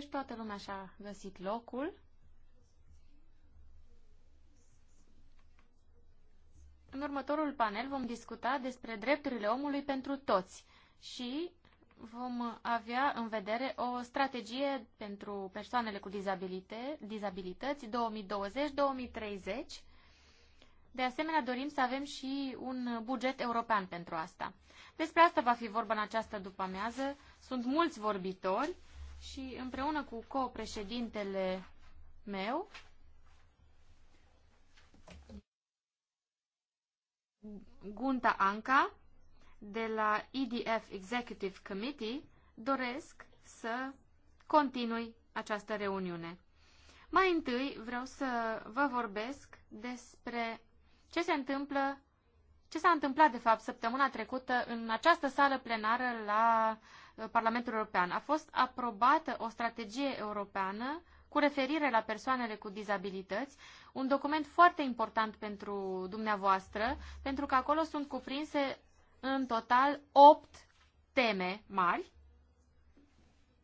Deci toată lumea și-a găsit locul. În următorul panel vom discuta despre drepturile omului pentru toți și vom avea în vedere o strategie pentru persoanele cu dizabilități 2020-2030. De asemenea, dorim să avem și un buget european pentru asta. Despre asta va fi vorba în această după-amiază. Sunt mulți vorbitori și împreună cu copreședintele meu, Gunta Anca, de la EDF Executive Committee, doresc să continui această reuniune. Mai întâi vreau să vă vorbesc despre ce se întâmplă, ce s-a întâmplat de fapt săptămâna trecută în această sală plenară la Uh, Parlamentul European. A fost aprobată o strategie europeană cu referire la persoanele cu dizabilități, un document foarte important pentru dumneavoastră, pentru că acolo sunt cuprinse în total 8 teme mari.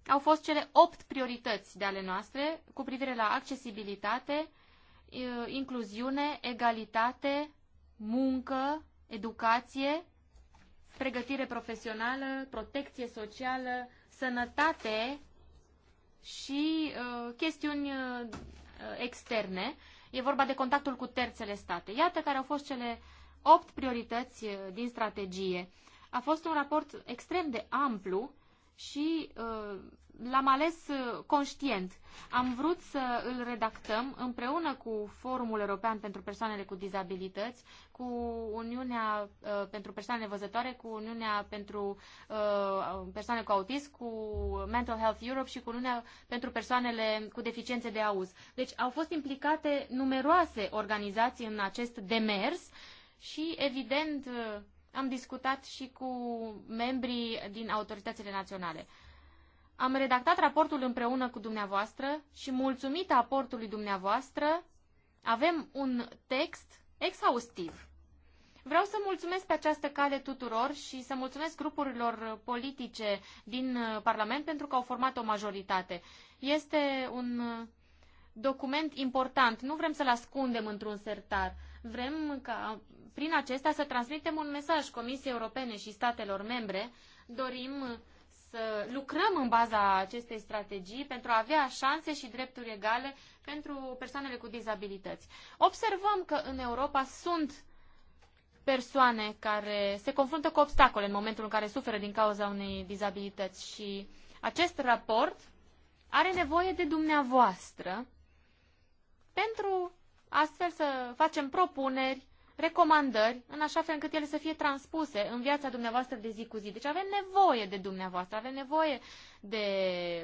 Au fost cele 8 priorități de ale noastre cu privire la accesibilitate, uh, incluziune, egalitate, muncă, educație, pregătire profesională, protecție socială, sănătate și uh, chestiuni uh, externe. E vorba de contactul cu terțele state. Iată care au fost cele opt priorități uh, din strategie. A fost un raport extrem de amplu și uh, l-am ales uh, conștient. Am vrut să îl redactăm împreună cu Forumul European pentru Persoanele cu Dizabilități, cu Uniunea uh, pentru Persoanele Văzătoare, cu Uniunea pentru uh, Persoane cu Autism, cu Mental Health Europe și cu Uniunea pentru Persoanele cu Deficiențe de Auz. Deci au fost implicate numeroase organizații în acest demers și, evident, uh, am discutat și cu membrii din autoritățile naționale. Am redactat raportul împreună cu dumneavoastră și mulțumită aportului dumneavoastră avem un text exhaustiv. Vreau să mulțumesc pe această cale tuturor și să mulțumesc grupurilor politice din Parlament pentru că au format o majoritate. Este un document important. Nu vrem să-l ascundem într-un sertar. Vrem ca prin acestea să transmitem un mesaj Comisiei Europene și statelor membre. Dorim uh, să lucrăm în baza acestei strategii pentru a avea șanse și drepturi egale pentru persoanele cu dizabilități. Observăm că în Europa sunt persoane care se confruntă cu obstacole în momentul în care suferă din cauza unei dizabilități și acest raport are nevoie de dumneavoastră pentru astfel să facem propuneri recomandări în așa fel încât ele să fie transpuse în viața dumneavoastră de zi cu zi. Deci avem nevoie de dumneavoastră, avem nevoie de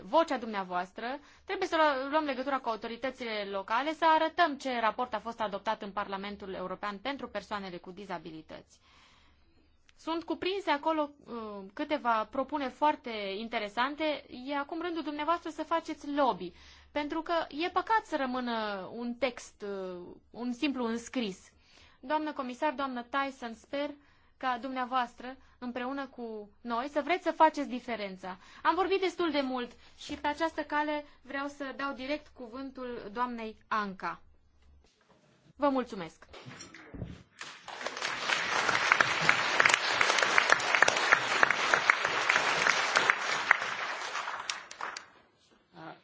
vocea dumneavoastră. Trebuie să luăm legătura cu autoritățile locale, să arătăm ce raport a fost adoptat în Parlamentul European pentru persoanele cu dizabilități. Sunt cuprinse acolo uh, câteva propuneri foarte interesante. E acum rândul dumneavoastră să faceți lobby. Pentru că e păcat să rămână un text, uh, un simplu înscris. Doamnă comisar, doamnă Tyson, sper ca dumneavoastră, împreună cu noi, să vreți să faceți diferența. Am vorbit destul de mult și pe această cale vreau să dau direct cuvântul doamnei Anca. Vă mulțumesc!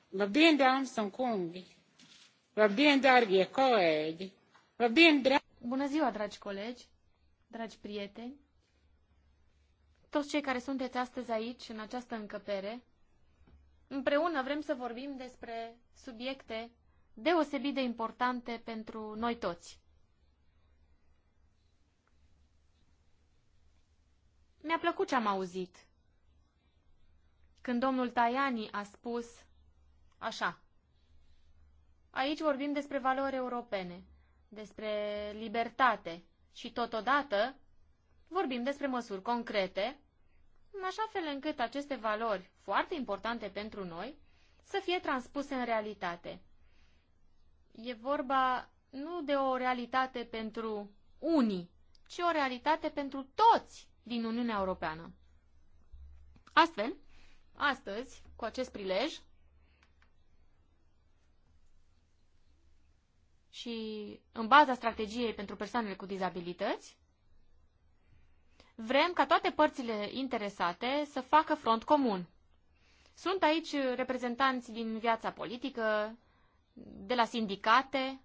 Vă bine, am som Vă bine, bindar ge Vă bine, bindar Bună ziua, dragi colegi, dragi prieteni, toți cei care sunteți astăzi aici, în această încăpere, împreună vrem să vorbim despre subiecte deosebit de importante pentru noi toți. Mi-a plăcut ce am auzit când domnul Tajani a spus așa. Aici vorbim despre valori europene despre libertate și totodată vorbim despre măsuri concrete, în așa fel încât aceste valori foarte importante pentru noi să fie transpuse în realitate. E vorba nu de o realitate pentru unii, ci o realitate pentru toți din Uniunea Europeană. Astfel, astăzi, cu acest prilej, și în baza strategiei pentru persoanele cu dizabilități, vrem ca toate părțile interesate să facă front comun. Sunt aici reprezentanți din viața politică, de la sindicate.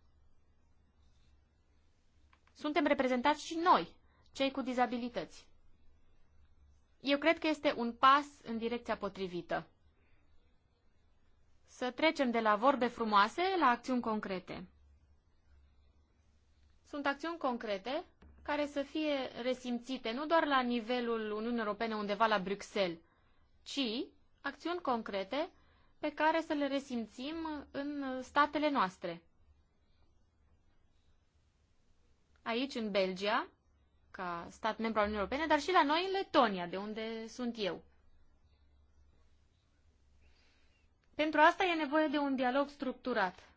Suntem reprezentați și noi, cei cu dizabilități. Eu cred că este un pas în direcția potrivită. Să trecem de la vorbe frumoase la acțiuni concrete sunt acțiuni concrete care să fie resimțite nu doar la nivelul Uniunii Europene undeva la Bruxelles, ci acțiuni concrete pe care să le resimțim în statele noastre. Aici, în Belgia, ca stat membru al Uniunii Europene, dar și la noi, în Letonia, de unde sunt eu. Pentru asta e nevoie de un dialog structurat.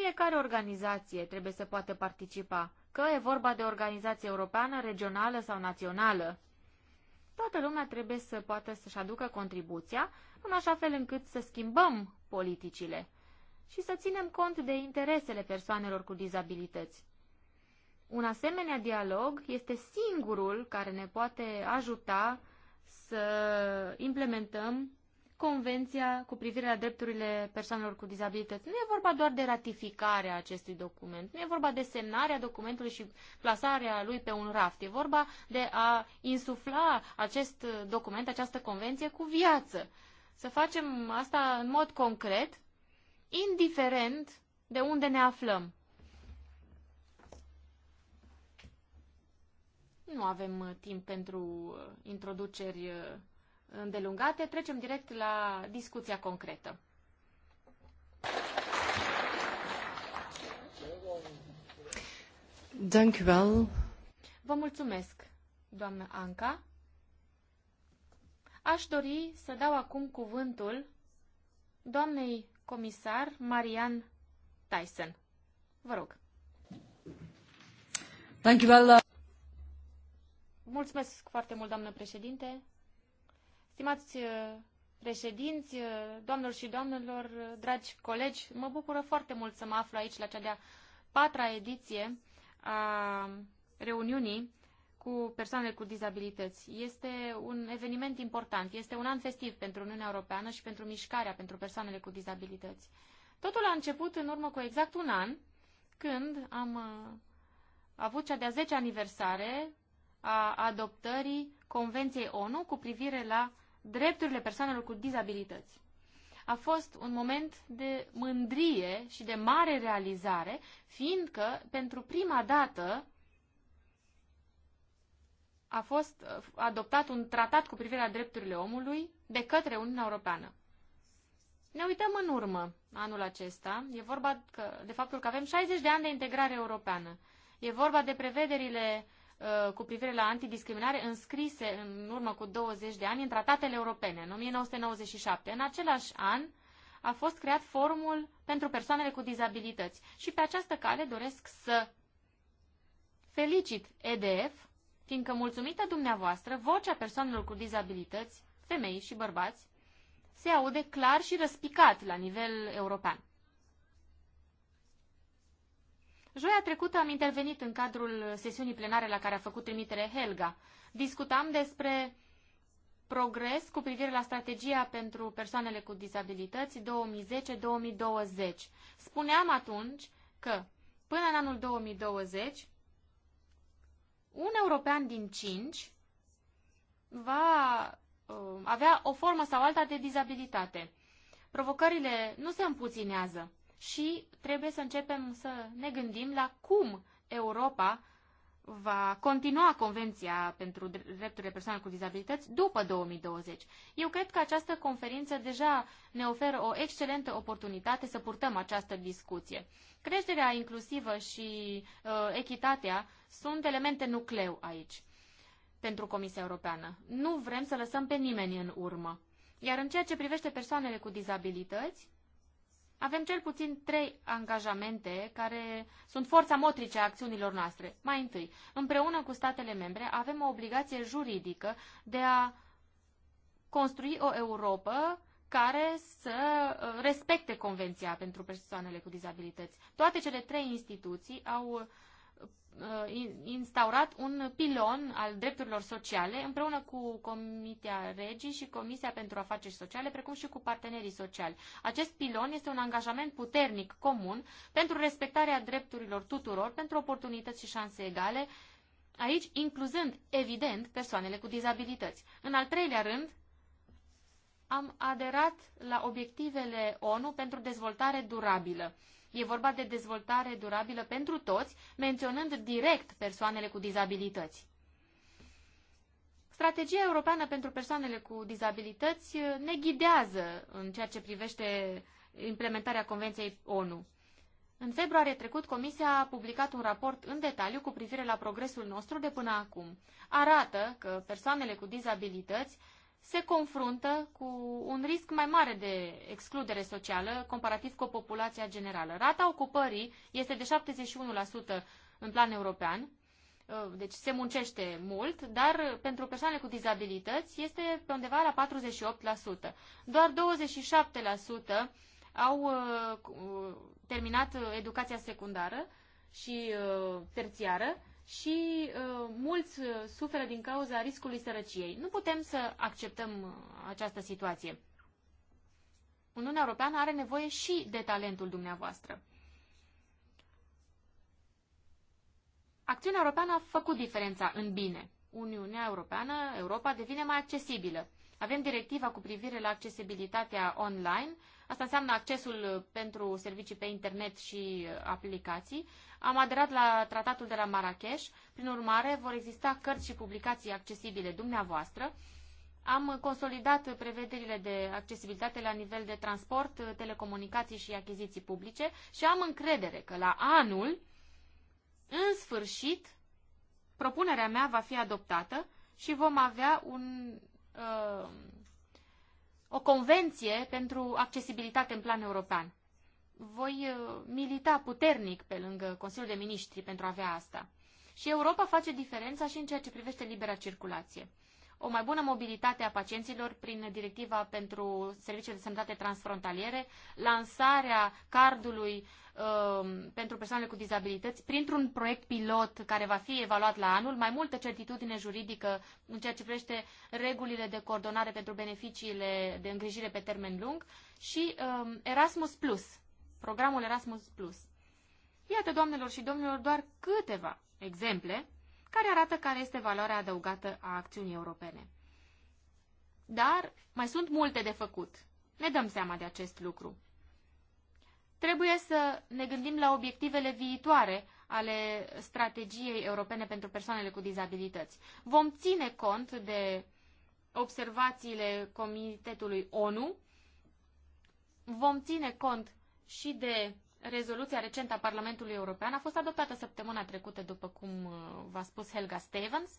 Fiecare organizație trebuie să poată participa, că e vorba de organizație europeană, regională sau națională. Toată lumea trebuie să poată să-și aducă contribuția, în așa fel încât să schimbăm politicile și să ținem cont de interesele persoanelor cu dizabilități. Un asemenea dialog este singurul care ne poate ajuta să implementăm Convenția cu privire la drepturile persoanelor cu dizabilități. Nu e vorba doar de ratificarea acestui document, nu e vorba de semnarea documentului și plasarea lui pe un raft, e vorba de a insufla acest document, această convenție cu viață. Să facem asta în mod concret, indiferent de unde ne aflăm. Nu avem uh, timp pentru uh, introduceri uh, îndelungate, trecem direct la discuția concretă. Dank u wel. Vă mulțumesc, doamnă Anca. Aș dori să dau acum cuvântul doamnei comisar Marian Tyson. Vă rog. Dank u wel. Mulțumesc foarte mult, doamnă președinte. Stimați uh, președinți, uh, doamnelor și domnilor, uh, dragi colegi, mă bucură foarte mult să mă aflu aici la cea de-a patra ediție a reuniunii cu persoanele cu dizabilități. Este un eveniment important, este un an festiv pentru Uniunea Europeană și pentru mișcarea pentru persoanele cu dizabilități. Totul a început în urmă cu exact un an, când am avut cea de-a 10 aniversare a adoptării Convenției ONU cu privire la drepturile persoanelor cu dizabilități. A fost un moment de mândrie și de mare realizare, fiindcă pentru prima dată a fost uh, adoptat un tratat cu privire la drepturile omului de către Uniunea Europeană. Ne uităm în urmă anul acesta. E vorba că, de faptul că avem 60 de ani de integrare europeană. E vorba de prevederile Uh, cu privire la antidiscriminare înscrise în urmă cu 20 de ani în tratatele europene, în 1997. În același an a fost creat forumul pentru persoanele cu dizabilități și pe această cale doresc să felicit EDF, fiindcă mulțumită dumneavoastră, vocea persoanelor cu dizabilități, femei și bărbați, se aude clar și răspicat la nivel european. Joia trecută am intervenit în cadrul sesiunii plenare la care a făcut trimitere Helga. Discutam despre progres cu privire la strategia pentru persoanele cu dizabilități 2010-2020. Spuneam atunci că până în anul 2020, un european din cinci va uh, avea o formă sau alta de dizabilitate. Provocările nu se împuținează și trebuie să începem să ne gândim la cum Europa va continua Convenția pentru Drepturile Persoanelor cu Dizabilități după 2020. Eu cred că această conferință deja ne oferă o excelentă oportunitate să purtăm această discuție. Creșterea inclusivă și uh, echitatea sunt elemente nucleu aici pentru Comisia Europeană. Nu vrem să lăsăm pe nimeni în urmă. Iar în ceea ce privește persoanele cu dizabilități, avem cel puțin trei angajamente care sunt forța motrice a acțiunilor noastre. Mai întâi, împreună cu statele membre, avem o obligație juridică de a construi o Europa care să uh, respecte Convenția pentru persoanele cu dizabilități. Toate cele trei instituții au Uh, instaurat un pilon al drepturilor sociale împreună cu Comisia Regii și Comisia pentru Afaceri Sociale, precum și cu partenerii sociali. Acest pilon este un angajament puternic comun pentru respectarea drepturilor tuturor, pentru oportunități și șanse egale, aici incluzând, evident, persoanele cu dizabilități. În al treilea rând, am aderat la obiectivele ONU pentru dezvoltare durabilă. E vorba de dezvoltare durabilă pentru toți, menționând direct persoanele cu dizabilități. Strategia europeană pentru persoanele cu dizabilități ne ghidează în ceea ce privește implementarea Convenției ONU. În februarie trecut, Comisia a publicat un raport în detaliu cu privire la progresul nostru de până acum. Arată că persoanele cu dizabilități se confruntă cu un risc mai mare de excludere socială comparativ cu populația generală. Rata ocupării este de 71% în plan european, uh, deci se muncește mult, dar pentru persoanele cu dizabilități este pe undeva la 48%. Doar 27% au uh, uh, terminat educația secundară și terțiară, și uh, mulți uh, suferă din cauza riscului sărăciei. Nu putem să acceptăm uh, această situație. Uniunea Europeană are nevoie și de talentul dumneavoastră. Acțiunea Europeană a făcut diferența în bine. Uniunea Europeană, Europa, devine mai accesibilă. Avem directiva cu privire la accesibilitatea online, Asta înseamnă accesul uh, pentru servicii pe internet și uh, aplicații. Am aderat la tratatul de la Marrakesh. Prin urmare, vor exista cărți și publicații accesibile dumneavoastră. Am consolidat prevederile de accesibilitate la nivel de transport, uh, telecomunicații și achiziții publice și am încredere că la anul, în sfârșit, propunerea mea va fi adoptată și vom avea un uh, o convenție pentru accesibilitate în plan european. Voi uh, milita puternic pe lângă Consiliul de Ministri pentru a avea asta. Și Europa face diferența și în ceea ce privește libera circulație. O mai bună mobilitate a pacienților prin directiva pentru serviciile de sănătate transfrontaliere, lansarea cardului Um, pentru persoanele cu dizabilități printr-un proiect pilot care va fi evaluat la anul, mai multă certitudine juridică în ceea ce privește regulile de coordonare pentru beneficiile de îngrijire pe termen lung și um, Erasmus Plus, programul Erasmus Plus. Iată, doamnelor și domnilor, doar câteva exemple care arată care este valoarea adăugată a acțiunii europene. Dar mai sunt multe de făcut. Ne dăm seama de acest lucru. Trebuie să ne gândim la obiectivele viitoare ale strategiei europene pentru persoanele cu dizabilități. Vom ține cont de observațiile Comitetului ONU, vom ține cont și de rezoluția recentă a Parlamentului European, a fost adoptată săptămâna trecută, după cum uh, v-a spus Helga Stevens,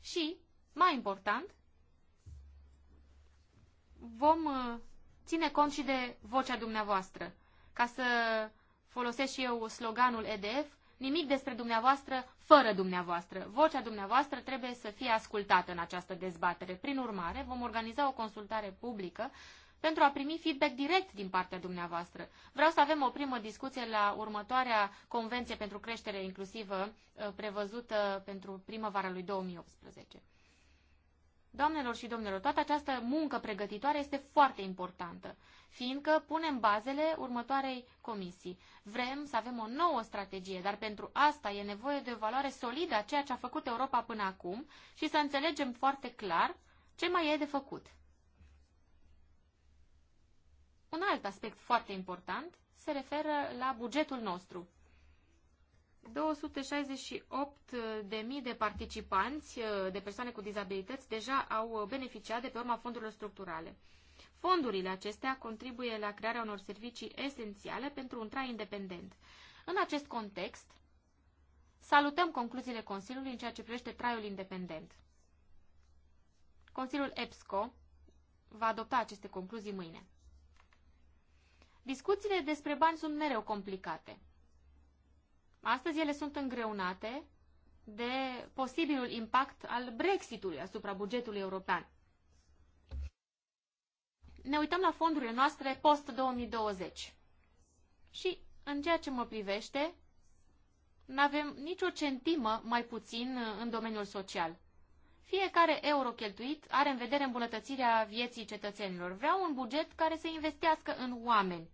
și, mai important, vom uh, ține cont și de vocea dumneavoastră ca să folosesc și eu sloganul EDF, nimic despre dumneavoastră fără dumneavoastră. Vocea dumneavoastră trebuie să fie ascultată în această dezbatere. Prin urmare, vom organiza o consultare publică pentru a primi feedback direct din partea dumneavoastră. Vreau să avem o primă discuție la următoarea Convenție pentru Creștere Inclusivă uh, prevăzută uh, pentru primăvara lui 2018. Doamnelor și domnilor, toată această muncă pregătitoare este foarte importantă, fiindcă punem bazele următoarei comisii. Vrem să avem o nouă strategie, dar pentru asta e nevoie de o valoare solidă a ceea ce a făcut Europa până acum și să înțelegem foarte clar ce mai e de făcut. Un alt aspect foarte important se referă la bugetul nostru. 268.000 de participanți, uh, de persoane cu dizabilități, deja au uh, beneficiat de pe urma fondurilor structurale. Fondurile acestea contribuie la crearea unor servicii esențiale pentru un trai independent. În acest context, salutăm concluziile Consiliului în ceea ce privește traiul independent. Consiliul EPSCO va adopta aceste concluzii mâine. Discuțiile despre bani sunt mereu complicate. Astăzi ele sunt îngreunate de posibilul impact al Brexitului asupra bugetului european. Ne uităm la fondurile noastre post-2020 și, în ceea ce mă privește, nu avem nicio centimă mai puțin uh, în domeniul social. Fiecare euro cheltuit are în vedere îmbunătățirea vieții cetățenilor. Vreau un buget care să investească în oameni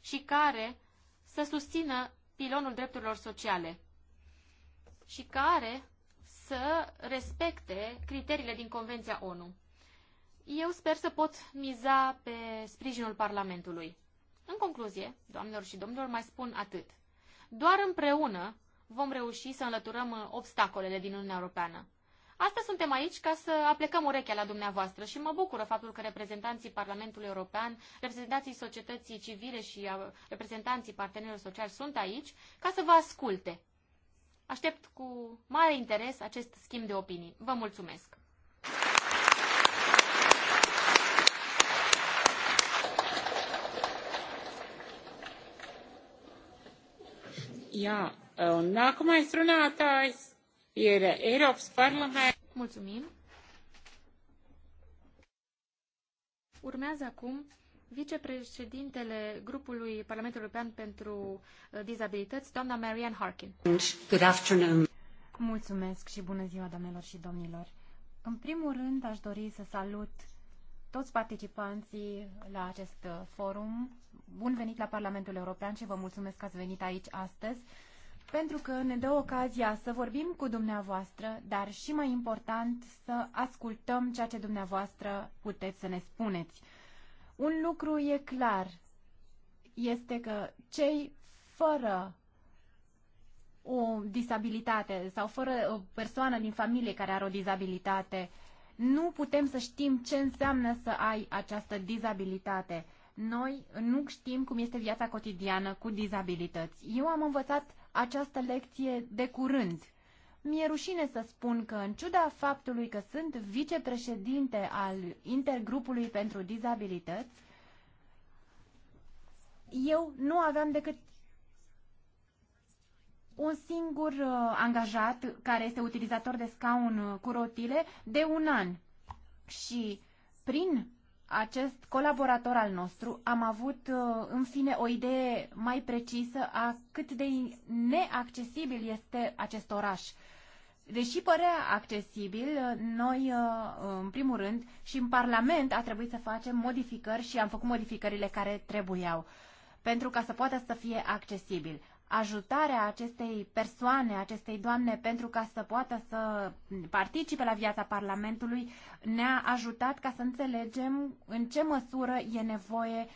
și care să susțină pilonul drepturilor sociale și care să respecte criteriile din Convenția ONU. Eu sper să pot miza pe sprijinul Parlamentului. În concluzie, doamnelor și domnilor, mai spun atât. Doar împreună vom reuși să înlăturăm obstacolele din Uniunea Europeană. Astăzi suntem aici ca să aplecăm urechea la dumneavoastră și mă bucură faptul că reprezentanții Parlamentului European, reprezentanții societății civile și reprezentanții partenerilor sociali sunt aici ca să vă asculte. Aștept cu mare interes acest schimb de opinii. Vă mulțumesc! Ja, un uh, nākamais runātājs Mulțumim! Urmează acum vicepreședintele grupului Parlamentului European pentru uh, Dizabilități, doamna Marianne Harkin. Good afternoon. Mulțumesc și bună ziua, doamnelor și domnilor. În primul rând, aș dori să salut toți participanții la acest uh, forum. Bun venit la Parlamentul European și vă mulțumesc că ați venit aici astăzi pentru că ne dă ocazia să vorbim cu dumneavoastră, dar și mai important să ascultăm ceea ce dumneavoastră puteți să ne spuneți. Un lucru e clar, este că cei fără o disabilitate sau fără o persoană din familie care are o dizabilitate, nu putem să știm ce înseamnă să ai această dizabilitate. Noi nu știm cum este viața cotidiană cu dizabilități. Eu am învățat această lecție de curând. Mi-e rușine să spun că, în ciuda faptului că sunt vicepreședinte al Intergrupului pentru Dizabilități, eu nu aveam decât un singur uh, angajat care este utilizator de scaun uh, cu rotile de un an. Și prin acest colaborator al nostru, am avut uh, în fine o idee mai precisă a cât de neaccesibil este acest oraș. Deși părea accesibil, uh, noi, uh, în primul rând, și în Parlament a trebuit să facem modificări și am făcut modificările care trebuiau pentru ca să poată să fie accesibil ajutarea acestei persoane, acestei doamne, pentru ca să poată să participe la viața Parlamentului, ne-a ajutat ca să înțelegem în ce măsură e nevoie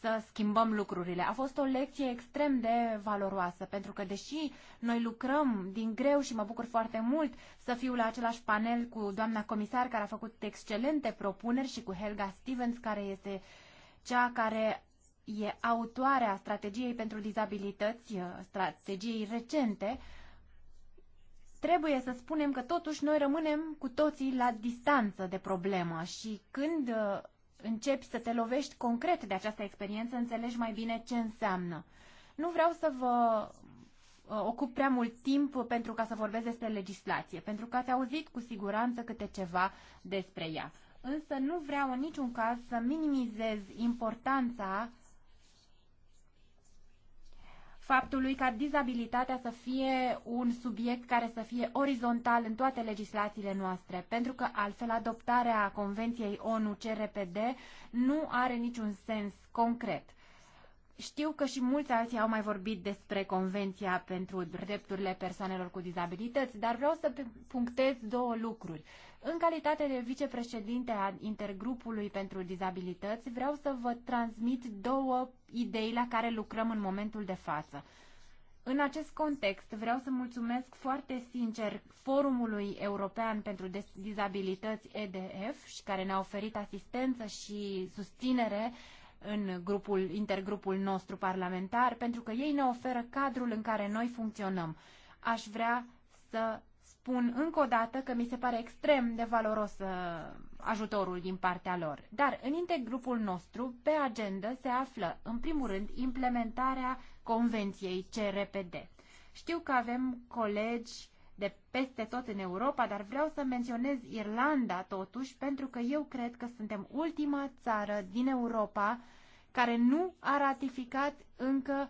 să schimbăm lucrurile. A fost o lecție extrem de valoroasă, pentru că deși noi lucrăm din greu și mă bucur foarte mult să fiu la același panel cu doamna comisar care a făcut excelente propuneri și cu Helga Stevens, care este cea care e autoarea strategiei pentru dizabilități, uh, strategiei recente, trebuie să spunem că totuși noi rămânem cu toții la distanță de problemă și când uh, începi să te lovești concret de această experiență, înțelegi mai bine ce înseamnă. Nu vreau să vă uh, ocup prea mult timp pentru ca să vorbesc despre legislație, pentru că ați auzit cu siguranță câte ceva despre ea. Însă nu vreau în niciun caz să minimizez importanța faptului ca dizabilitatea să fie un subiect care să fie orizontal în toate legislațiile noastre, pentru că altfel adoptarea Convenției ONU CRPD nu are niciun sens concret. Știu că și mulți alții au mai vorbit despre Convenția pentru drepturile persoanelor cu dizabilități, dar vreau să punctez două lucruri. În calitate de vicepreședinte a Intergrupului pentru Dizabilități, vreau să vă transmit două idei la care lucrăm în momentul de față. În acest context, vreau să mulțumesc foarte sincer Forumului European pentru Dizabilități EDF, și care ne-a oferit asistență și susținere în grupul, intergrupul nostru parlamentar, pentru că ei ne oferă cadrul în care noi funcționăm. Aș vrea să spun încă o dată că mi se pare extrem de valoros uh, ajutorul din partea lor. Dar în intergrupul nostru, pe agenda, se află, în primul rând, implementarea Convenției CRPD. Știu că avem colegi de peste tot în Europa, dar vreau să menționez Irlanda totuși, pentru că eu cred că suntem ultima țară din Europa care nu a ratificat încă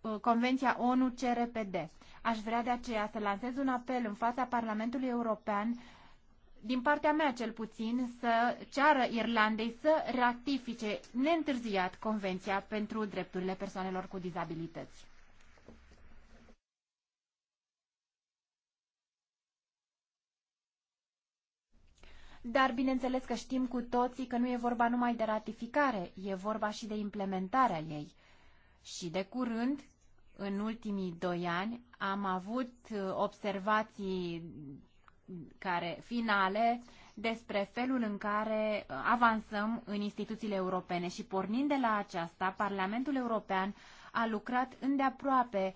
uh, Convenția ONU CRPD. Aș vrea de aceea să lansez un apel în fața Parlamentului European din partea mea cel puțin, să ceară Irlandei să ratifice neîntârziat Convenția pentru drepturile persoanelor cu dizabilități. Dar bineînțeles că știm cu toții că nu e vorba numai de ratificare, e vorba și de implementarea ei. Și de curând, în ultimii doi ani am avut uh, observații mm, care finale despre felul în care uh, avansăm în instituțiile europene și pornind de la aceasta, Parlamentul European a lucrat îndeaproape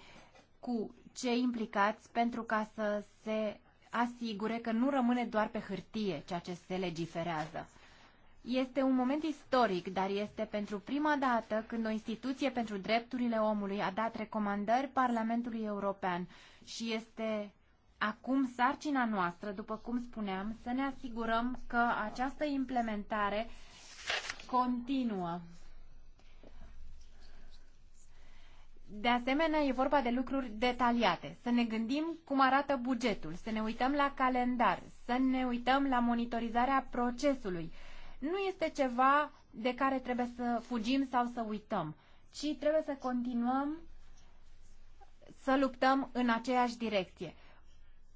cu cei implicați pentru ca să se asigure că nu rămâne doar pe hârtie ceea ce se legiferează. Este un moment istoric, dar este pentru prima dată când o instituție pentru drepturile omului a dat recomandări Parlamentului European și este acum sarcina noastră, după cum spuneam, să ne asigurăm că această implementare continuă. De asemenea, e vorba de lucruri detaliate. Să ne gândim cum arată bugetul, să ne uităm la calendar, să ne uităm la monitorizarea procesului, nu este ceva de care trebuie să fugim sau să uităm, ci trebuie să continuăm să luptăm în aceeași direcție.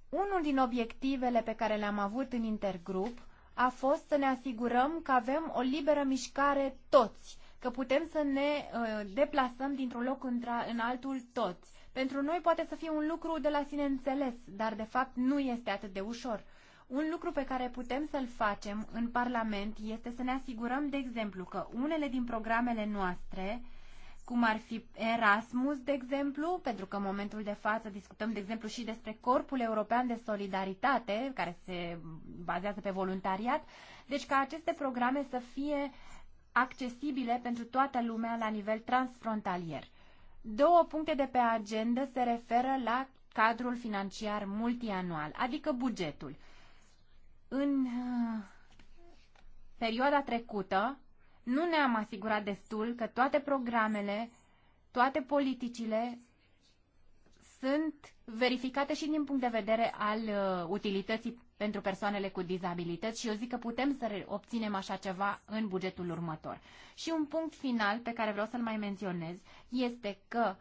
Unul din obiectivele pe care le-am avut în intergrup a fost să ne asigurăm că avem o liberă mișcare toți, că putem să ne uh, deplasăm dintr-un loc în altul toți. Pentru noi poate să fie un lucru de la sine înțeles, dar de fapt nu este atât de ușor. Un lucru pe care putem să-l facem în Parlament este să ne asigurăm, de exemplu, că unele din programele noastre, cum ar fi Erasmus, de exemplu, pentru că în momentul de față discutăm, de exemplu, și despre Corpul European de Solidaritate, care se bazează pe voluntariat, deci ca aceste programe să fie accesibile pentru toată lumea la nivel transfrontalier. Două puncte de pe agenda se referă la cadrul financiar multianual, adică bugetul. În uh, perioada trecută nu ne-am asigurat destul că toate programele, toate politicile sunt verificate și din punct de vedere al uh, utilității pentru persoanele cu dizabilități și eu zic că putem să obținem așa ceva în bugetul următor. Și un punct final pe care vreau să-l mai menționez este că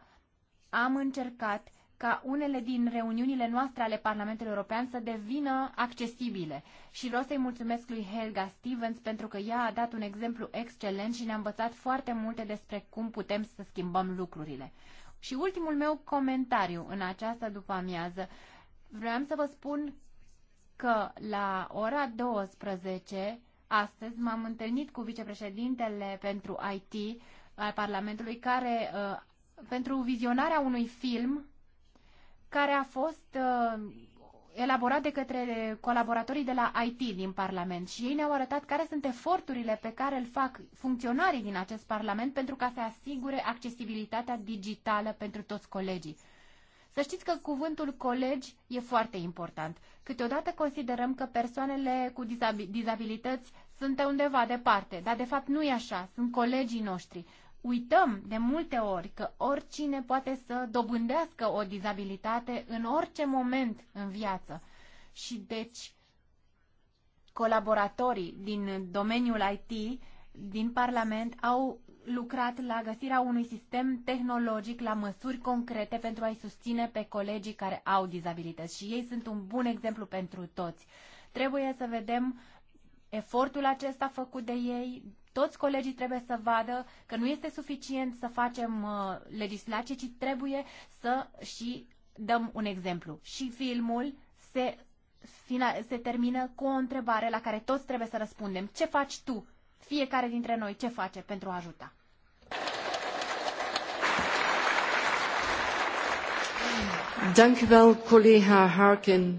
am încercat ca unele din reuniunile noastre ale Parlamentului European să devină accesibile. Și vreau să-i mulțumesc lui Helga Stevens pentru că ea a dat un exemplu excelent și ne-a învățat foarte multe despre cum putem să schimbăm lucrurile. Și ultimul meu comentariu în această după amiază. Vreau să vă spun că la ora 12 astăzi m-am întâlnit cu vicepreședintele pentru IT al Parlamentului care uh, pentru vizionarea unui film care a fost uh, elaborat de către colaboratorii de la IT din Parlament și ei ne-au arătat care sunt eforturile pe care îl fac funcționarii din acest Parlament pentru ca să asigure accesibilitatea digitală pentru toți colegii. Să știți că cuvântul colegi e foarte important. Câteodată considerăm că persoanele cu dizabilități sunt undeva departe, dar de fapt nu e așa, sunt colegii noștri. Uităm de multe ori că oricine poate să dobândească o dizabilitate în orice moment în viață. Și deci colaboratorii din domeniul IT din Parlament au lucrat la găsirea unui sistem tehnologic, la măsuri concrete pentru a-i susține pe colegii care au dizabilități și ei sunt un bun exemplu pentru toți. Trebuie să vedem efortul acesta făcut de ei, toți colegii trebuie să vadă că nu este suficient să facem uh, legislație, ci trebuie să și dăm un exemplu. Și filmul se, final, se termină cu o întrebare la care toți trebuie să răspundem. Ce faci tu? Fiecare dintre noi ce face pentru a ajuta? Harkin.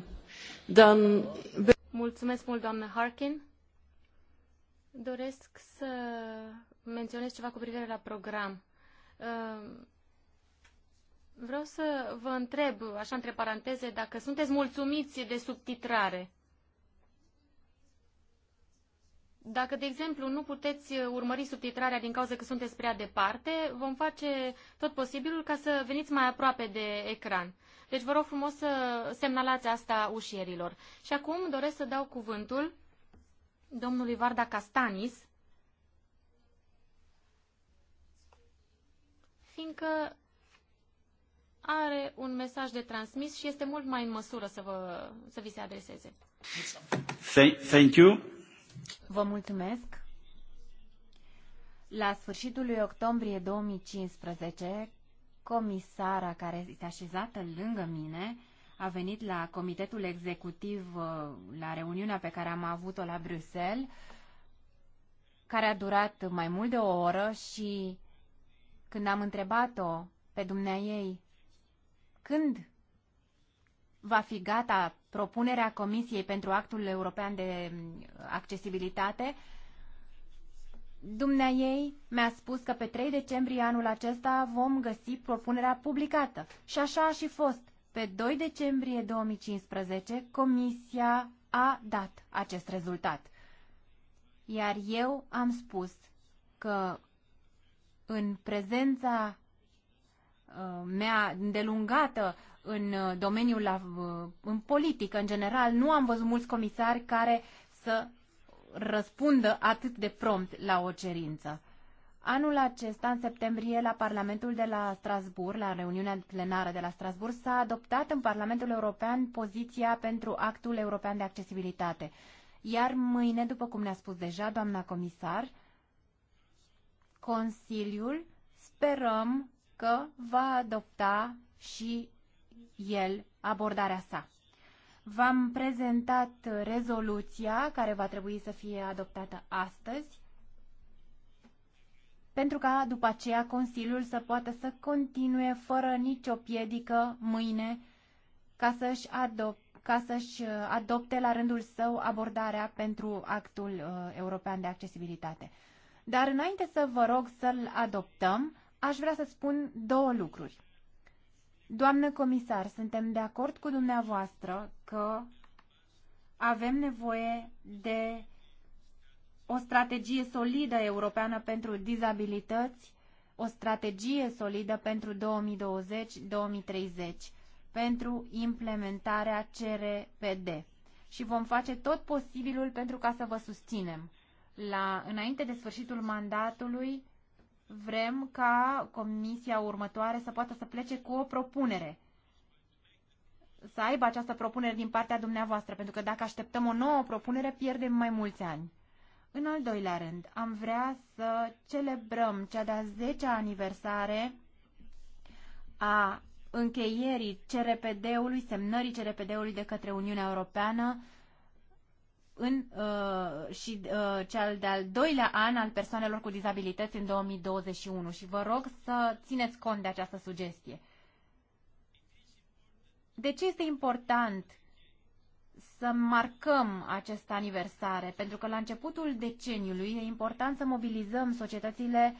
Mulțumesc mult, doamnă Harkin. Doresc să menționez ceva cu privire la program. Ehm, vreau să vă întreb, așa între paranteze, dacă sunteți mulțumiți de subtitrare. Dacă, de exemplu, nu puteți urmări subtitrarea din cauza că sunteți prea departe, vom face tot posibilul ca să veniți mai aproape de ecran. Deci vă rog frumos să semnalați asta ușierilor. Și acum doresc să dau cuvântul domnului Varda Castanis, fiindcă are un mesaj de transmis și este mult mai în măsură să, vă, să vi se adreseze. Thank you. Vă mulțumesc. La sfârșitul lui octombrie 2015, comisara care este așezată lângă mine a venit la Comitetul Executiv uh, la reuniunea pe care am avut-o la Bruxelles, care a durat mai mult de o oră și când am întrebat-o pe dumnea ei când va fi gata propunerea Comisiei pentru Actul European de uh, Accesibilitate, Dumnea ei mi-a spus că pe 3 decembrie anul acesta vom găsi propunerea publicată. Și așa a și fost. Pe 2 decembrie 2015, Comisia a dat acest rezultat. Iar eu am spus că în prezența uh, mea îndelungată în uh, domeniul la, uh, în politică în general, nu am văzut mulți comisari care să răspundă atât de prompt la o cerință. Anul acesta, în septembrie, la Parlamentul de la Strasbourg, la reuniunea plenară de la Strasbourg, s-a adoptat în Parlamentul European poziția pentru Actul European de Accesibilitate. Iar mâine, după cum ne-a spus deja doamna comisar, Consiliul sperăm că va adopta și el abordarea sa. V-am prezentat rezoluția care va trebui să fie adoptată astăzi pentru ca după aceea Consiliul să poată să continue fără nicio piedică mâine ca să-și adopte ca să-și uh, adopte la rândul său abordarea pentru actul uh, european de accesibilitate. Dar înainte să vă rog să-l adoptăm, aș vrea să spun două lucruri. Doamnă comisar, suntem de acord cu dumneavoastră că avem nevoie de o strategie solidă europeană pentru dizabilități, o strategie solidă pentru 2020-2030, pentru implementarea CRPD. Și vom face tot posibilul pentru ca să vă susținem. La, înainte de sfârșitul mandatului, vrem ca comisia următoare să poată să plece cu o propunere. Să aibă această propunere din partea dumneavoastră, pentru că dacă așteptăm o nouă propunere, pierdem mai mulți ani. În al doilea rând, am vrea să celebrăm cea de-a 10-a aniversare a încheierii CRPD-ului, semnării CRPD-ului de către Uniunea Europeană în, uh, și uh, cel de-al doilea an al persoanelor cu dizabilități în 2021 și vă rog să țineți cont de această sugestie. De ce este important să marcăm această aniversare, pentru că la începutul deceniului e important să mobilizăm societățile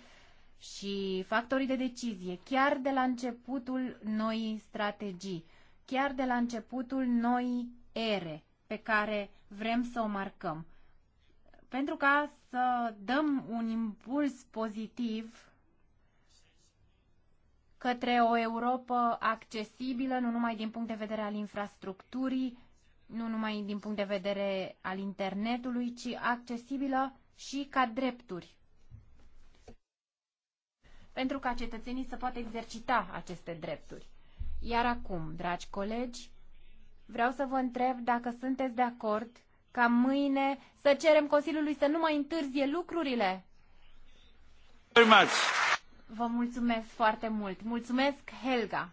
și factorii de decizie, chiar de la începutul noii strategii, chiar de la începutul noii ere pe care vrem să o marcăm. Pentru ca să dăm un impuls pozitiv către o Europa accesibilă, nu numai din punct de vedere al infrastructurii, nu numai din punct de vedere al internetului, ci accesibilă și ca drepturi. Pentru ca cetățenii să poată exercita aceste drepturi. Iar acum, dragi colegi, vreau să vă întreb dacă sunteți de acord ca mâine să cerem Consiliului să nu mai întârzie lucrurile. Vă mulțumesc foarte mult. Mulțumesc, Helga.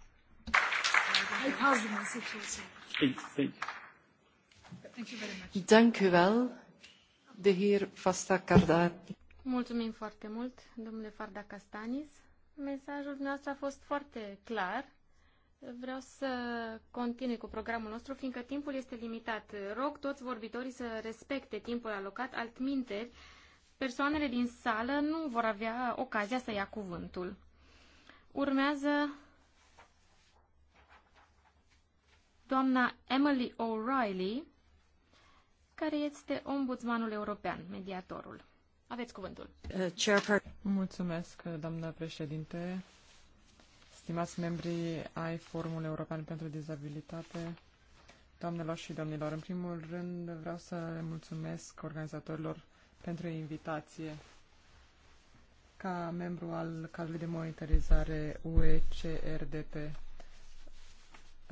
Thank you. Mulțumim foarte mult, domnule Farda Castanis. Mesajul dumneavoastră a fost foarte clar. Vreau să continui cu programul nostru, fiindcă timpul este limitat. Rog toți vorbitorii să respecte timpul alocat, altminteri, persoanele din sală nu vor avea ocazia să ia cuvântul. Urmează doamna Emily O'Reilly, care este ombudsmanul european, mediatorul. Aveți cuvântul. Mulțumesc, doamnă președinte. Stimați membrii ai Forumului European pentru Dizabilitate, doamnelor și domnilor, în primul rând vreau să le mulțumesc organizatorilor pentru invitație. Ca membru al cadrului de monitorizare UECRDP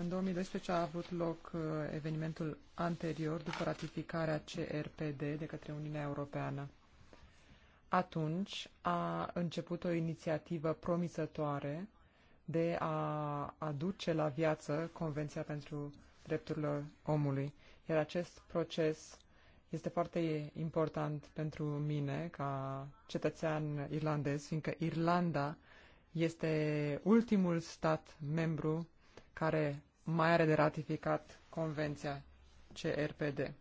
în 2012 a avut loc uh, evenimentul anterior după ratificarea CRPD de către Uniunea Europeană. Atunci a început o inițiativă promițătoare de a aduce la viață Convenția pentru Drepturile Omului. Iar acest proces este foarte important pentru mine ca cetățean irlandez, fiindcă Irlanda este ultimul stat membru care mai are de ratificat Convenția CRPD.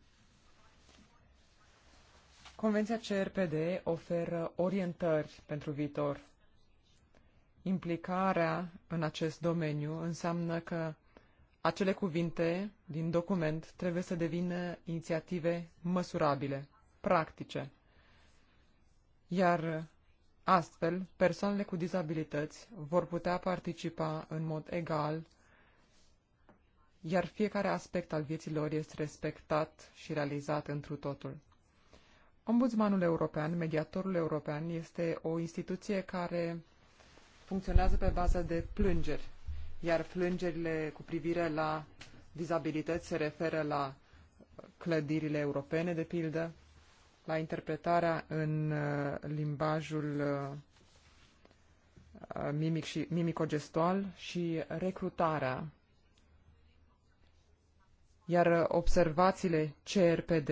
Convenția CRPD oferă orientări pentru viitor. Implicarea în acest domeniu înseamnă că acele cuvinte din document trebuie să devină inițiative măsurabile, practice. Iar astfel, persoanele cu dizabilități vor putea participa în mod egal iar fiecare aspect al vieții lor este respectat și realizat întru totul. Ombudsmanul european, mediatorul european, este o instituție care funcționează pe bază de plângeri, iar plângerile cu privire la dizabilități se referă la clădirile europene, de pildă, la interpretarea în uh, limbajul uh, uh, mimic și, mimico-gestual și recrutarea iar uh, observațiile CRPD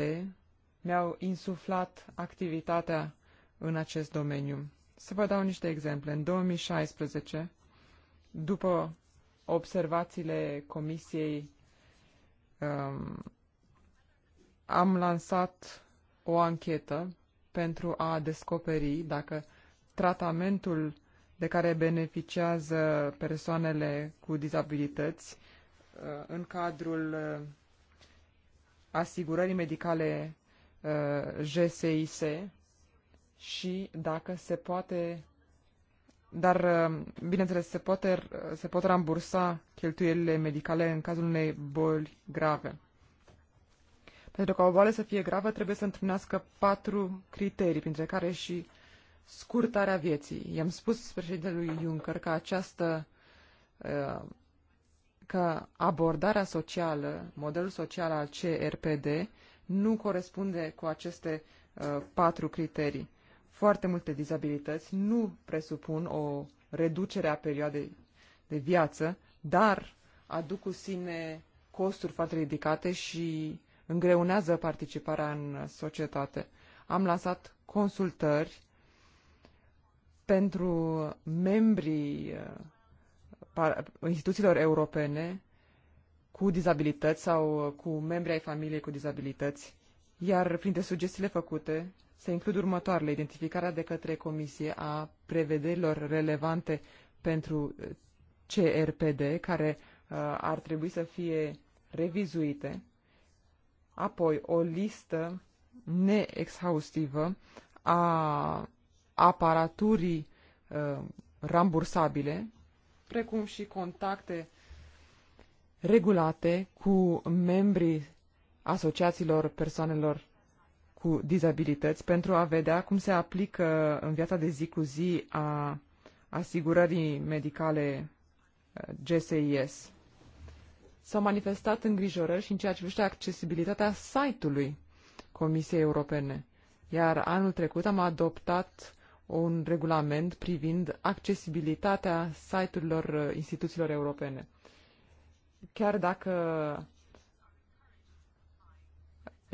mi-au insuflat activitatea în acest domeniu. Să vă dau niște exemple. În 2016, după observațiile comisiei, um, am lansat o anchetă pentru a descoperi dacă tratamentul de care beneficiază persoanele cu dizabilități uh, în cadrul uh, asigurării medicale uh, GSIS și dacă se poate dar, uh, bineînțeles, se, poate, uh, se pot rambursa cheltuielile medicale în cazul unei boli grave. Pentru ca o boală să fie gravă, trebuie să întâlnească patru criterii, printre care și scurtarea vieții. I-am spus președintelui Juncker că această uh, că abordarea socială, modelul social al CRPD, nu corespunde cu aceste uh, patru criterii. Foarte multe dizabilități nu presupun o reducere a perioadei de viață, dar aduc cu sine costuri foarte ridicate și îngreunează participarea în societate. Am lansat consultări pentru membrii uh, instituțiilor europene cu dizabilități sau uh, cu membri ai familiei cu dizabilități, iar printre sugestiile făcute se includ următoarele. Identificarea de către Comisie a prevederilor relevante pentru uh, CRPD, care uh, ar trebui să fie revizuite, apoi o listă neexhaustivă a aparaturii uh, rambursabile precum și contacte regulate cu membrii asociațiilor persoanelor cu dizabilități pentru a vedea cum se aplică în viața de zi cu zi a asigurării medicale uh, GSIS. S-au manifestat îngrijorări și în ceea ce privește accesibilitatea site-ului Comisiei Europene, iar anul trecut am adoptat un regulament privind accesibilitatea site-urilor uh, instituțiilor europene. Chiar dacă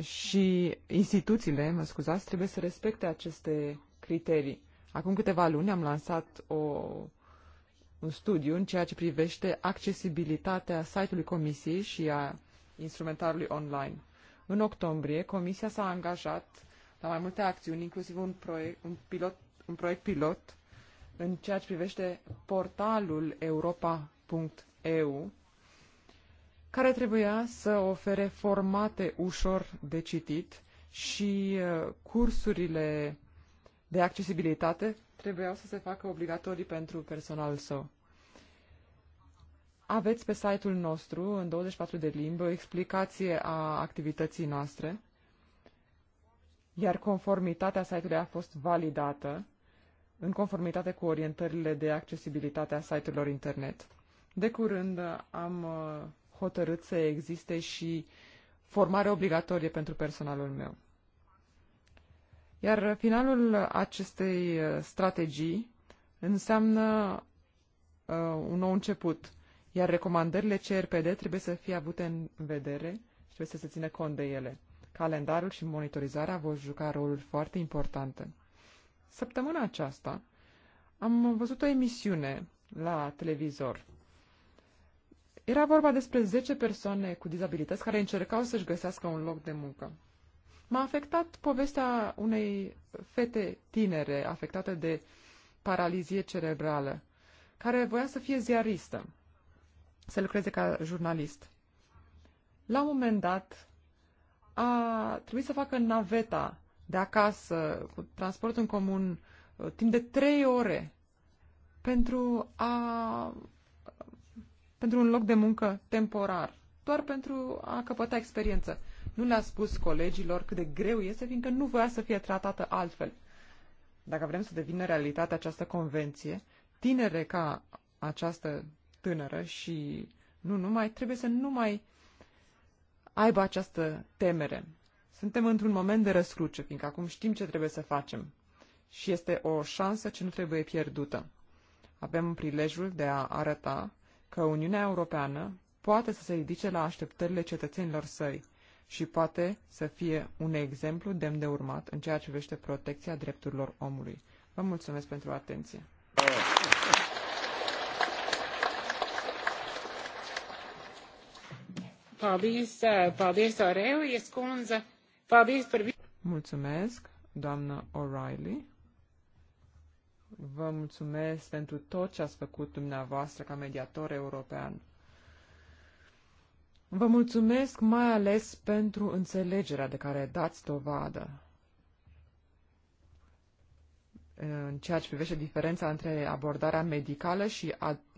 și instituțiile, mă scuzați, trebuie să respecte aceste criterii. Acum câteva luni am lansat o, un studiu în ceea ce privește accesibilitatea site-ului Comisiei și a instrumentarului online. În octombrie, Comisia s-a angajat la mai multe acțiuni, inclusiv un, proiect, un pilot un proiect pilot în ceea ce privește portalul europa.eu, care trebuia să ofere formate ușor de citit și uh, cursurile de accesibilitate trebuiau să se facă obligatorii pentru personalul său. Aveți pe site-ul nostru, în 24 de limbi, o explicație a activității noastre, iar conformitatea site-ului a fost validată în conformitate cu orientările de accesibilitate a site-urilor internet. De curând uh, am uh, hotărât să existe și formare obligatorie pentru personalul meu. Iar finalul acestei uh, strategii înseamnă uh, un nou început, iar recomandările CRPD trebuie să fie avute în vedere și trebuie să se țină cont de ele. Calendarul și monitorizarea vor juca roluri foarte importante. Săptămâna aceasta am văzut o emisiune la televizor. Era vorba despre 10 persoane cu dizabilități care încercau să-și găsească un loc de muncă. M-a afectat povestea unei fete tinere afectate de paralizie cerebrală, care voia să fie ziaristă, să lucreze ca jurnalist. La un moment dat, a trebuit să facă naveta de acasă, cu transport în comun, uh, timp de trei ore pentru a pentru un loc de muncă temporar, doar pentru a căpăta experiență. Nu le-a spus colegilor cât de greu este, fiindcă nu voia să fie tratată altfel. Dacă vrem să devină realitate această convenție, tinere ca această tânără și nu numai, trebuie să nu mai aibă această temere. Suntem într-un moment de răscruce, fiindcă acum știm ce trebuie să facem. Și este o șansă ce nu trebuie pierdută. Avem prilejul de a arăta că Uniunea Europeană poate să se ridice la așteptările cetățenilor săi și poate să fie un exemplu demn de urmat în ceea ce privește protecția drepturilor omului. Vă mulțumesc pentru atenție. Paldies, eh, paldies, Aurelijas kundze. Mulțumesc, doamnă O'Reilly. Vă mulțumesc pentru tot ce ați făcut dumneavoastră ca mediator european. Vă mulțumesc mai ales pentru înțelegerea de care dați dovadă în ceea ce privește diferența între abordarea medicală și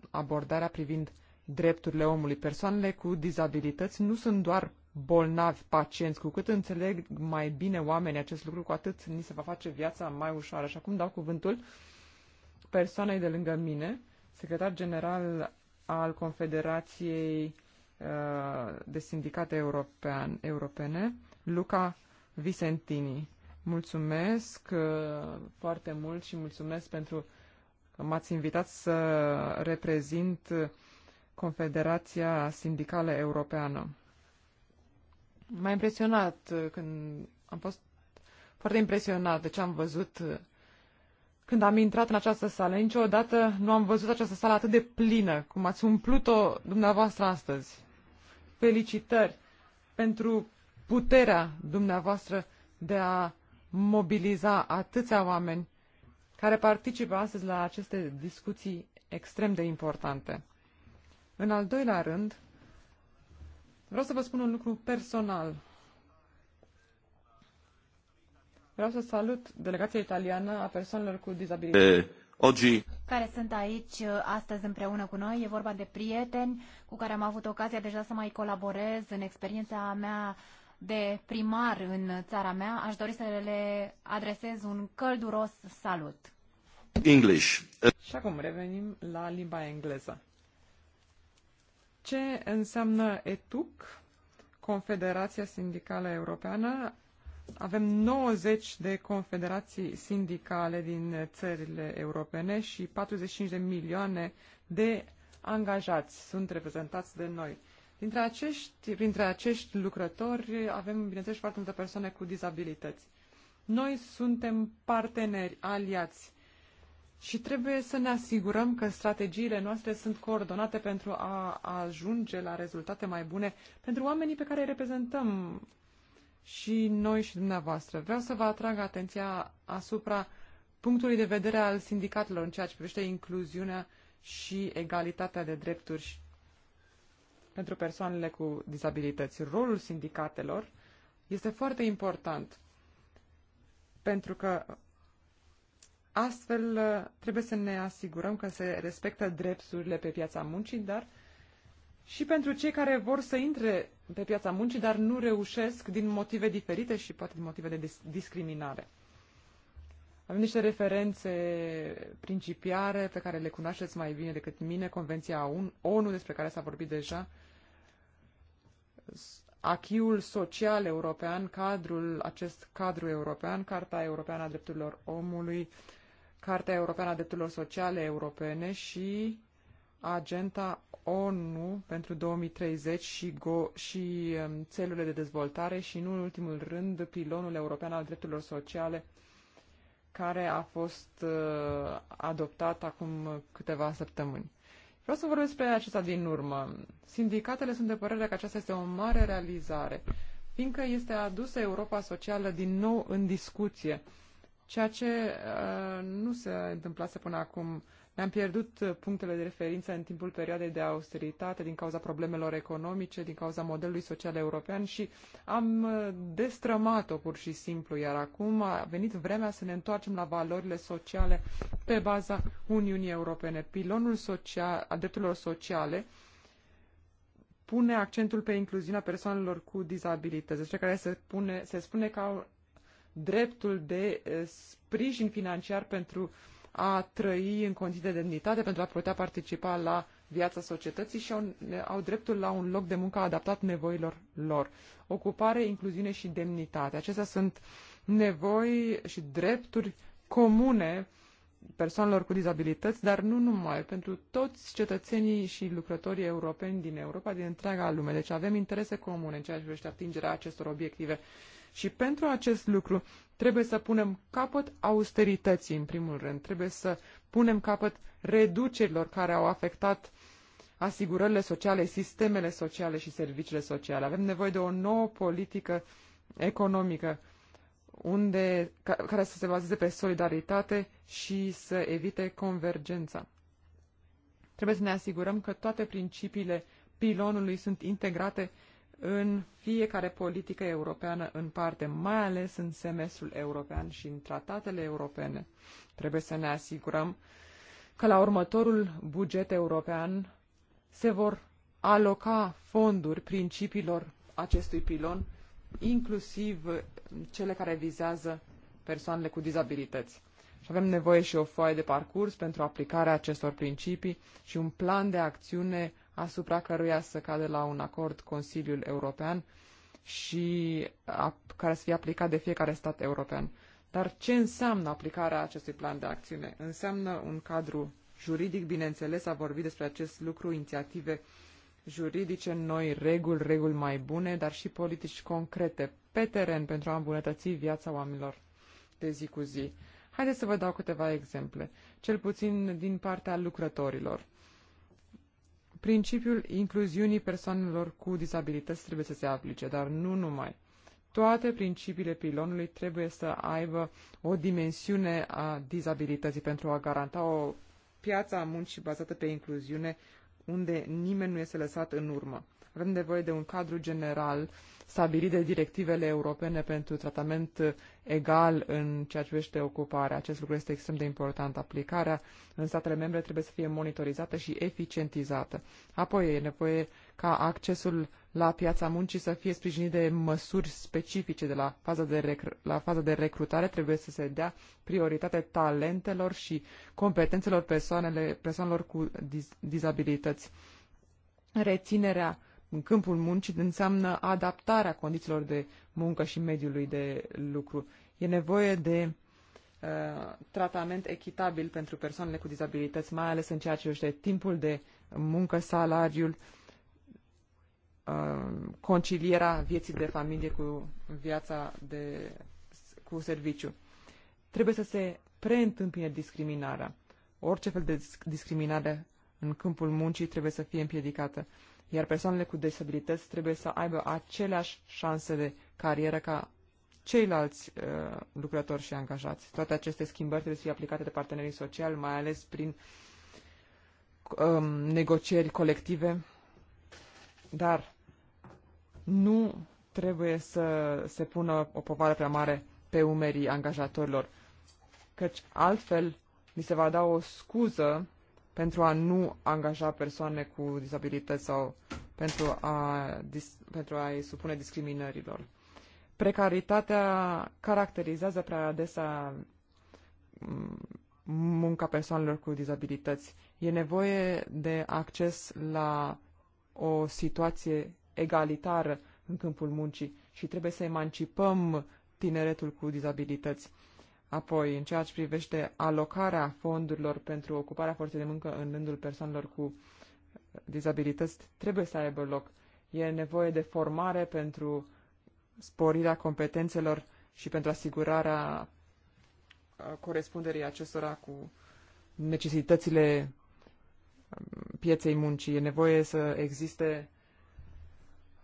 abordarea privind drepturile omului. Persoanele cu dizabilități nu sunt doar bolnavi, pacienți, cu cât înțeleg mai bine oamenii acest lucru, cu atât ni se va face viața mai ușoară. Și acum dau cuvântul persoanei de lângă mine, secretar general al Confederației uh, de Sindicate European, Europene, Luca Vicentini. Mulțumesc uh, foarte mult și mulțumesc pentru că m-ați invitat să reprezint Confederația Sindicală Europeană m-a impresionat uh, când am fost foarte impresionat de ce am văzut uh, când am intrat în această sală. Niciodată nu am văzut această sală atât de plină, cum ați umplut-o dumneavoastră astăzi. Felicitări pentru puterea dumneavoastră de a mobiliza atâția oameni care participă astăzi la aceste discuții extrem de importante. În al doilea rând, Vreau să vă spun un lucru personal. Vreau să salut delegația italiană a persoanelor cu dizabilități. Eh, oggi. care sunt aici eh, astăzi împreună cu noi. E vorba de prieteni cu care am avut ocazia deja să mai colaborez în experiența mea de primar în țara mea. Aș dori să le adresez un călduros salut. English. Și acum revenim la limba engleză. Ce înseamnă ETUC, Confederația Sindicală Europeană? Avem 90 de confederații sindicale din țările europene și 45 de milioane de angajați sunt reprezentați de noi. Dintre acești, printre acești lucrători avem, bineînțeles, foarte multe persoane cu dizabilități. Noi suntem parteneri, aliați și trebuie să ne asigurăm că strategiile noastre sunt coordonate pentru a ajunge la rezultate mai bune pentru oamenii pe care îi reprezentăm și noi și dumneavoastră. Vreau să vă atrag atenția asupra punctului de vedere al sindicatelor în ceea ce privește incluziunea și egalitatea de drepturi pentru persoanele cu dizabilități. Rolul sindicatelor este foarte important pentru că Astfel, uh, trebuie să ne asigurăm că se respectă drepturile pe piața muncii, dar și pentru cei care vor să intre pe piața muncii, dar nu reușesc din motive diferite și poate din motive de discriminare. Avem niște referențe principiare pe care le cunoașteți mai bine decât mine, Convenția ONU, despre care s-a vorbit deja, achiul social european, cadrul, acest cadru european, Carta Europeană a Drepturilor Omului, uh, Cartea Europeană a Drepturilor Sociale Europene și agenda ONU pentru 2030 și, go- și um, țelurile de dezvoltare și, nu în ultimul rând, pilonul european al drepturilor sociale care a fost uh, adoptat acum câteva săptămâni. Vreau să vorbesc despre acesta din urmă. Sindicatele sunt de părere că aceasta este o mare realizare, fiindcă este adusă Europa socială din nou în discuție ceea ce uh, nu se întâmplase până acum. Ne-am pierdut punctele de referință în timpul perioadei de austeritate din cauza problemelor economice, din cauza modelului social european și am uh, destrămat-o pur și simplu, iar acum a venit vremea să ne întoarcem la valorile sociale pe baza Uniunii Europene. Pilonul social, a drepturilor sociale pune accentul pe incluziunea persoanelor cu dizabilități, despre care se, pune, se spune că au dreptul de eh, sprijin financiar pentru a trăi în condiții de demnitate, pentru a putea participa la viața societății și au, au dreptul la un loc de muncă adaptat nevoilor lor. Ocupare, incluziune și demnitate. Acestea sunt nevoi și drepturi comune persoanelor cu dizabilități, dar nu numai, pentru toți cetățenii și lucrătorii europeni din Europa, din întreaga lume. Deci avem interese comune în ceea ce privește atingerea acestor obiective. Și pentru acest lucru trebuie să punem capăt austerității, în primul rând. Trebuie să punem capăt reducerilor care au afectat asigurările sociale, sistemele sociale și serviciile sociale. Avem nevoie de o nouă politică economică unde, care să se bazeze pe solidaritate și să evite convergența. Trebuie să ne asigurăm că toate principiile pilonului sunt integrate în fiecare politică europeană în parte, mai ales în semestrul european și în tratatele europene. Trebuie să ne asigurăm că la următorul buget european se vor aloca fonduri principiilor acestui pilon, inclusiv cele care vizează persoanele cu dizabilități. Și avem nevoie și o foaie de parcurs pentru aplicarea acestor principii și un plan de acțiune asupra căruia să cadă la un acord Consiliul European și a, care să fie aplicat de fiecare stat european. Dar ce înseamnă aplicarea acestui plan de acțiune? Înseamnă un cadru juridic, bineînțeles, a vorbit despre acest lucru, inițiative juridice, noi reguli, reguli mai bune, dar și politici concrete pe teren pentru a îmbunătăți viața oamenilor de zi cu zi. Haideți să vă dau câteva exemple, cel puțin din partea lucrătorilor. Principiul incluziunii persoanelor cu dizabilități trebuie să se aplice, dar nu numai. Toate principiile pilonului trebuie să aibă o dimensiune a dizabilității pentru a garanta o piață a muncii bazată pe incluziune unde nimeni nu este lăsat în urmă. Avem nevoie de un cadru general stabilit de directivele europene pentru tratament egal în ceea ce privește ocuparea. Acest lucru este extrem de important. Aplicarea în statele membre trebuie să fie monitorizată și eficientizată. Apoi e nevoie ca accesul la piața muncii să fie sprijinit de măsuri specifice de la faza de, rec- la faza de recrutare. Trebuie să se dea prioritate talentelor și competențelor persoanelor cu dizabilități. Reținerea uh, în câmpul muncii înseamnă adaptarea condițiilor de muncă și mediului de lucru. E nevoie de uh, tratament echitabil pentru persoanele cu dizabilități, mai ales în ceea ce este timpul de muncă, salariul, uh, concilierea vieții de familie cu viața de, cu serviciu. Trebuie să se preîntâmpine discriminarea. Orice fel de discriminare în câmpul muncii trebuie să fie împiedicată iar persoanele cu disabilități trebuie să aibă aceleași șanse de carieră ca ceilalți uh, lucrători și angajați. Toate aceste schimbări trebuie să fie aplicate de partenerii sociali, mai ales prin um, negocieri colective, dar nu trebuie să se pună o povară prea mare pe umerii angajatorilor, căci altfel mi se va da o scuză pentru a nu angaja persoane cu dizabilități sau pentru a, dis, pentru a-i supune discriminărilor. Precaritatea caracterizează prea adesea mm, munca persoanelor cu dizabilități. E nevoie de acces la o situație egalitară în câmpul muncii și trebuie să emancipăm tineretul cu dizabilități. Apoi, în ceea ce privește alocarea fondurilor pentru ocuparea forței de muncă în rândul persoanelor cu dizabilități, trebuie să aibă loc. E nevoie de formare pentru sporirea competențelor și pentru asigurarea corespunderii acestora cu necesitățile pieței muncii. E nevoie să existe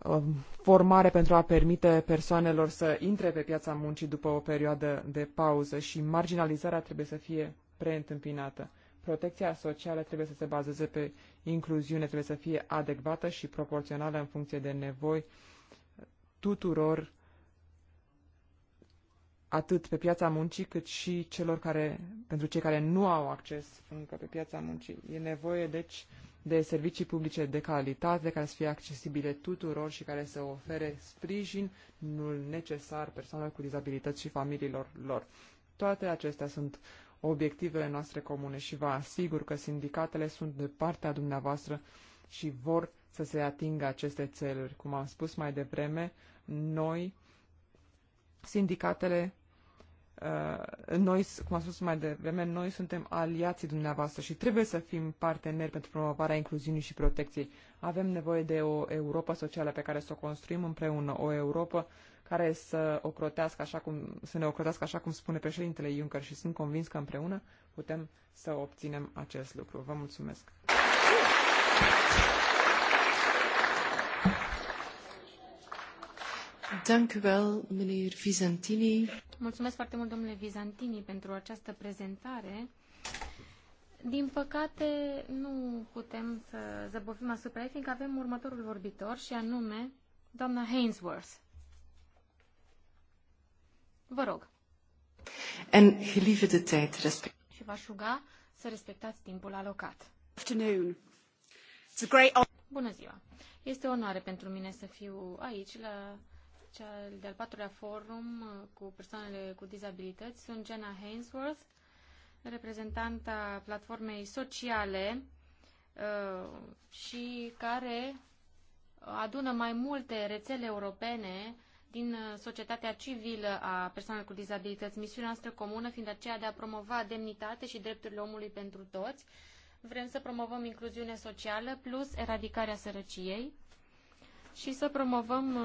Uh, formare pentru a permite persoanelor să intre pe piața muncii după o perioadă de pauză și marginalizarea trebuie să fie preîntâmpinată. Protecția socială trebuie să se bazeze pe incluziune, trebuie să fie adecvată și proporțională în funcție de nevoi tuturor, atât pe piața muncii, cât și celor care, pentru cei care nu au acces încă pe piața muncii. E nevoie, deci, de servicii publice de calitate care să fie accesibile tuturor și care să ofere sprijinul necesar persoanelor cu dizabilități și familiilor lor. Toate acestea sunt obiectivele noastre comune și vă asigur că sindicatele sunt de partea dumneavoastră și vor să se atingă aceste țeluri. Cum am spus mai devreme, noi, sindicatele, Uh, noi, cum am spus mai devreme, noi suntem aliații dumneavoastră și trebuie să fim parteneri pentru promovarea incluziunii și protecției. Avem nevoie de o Europa socială pe care să o construim împreună, o Europa care să, crotească așa cum, să ne ocrotească așa cum spune președintele Juncker și sunt convins că împreună putem să obținem acest lucru. Vă mulțumesc! Mulțumesc foarte mult, domnule Vizantini, pentru această prezentare. Din păcate, nu putem să zăbovim asupra ei, fiindcă avem următorul vorbitor, și anume doamna Hainsworth. Vă rog. En gelieve de tijd respect. Și v-aș ruga să respectați timpul alocat. Afternoon. It's a great... Bună ziua! Este o onoare pentru mine să fiu aici la cel de-al patrulea forum uh, cu persoanele cu dizabilități. Sunt Jenna Hainsworth, reprezentanta platformei sociale uh, și care adună mai multe rețele europene din uh, societatea civilă a persoanelor cu dizabilități. Misiunea noastră comună fiind aceea de a promova demnitate și drepturile omului pentru toți. Vrem să promovăm incluziunea socială plus eradicarea sărăciei și să promovăm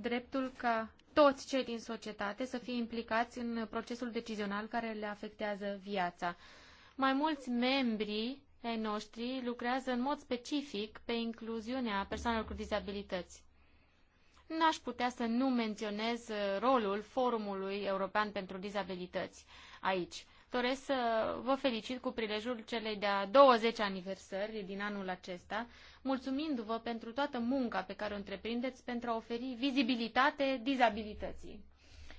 dreptul ca toți cei din societate să fie implicați în procesul decizional care le afectează viața. Mai mulți membri ai noștri lucrează în mod specific pe incluziunea persoanelor cu dizabilități. N-aș putea să nu menționez rolul Forumului European pentru Dizabilități aici doresc să vă felicit cu prilejul celei de-a 20 aniversări din anul acesta, mulțumindu-vă pentru toată munca pe care o întreprindeți pentru a oferi vizibilitate dizabilității.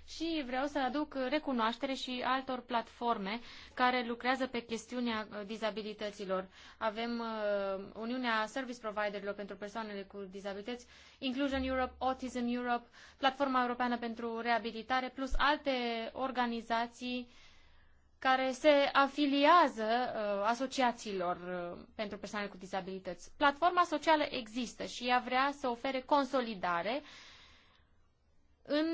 Și vreau să aduc recunoaștere și altor platforme care lucrează pe chestiunea uh, dizabilităților. Avem uh, Uniunea Service Providerilor pentru persoanele cu dizabilități, Inclusion Europe, Autism Europe, Platforma Europeană pentru Reabilitare, plus alte organizații uh, care se afiliază uh, asociațiilor uh, pentru persoane cu dizabilități. Platforma socială există și ea vrea să ofere consolidare în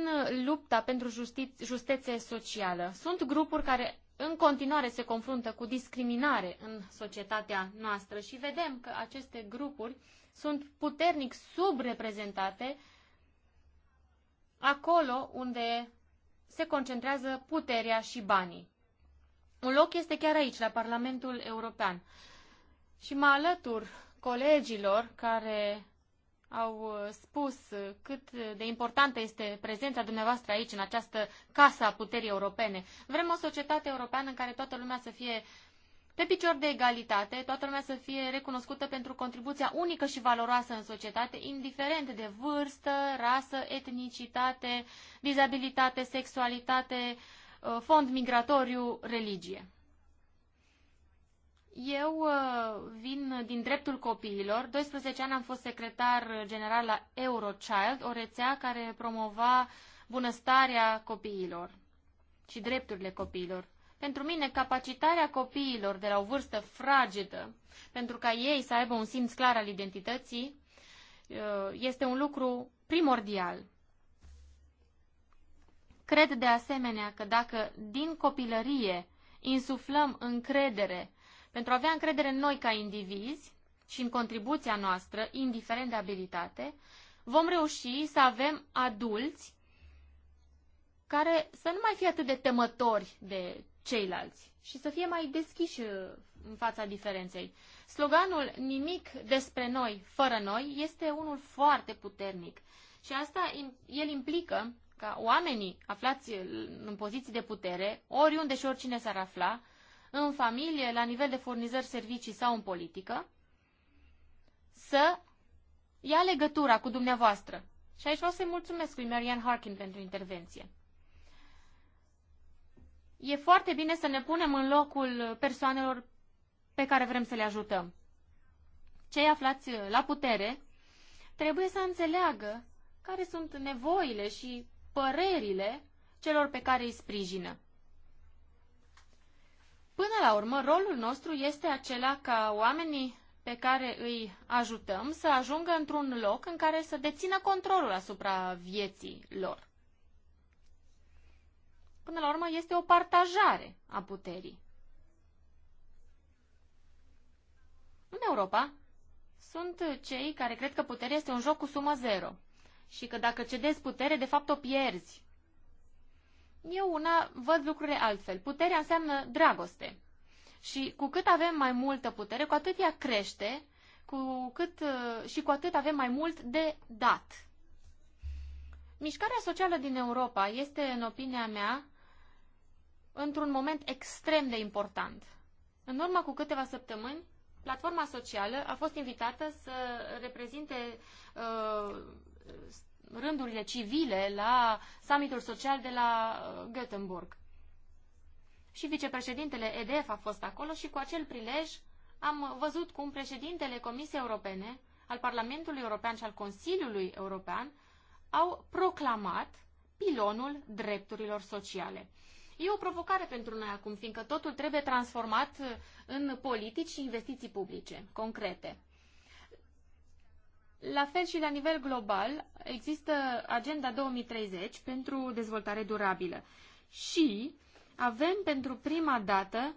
lupta pentru justi- justețe socială. Sunt grupuri care în continuare se confruntă cu discriminare în societatea noastră și vedem că aceste grupuri sunt puternic subreprezentate acolo unde se concentrează puterea și banii. Un loc este chiar aici, la Parlamentul European. Și mă alătur colegilor care au uh, spus uh, cât de importantă este prezența dumneavoastră aici, în această casă a puterii europene. Vrem o societate europeană în care toată lumea să fie pe picior de egalitate, toată lumea să fie recunoscută pentru contribuția unică și valoroasă în societate, indiferent de vârstă, rasă, etnicitate, dizabilitate, sexualitate, Uh, fond migratoriu, religie. Eu uh, vin din dreptul copiilor. 12 ani am fost secretar general la Eurochild, o rețea care promova bunăstarea copiilor și drepturile copiilor. Pentru mine, capacitarea copiilor de la o vârstă fragedă, pentru ca ei să aibă un simț clar al identității, uh, este un lucru primordial. Cred de asemenea că dacă din copilărie insuflăm încredere, pentru a avea încredere în noi ca indivizi și în contribuția noastră, indiferent de abilitate, vom reuși să avem adulți care să nu mai fie atât de temători de ceilalți și să fie mai deschiși uh, în fața diferenței. Sloganul nimic despre noi, fără noi, este unul foarte puternic și asta el implică ca oamenii aflați în poziții de putere, oriunde și oricine s-ar afla, în familie, la nivel de furnizări, servicii sau în politică, să ia legătura cu dumneavoastră. Și aici vreau să-i mulțumesc lui Marian Harkin pentru intervenție. E foarte bine să ne punem în locul persoanelor pe care vrem să le ajutăm. Cei aflați la putere trebuie să înțeleagă care sunt nevoile și părerile celor pe care îi sprijină. Până la urmă, rolul nostru este acela ca oamenii pe care îi ajutăm să ajungă într-un loc în care să dețină controlul asupra vieții lor. Până la urmă, este o partajare a puterii. În Europa, sunt cei care cred că puterea este un joc cu sumă zero și că dacă cedezi putere, de fapt o pierzi. Eu una văd lucrurile altfel. Puterea înseamnă dragoste. Și cu cât avem mai multă putere, cu atât ea crește cu cât, uh, și cu atât avem mai mult de dat. Mișcarea socială din Europa este, în opinia mea, într-un moment extrem de important. În urmă cu câteva săptămâni, platforma socială a fost invitată să reprezinte uh, rândurile civile la summitul social de la uh, Göteborg. Și vicepreședintele EDF a fost acolo și cu acel prilej am văzut cum președintele Comisiei Europene, al Parlamentului European și al Consiliului European au proclamat pilonul drepturilor sociale. E o provocare pentru noi acum, fiindcă totul trebuie transformat în politici și investiții publice, concrete. La fel și la nivel global există Agenda 2030 pentru dezvoltare durabilă și avem pentru prima dată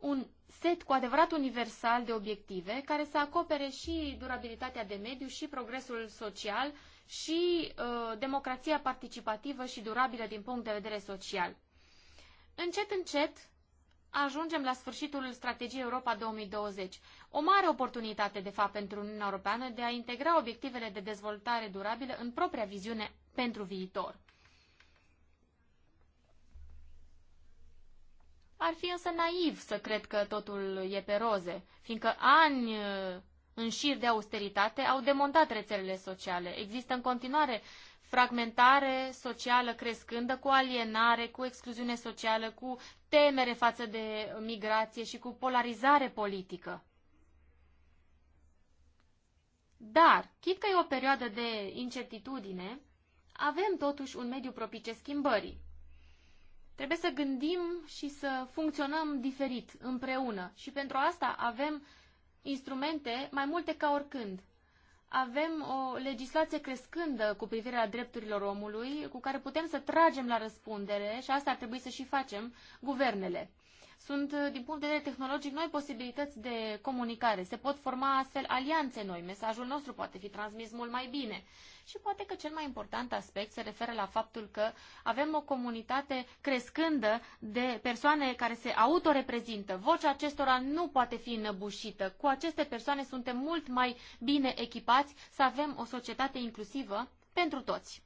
un set cu adevărat universal de obiective care să acopere și durabilitatea de mediu și progresul social și uh, democrația participativă și durabilă din punct de vedere social. Încet, încet, ajungem la sfârșitul strategiei Europa 2020. O mare oportunitate, de fapt, pentru Uniunea Europeană de a integra obiectivele de dezvoltare durabilă în propria viziune pentru viitor. Ar fi însă naiv să cred că totul e pe roze, fiindcă ani uh, în șir de austeritate au demontat rețelele sociale. Există în continuare uh, fragmentare socială crescândă, cu alienare, cu excluziune socială, cu temere față de migrație și cu polarizare politică. Dar, chit că e o perioadă de incertitudine, avem totuși un mediu propice schimbării. Trebuie să gândim și să funcționăm diferit, împreună. Și pentru asta avem instrumente mai multe ca oricând avem o legislație crescândă cu privire la drepturilor omului, cu care putem să tragem la răspundere, și asta ar trebui să și facem, guvernele. Sunt, uh, din punct de vedere tehnologic, noi posibilități de comunicare. Se pot forma astfel alianțe noi. Mesajul nostru poate fi transmis mult mai bine. Și poate că cel mai important aspect se referă la faptul că avem o comunitate crescândă de persoane care se autoreprezintă. Vocea acestora nu poate fi înăbușită. Cu aceste persoane suntem mult mai bine echipați să avem o societate inclusivă pentru toți.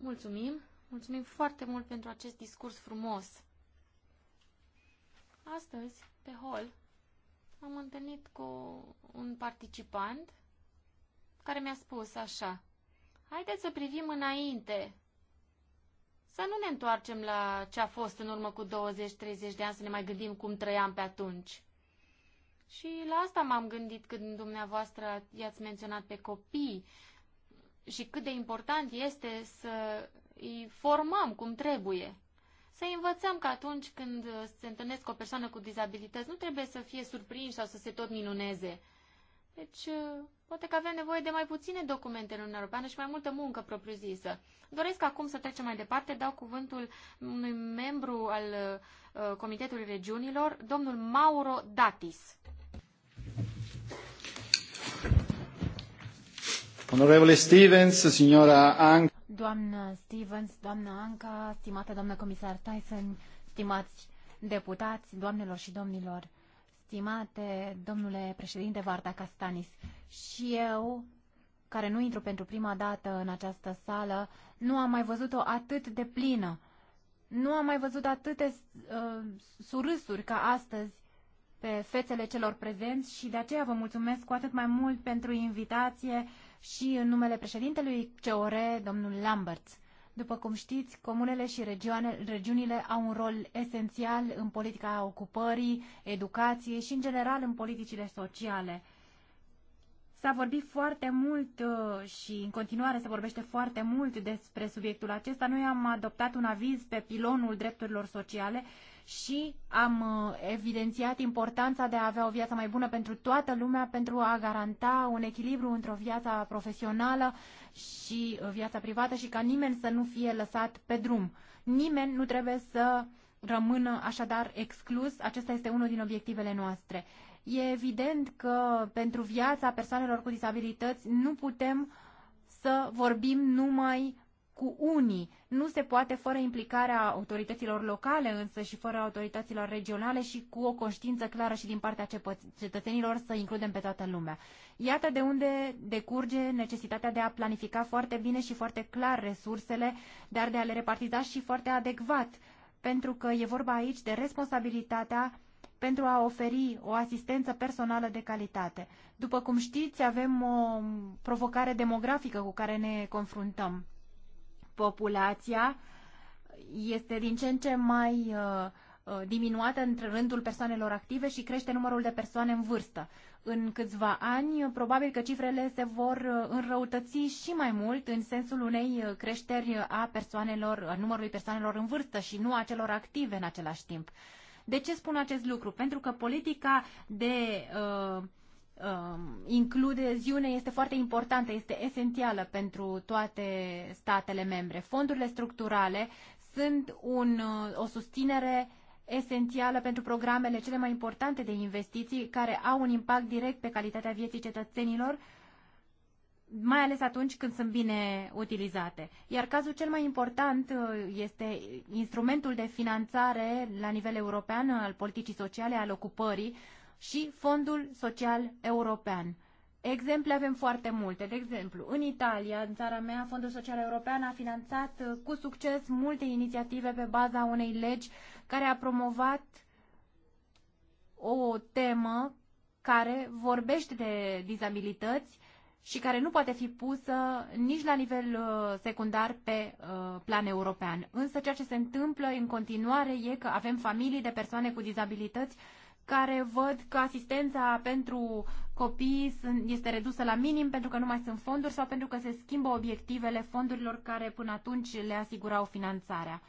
Mulțumim. Mulțumim foarte mult pentru acest discurs frumos. Astăzi, pe hol, am întâlnit cu un participant care mi-a spus așa. Haideți să privim înainte, să nu ne întoarcem la ce a fost în urmă cu 20-30 de ani, să ne mai gândim cum trăiam pe atunci. Și la asta m-am gândit când dumneavoastră i-ați menționat pe copii și cât de important este să îi formăm cum trebuie. Să învățăm că atunci când se întâlnesc cu o persoană cu dizabilități, nu trebuie să fie surprinși sau să se tot minuneze. Deci, poate că avem nevoie de mai puține documente în Uniunea Europeană și mai multă muncă propriu-zisă. Doresc acum să trecem mai departe. Dau cuvântul unui membru al uh, Comitetului Regiunilor, domnul Mauro Datis. Onorevole Stevens, Doamnă Stevens, doamnă Anca, stimată doamnă comisar Tyson, stimați deputați, doamnelor și domnilor, stimate domnule președinte Varda Castanis, și eu, care nu intru pentru prima dată în această sală, nu am mai văzut-o atât de plină. Nu am mai văzut atâte uh, surâsuri ca astăzi pe fețele celor prezenți și de aceea vă mulțumesc cu atât mai mult pentru invitație și în numele președintelui COR, domnul Lamberts. După cum știți, comunele și regioane, regiunile au un rol esențial în politica ocupării, educației și, în general, în politicile sociale. S-a vorbit foarte mult uh, și în continuare se vorbește foarte mult despre subiectul acesta. Noi am adoptat un aviz pe pilonul drepturilor sociale și am uh, evidențiat importanța de a avea o viață mai bună pentru toată lumea, pentru a garanta un echilibru într-o viață profesională și uh, viața privată și ca nimeni să nu fie lăsat pe drum. Nimeni nu trebuie să rămână așadar exclus. Acesta este unul din obiectivele noastre. E evident că pentru viața persoanelor cu disabilități nu putem să vorbim numai cu unii. Nu se poate fără implicarea autorităților locale însă și fără autorităților regionale și cu o conștiință clară și din partea cetățenilor să includem pe toată lumea. Iată de unde decurge necesitatea de a planifica foarte bine și foarte clar resursele, dar de a le repartiza și foarte adecvat, pentru că e vorba aici de responsabilitatea pentru a oferi o asistență personală de calitate. După cum știți, avem o provocare demografică cu care ne confruntăm populația este din ce în ce mai uh, uh, diminuată între rândul persoanelor active și crește numărul de persoane în vârstă. În câțiva ani, probabil că cifrele se vor uh, înrăutăți și mai mult în sensul unei creșteri a persoanelor, a numărului persoanelor în vârstă și nu a celor active în același timp. De ce spun acest lucru? Pentru că politica de uh, Um, incluziune este foarte importantă, este esențială pentru toate statele membre. Fondurile structurale sunt un, uh, o susținere esențială pentru programele cele mai importante de investiții care au un impact direct pe calitatea vieții cetățenilor, mai ales atunci când sunt bine utilizate. Iar cazul cel mai important uh, este instrumentul de finanțare la nivel european al politicii sociale, al ocupării, și Fondul Social European. Exemple avem foarte multe. De exemplu, în Italia, în țara mea, Fondul Social European a finanțat uh, cu succes multe inițiative pe baza unei legi care a promovat o temă care vorbește de dizabilități și care nu poate fi pusă nici la nivel uh, secundar pe uh, plan european. Însă ceea ce se întâmplă în continuare e că avem familii de persoane cu dizabilități care văd că asistența pentru copii este redusă la minim pentru că nu mai sunt fonduri sau pentru că se schimbă obiectivele fondurilor care până atunci le asigurau finanțarea.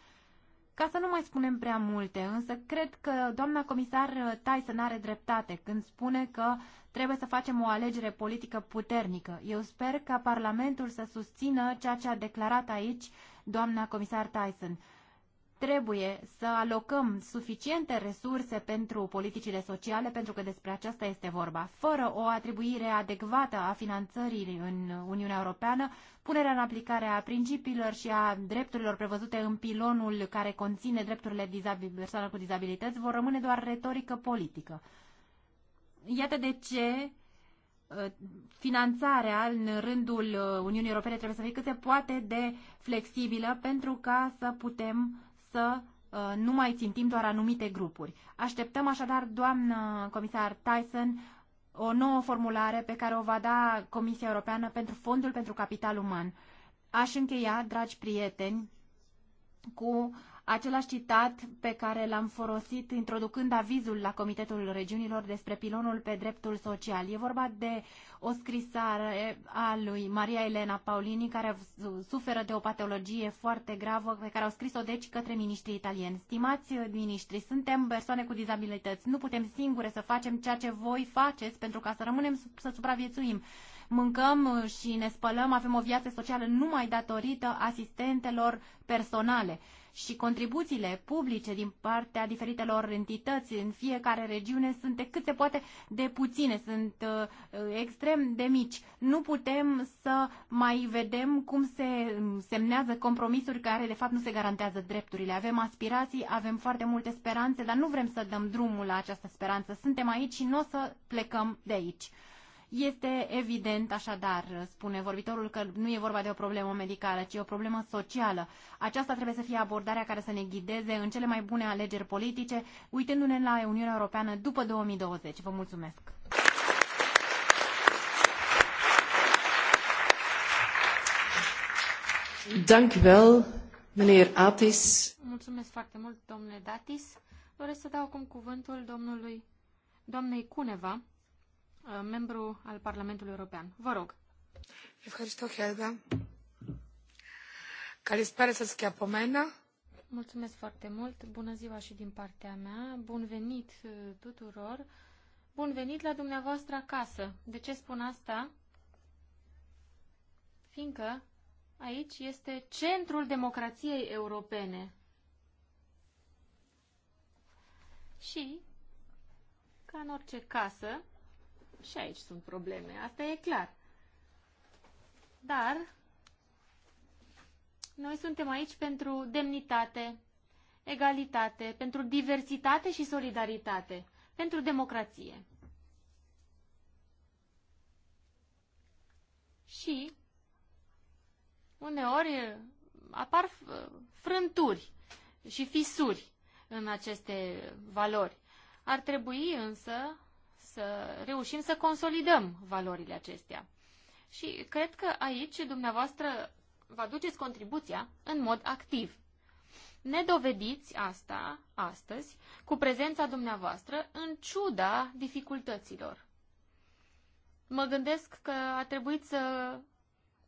Ca să nu mai spunem prea multe, însă cred că doamna comisar Tyson are dreptate când spune că trebuie să facem o alegere politică puternică. Eu sper ca Parlamentul să susțină ceea ce a declarat aici doamna comisar Tyson trebuie să alocăm suficiente resurse pentru politicile sociale, pentru că despre aceasta este vorba. Fără o atribuire adecvată a finanțării în Uniunea Europeană, punerea în aplicare a principiilor și a drepturilor prevăzute în pilonul care conține drepturile persoanelor cu dizabilități vor rămâne doar retorică politică. Iată de ce uh, finanțarea în rândul uh, Uniunii Europene trebuie să fie cât se poate de flexibilă pentru ca să putem să uh, nu mai țintim doar anumite grupuri. Așteptăm așadar, doamnă comisar Tyson, o nouă formulare pe care o va da Comisia Europeană pentru Fondul pentru Capital Uman. Aș încheia, dragi prieteni, cu același citat pe care l-am folosit introducând avizul la Comitetul Regiunilor despre pilonul pe dreptul social. E vorba de o scrisoare a lui Maria Elena Paulini, care suferă de o patologie foarte gravă, pe care au scris-o deci către miniștrii italieni. Stimați miniștri, suntem persoane cu dizabilități, nu putem singure să facem ceea ce voi faceți pentru ca să rămânem să supraviețuim mâncăm și ne spălăm, avem o viață socială numai datorită asistentelor personale și contribuțiile publice din partea diferitelor entități în fiecare regiune sunt de cât se poate de puține, sunt uh, extrem de mici. Nu putem să mai vedem cum se semnează compromisuri care de fapt nu se garantează drepturile. Avem aspirații, avem foarte multe speranțe, dar nu vrem să dăm drumul la această speranță. Suntem aici și nu o să plecăm de aici. Este evident, așadar, spune vorbitorul, că nu e vorba de o problemă medicală, ci o problemă socială. Aceasta trebuie să fie abordarea care să ne ghideze în cele mai bune alegeri politice, uitându-ne la Uniunea Europeană după 2020. Vă mulțumesc! Dank wel, meneer Atis. Mulțumesc foarte mult, domnule Datis. Doresc să dau acum cuvântul domnului, doamnei Cuneva, Uh, membru al Parlamentului European. Vă rog. Mulțumesc foarte mult. Bună ziua și din partea mea. Bun venit uh, tuturor. Bun venit la dumneavoastră acasă. De ce spun asta? Fiindcă aici este centrul democrației europene. Și, ca în orice casă, și aici sunt probleme, asta e clar. Dar noi suntem aici pentru demnitate, egalitate, pentru diversitate și solidaritate, pentru democrație. Și uneori apar frânturi și fisuri în aceste valori. Ar trebui însă să reușim să consolidăm valorile acestea. Și cred că aici dumneavoastră vă aduceți contribuția în mod activ. Ne dovediți asta astăzi cu prezența dumneavoastră în ciuda dificultăților. Mă gândesc că a trebuit să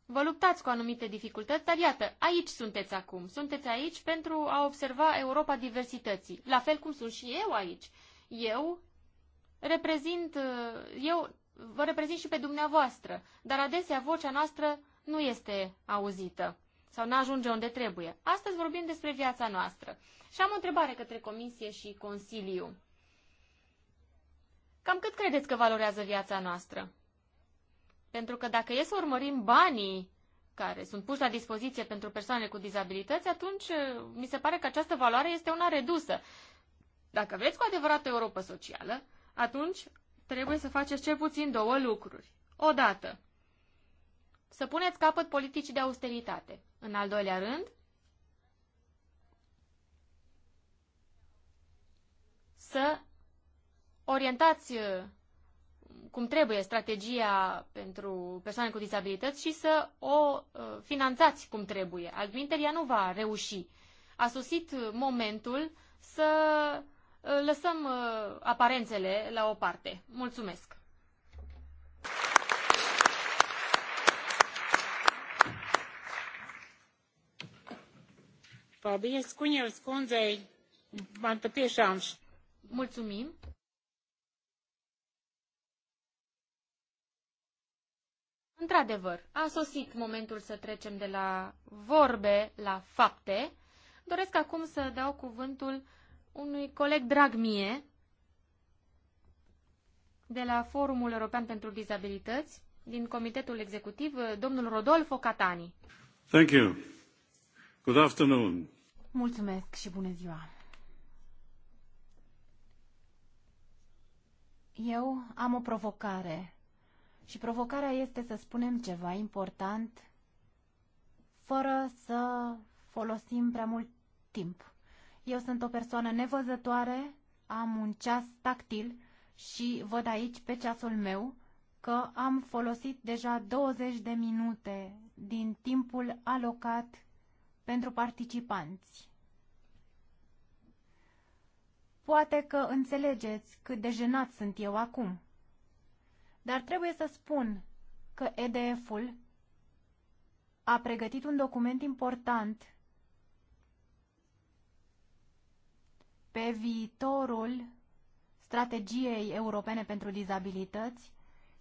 vă luptați cu anumite dificultăți, dar iată, aici sunteți acum. Sunteți aici pentru a observa Europa diversității, la fel cum sunt și eu aici. Eu reprezint, uh, eu vă reprezint și pe dumneavoastră, dar adesea vocea noastră nu este auzită sau nu ajunge unde trebuie. Astăzi vorbim despre viața noastră. Și am o întrebare către Comisie și Consiliu. Cam cât credeți că valorează viața noastră? Pentru că dacă e să urmărim banii care sunt puși la dispoziție pentru persoane cu dizabilități, atunci uh, mi se pare că această valoare este una redusă. Dacă vreți cu adevărat o Europa socială, atunci trebuie să faceți cel puțin două lucruri. Odată, să puneți capăt politicii de austeritate. În al doilea rând, să orientați uh, cum trebuie strategia pentru persoane cu dizabilități și să o uh, finanțați cum trebuie. Altminteri, ea nu va reuși. A sosit momentul să lăsăm uh, aparențele la o parte. Mulțumesc! Mulțumim. Într-adevăr, a sosit momentul să trecem de la vorbe la fapte. Doresc acum să dau cuvântul unui coleg drag mie de la Forumul European pentru Dizabilități, din Comitetul Executiv, domnul Rodolfo Catani. Thank you. Good afternoon. Mulțumesc și bună ziua. Eu am o provocare și provocarea este să spunem ceva important fără să folosim prea mult timp. Eu sunt o persoană nevăzătoare, am un ceas tactil și văd aici pe ceasul meu că am folosit deja 20 de minute din timpul alocat pentru participanți. Poate că înțelegeți cât de jenat sunt eu acum. Dar trebuie să spun că EDF-ul a pregătit un document important pe viitorul strategiei europene pentru dizabilități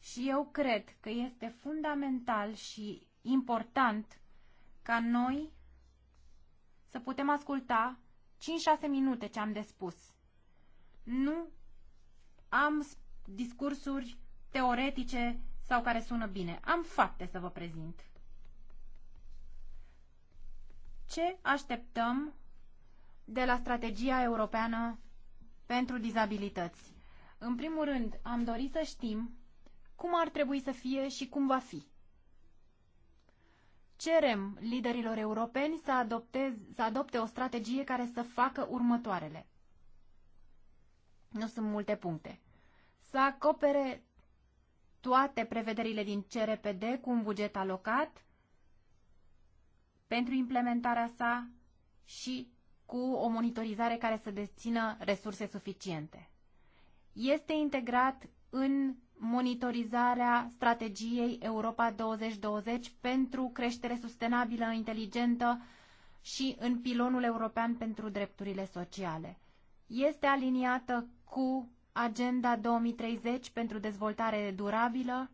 și eu cred că este fundamental și important ca noi să putem asculta 5-6 minute ce am de spus. Nu am discursuri teoretice sau care sună bine. Am fapte să vă prezint. Ce așteptăm de la strategia europeană pentru dizabilități. În primul rând, am dorit să știm cum ar trebui să fie și cum va fi. Cerem liderilor europeni să, adoptez, să adopte o strategie care să facă următoarele. Nu sunt multe puncte. Să acopere toate prevederile din CRPD cu un buget alocat pentru implementarea sa și cu o monitorizare care să dețină resurse suficiente. Este integrat în monitorizarea strategiei Europa 2020 pentru creștere sustenabilă, inteligentă și în pilonul european pentru drepturile sociale. Este aliniată cu Agenda 2030 pentru dezvoltare durabilă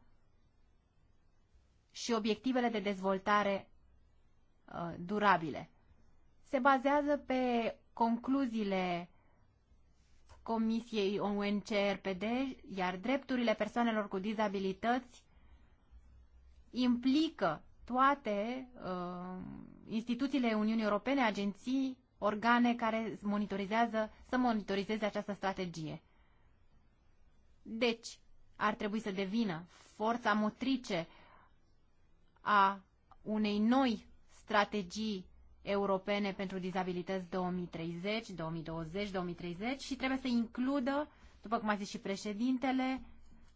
și obiectivele de dezvoltare uh, durabile se bazează pe concluziile Comisiei ONCRPD, iar drepturile persoanelor cu dizabilități implică toate uh, instituțiile Uniunii Europene, agenții, organe care monitorizează, să monitorizeze această strategie. Deci, ar trebui să devină forța motrice a unei noi strategii europene pentru dizabilități 2030, 2020, 2030 și trebuie să includă, după cum a zis și președintele,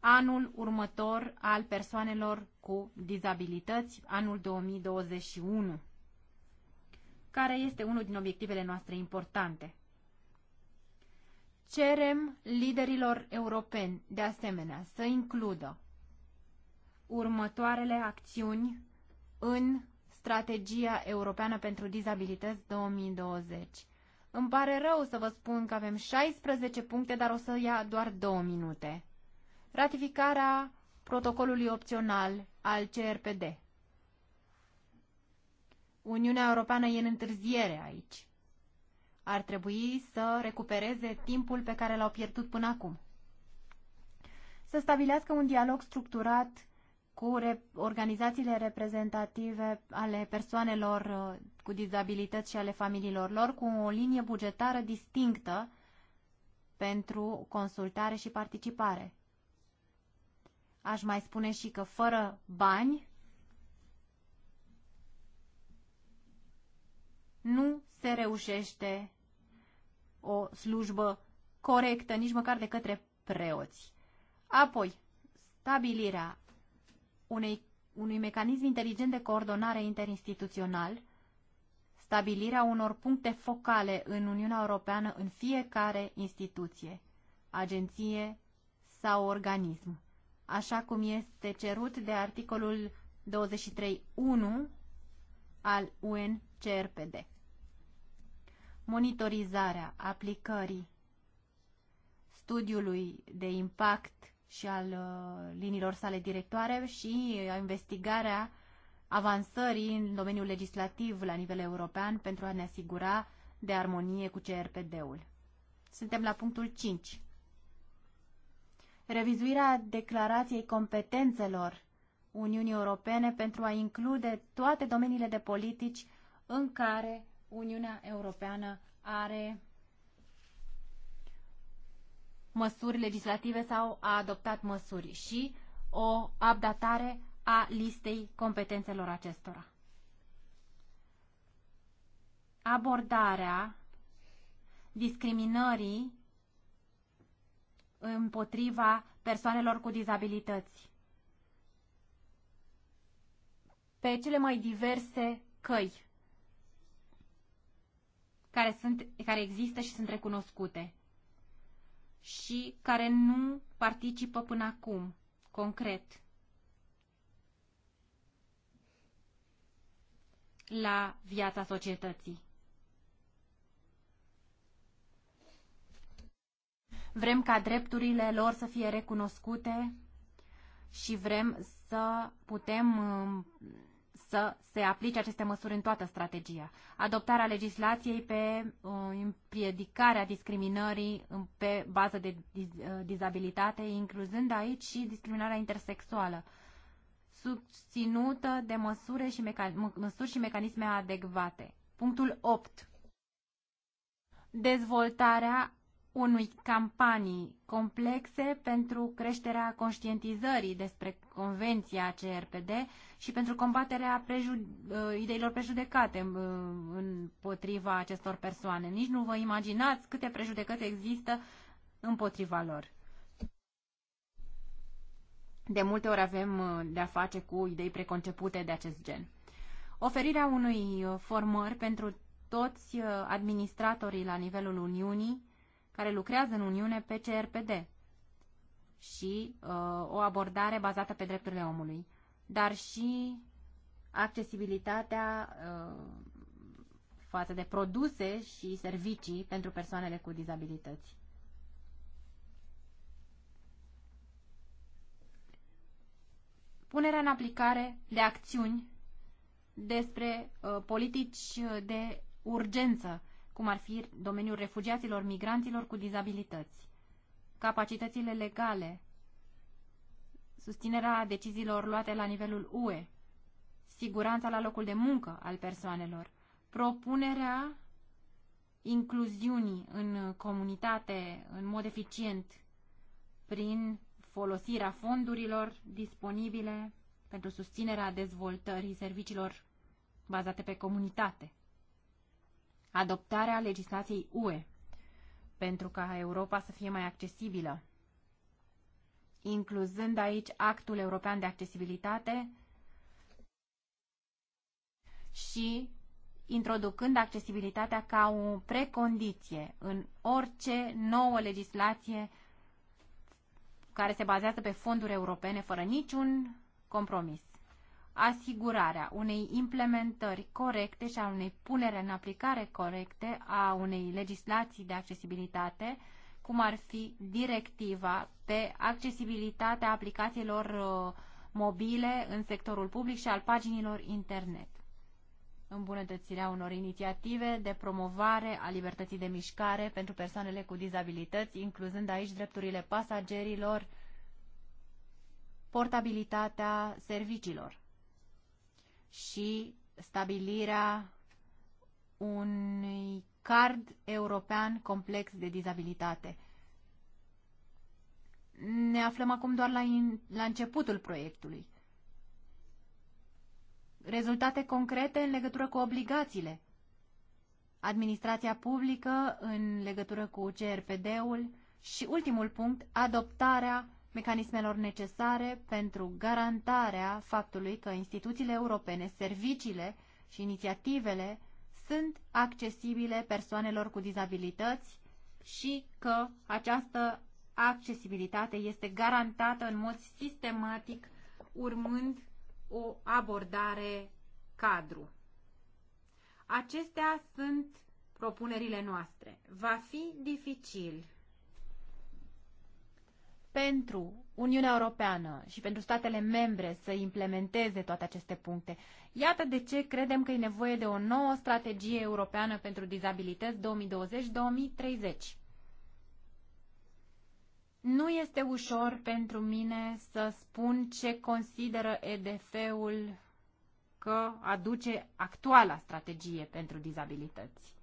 anul următor al persoanelor cu dizabilități, anul 2021, care este unul din obiectivele noastre importante. Cerem liderilor europeni, de asemenea, să includă următoarele acțiuni în Strategia Europeană pentru Dizabilități 2020. Îmi pare rău să vă spun că avem 16 puncte, dar o să ia doar 2 minute. Ratificarea protocolului opțional al CRPD. Uniunea Europeană e în întârziere aici. Ar trebui să recupereze timpul pe care l-au pierdut până acum. Să stabilească un dialog structurat cu re- organizațiile reprezentative ale persoanelor uh, cu dizabilități și ale familiilor lor, cu o linie bugetară distinctă pentru consultare și participare. Aș mai spune și că fără bani nu se reușește o slujbă corectă, nici măcar de către preoți. Apoi, stabilirea unei, unui mecanism inteligent de coordonare interinstituțional, stabilirea unor puncte focale în Uniunea Europeană în fiecare instituție, agenție sau organism, așa cum este cerut de articolul 23.1 al UNCRPD. Monitorizarea aplicării studiului de impact și al uh, liniilor sale directoare și uh, investigarea avansării în domeniul legislativ la nivel european pentru a ne asigura de armonie cu CRPD-ul. Suntem la punctul 5. Revizuirea declarației competențelor Uniunii Europene pentru a include toate domeniile de politici în care Uniunea Europeană are măsuri legislative sau a adoptat măsuri și o abdatare a listei competențelor acestora. Abordarea discriminării împotriva persoanelor cu dizabilități pe cele mai diverse căi care, sunt, care există și sunt recunoscute și care nu participă până acum, concret, la viața societății. Vrem ca drepturile lor să fie recunoscute și vrem să putem să se aplice aceste măsuri în toată strategia. Adoptarea legislației pe uh, împiedicarea discriminării pe bază de uh, dizabilitate, incluzând aici și discriminarea intersexuală, susținută de măsuri și măsuri și mecanisme adecvate. Punctul 8. Dezvoltarea unui campanii complexe pentru creșterea conștientizării despre Convenția CRPD și pentru combaterea preju- uh, ideilor prejudecate uh, împotriva acestor persoane. Nici nu vă imaginați câte prejudecăți există împotriva lor. De multe ori avem uh, de-a face cu idei preconcepute de acest gen. Oferirea unui formări pentru toți administratorii la nivelul Uniunii care lucrează în Uniune pe CRPD și uh, o abordare bazată pe drepturile omului, dar și accesibilitatea uh, față de produse și servicii pentru persoanele cu dizabilități. Punerea în aplicare de acțiuni despre uh, politici de urgență cum ar fi domeniul refugiaților, migranților cu dizabilități, capacitățile legale, susținerea deciziilor luate la nivelul UE, siguranța la locul de muncă al persoanelor, propunerea incluziunii în comunitate în mod eficient prin folosirea fondurilor disponibile pentru susținerea dezvoltării serviciilor bazate pe comunitate adoptarea legislației UE pentru ca Europa să fie mai accesibilă, incluzând aici actul european de accesibilitate și introducând accesibilitatea ca o precondiție în orice nouă legislație care se bazează pe fonduri europene fără niciun compromis asigurarea unei implementări corecte și a unei punere în aplicare corecte a unei legislații de accesibilitate, cum ar fi directiva pe accesibilitatea aplicațiilor uh, mobile în sectorul public și al paginilor internet îmbunătățirea unor inițiative de promovare a libertății de mișcare pentru persoanele cu dizabilități, incluzând aici drepturile pasagerilor, portabilitatea serviciilor și stabilirea unui card european complex de dizabilitate. Ne aflăm acum doar la, in, la începutul proiectului. Rezultate concrete în legătură cu obligațiile. Administrația publică în legătură cu CRPD-ul și ultimul punct, adoptarea mecanismelor necesare pentru garantarea faptului că instituțiile europene, serviciile și inițiativele sunt accesibile persoanelor cu dizabilități și că această accesibilitate este garantată în mod sistematic urmând o abordare cadru. Acestea sunt propunerile noastre. Va fi dificil pentru Uniunea Europeană și pentru statele membre să implementeze toate aceste puncte. Iată de ce credem că e nevoie de o nouă strategie europeană pentru dizabilități 2020-2030. Nu este ușor pentru mine să spun ce consideră EDF-ul că aduce actuala strategie pentru dizabilități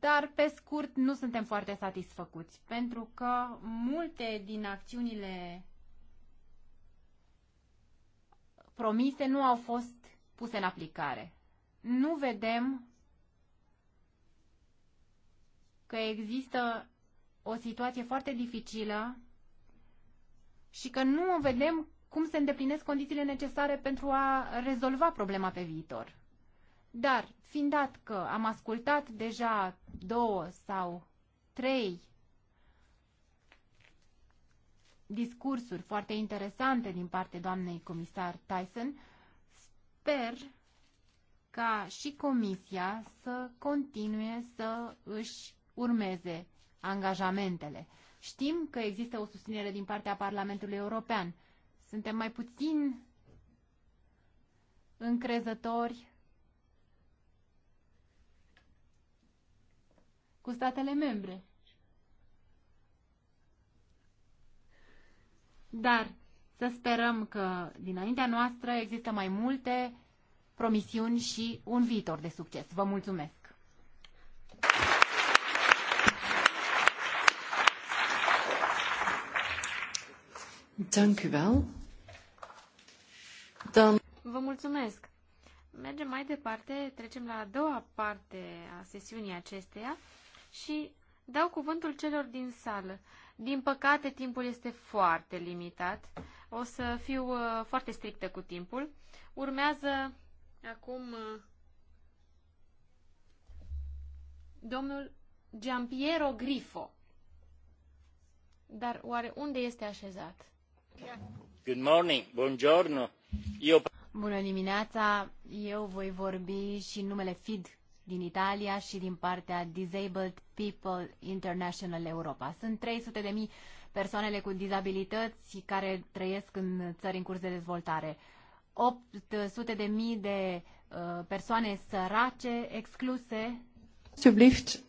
dar pe scurt nu suntem foarte satisfăcuți, pentru că multe din acțiunile promise nu au fost puse în aplicare. Nu vedem că există o situație foarte dificilă și că nu vedem cum se îndeplinesc condițiile necesare pentru a rezolva problema pe viitor. Dar, fiind dat că am ascultat deja două sau trei discursuri foarte interesante din partea doamnei comisar Tyson, sper ca și comisia să continue să își urmeze angajamentele. Știm că există o susținere din partea Parlamentului European. Suntem mai puțin încrezători cu statele membre. Dar să sperăm că dinaintea noastră există mai multe promisiuni și un viitor de succes. Vă mulțumesc! Dank u wel. Dan... Vă mulțumesc! Mergem mai departe, trecem la a doua parte a sesiunii acesteia și dau cuvântul celor din sală. Din păcate, timpul este foarte limitat. O să fiu uh, foarte strictă cu timpul. Urmează acum uh, domnul Giampiero Grifo. Dar oare unde este așezat? Good morning, buongiorno. Eu... Bună dimineața, eu voi vorbi și numele FID, din Italia și din partea Disabled People International Europa. Sunt 300 de mii persoanele cu dizabilități care trăiesc în țări în curs de dezvoltare. 800 de mii de uh, persoane sărace, excluse. Sublift.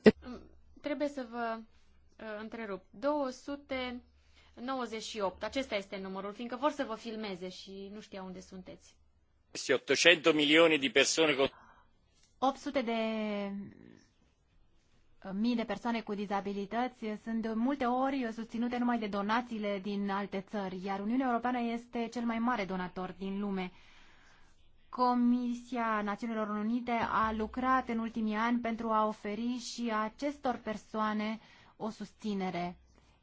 Trebuie să vă uh, întrerup. 298. Acesta este numărul, fiindcă vor să vă filmeze și nu știau unde sunteți. 800 milioane de persoane cu 800 de uh, mii de persoane cu dizabilități sunt de multe ori susținute numai de donațiile din alte țări, iar Uniunea Europeană este cel mai mare donator din lume. Comisia Națiunilor Unite a lucrat în ultimii ani pentru a oferi și acestor persoane o susținere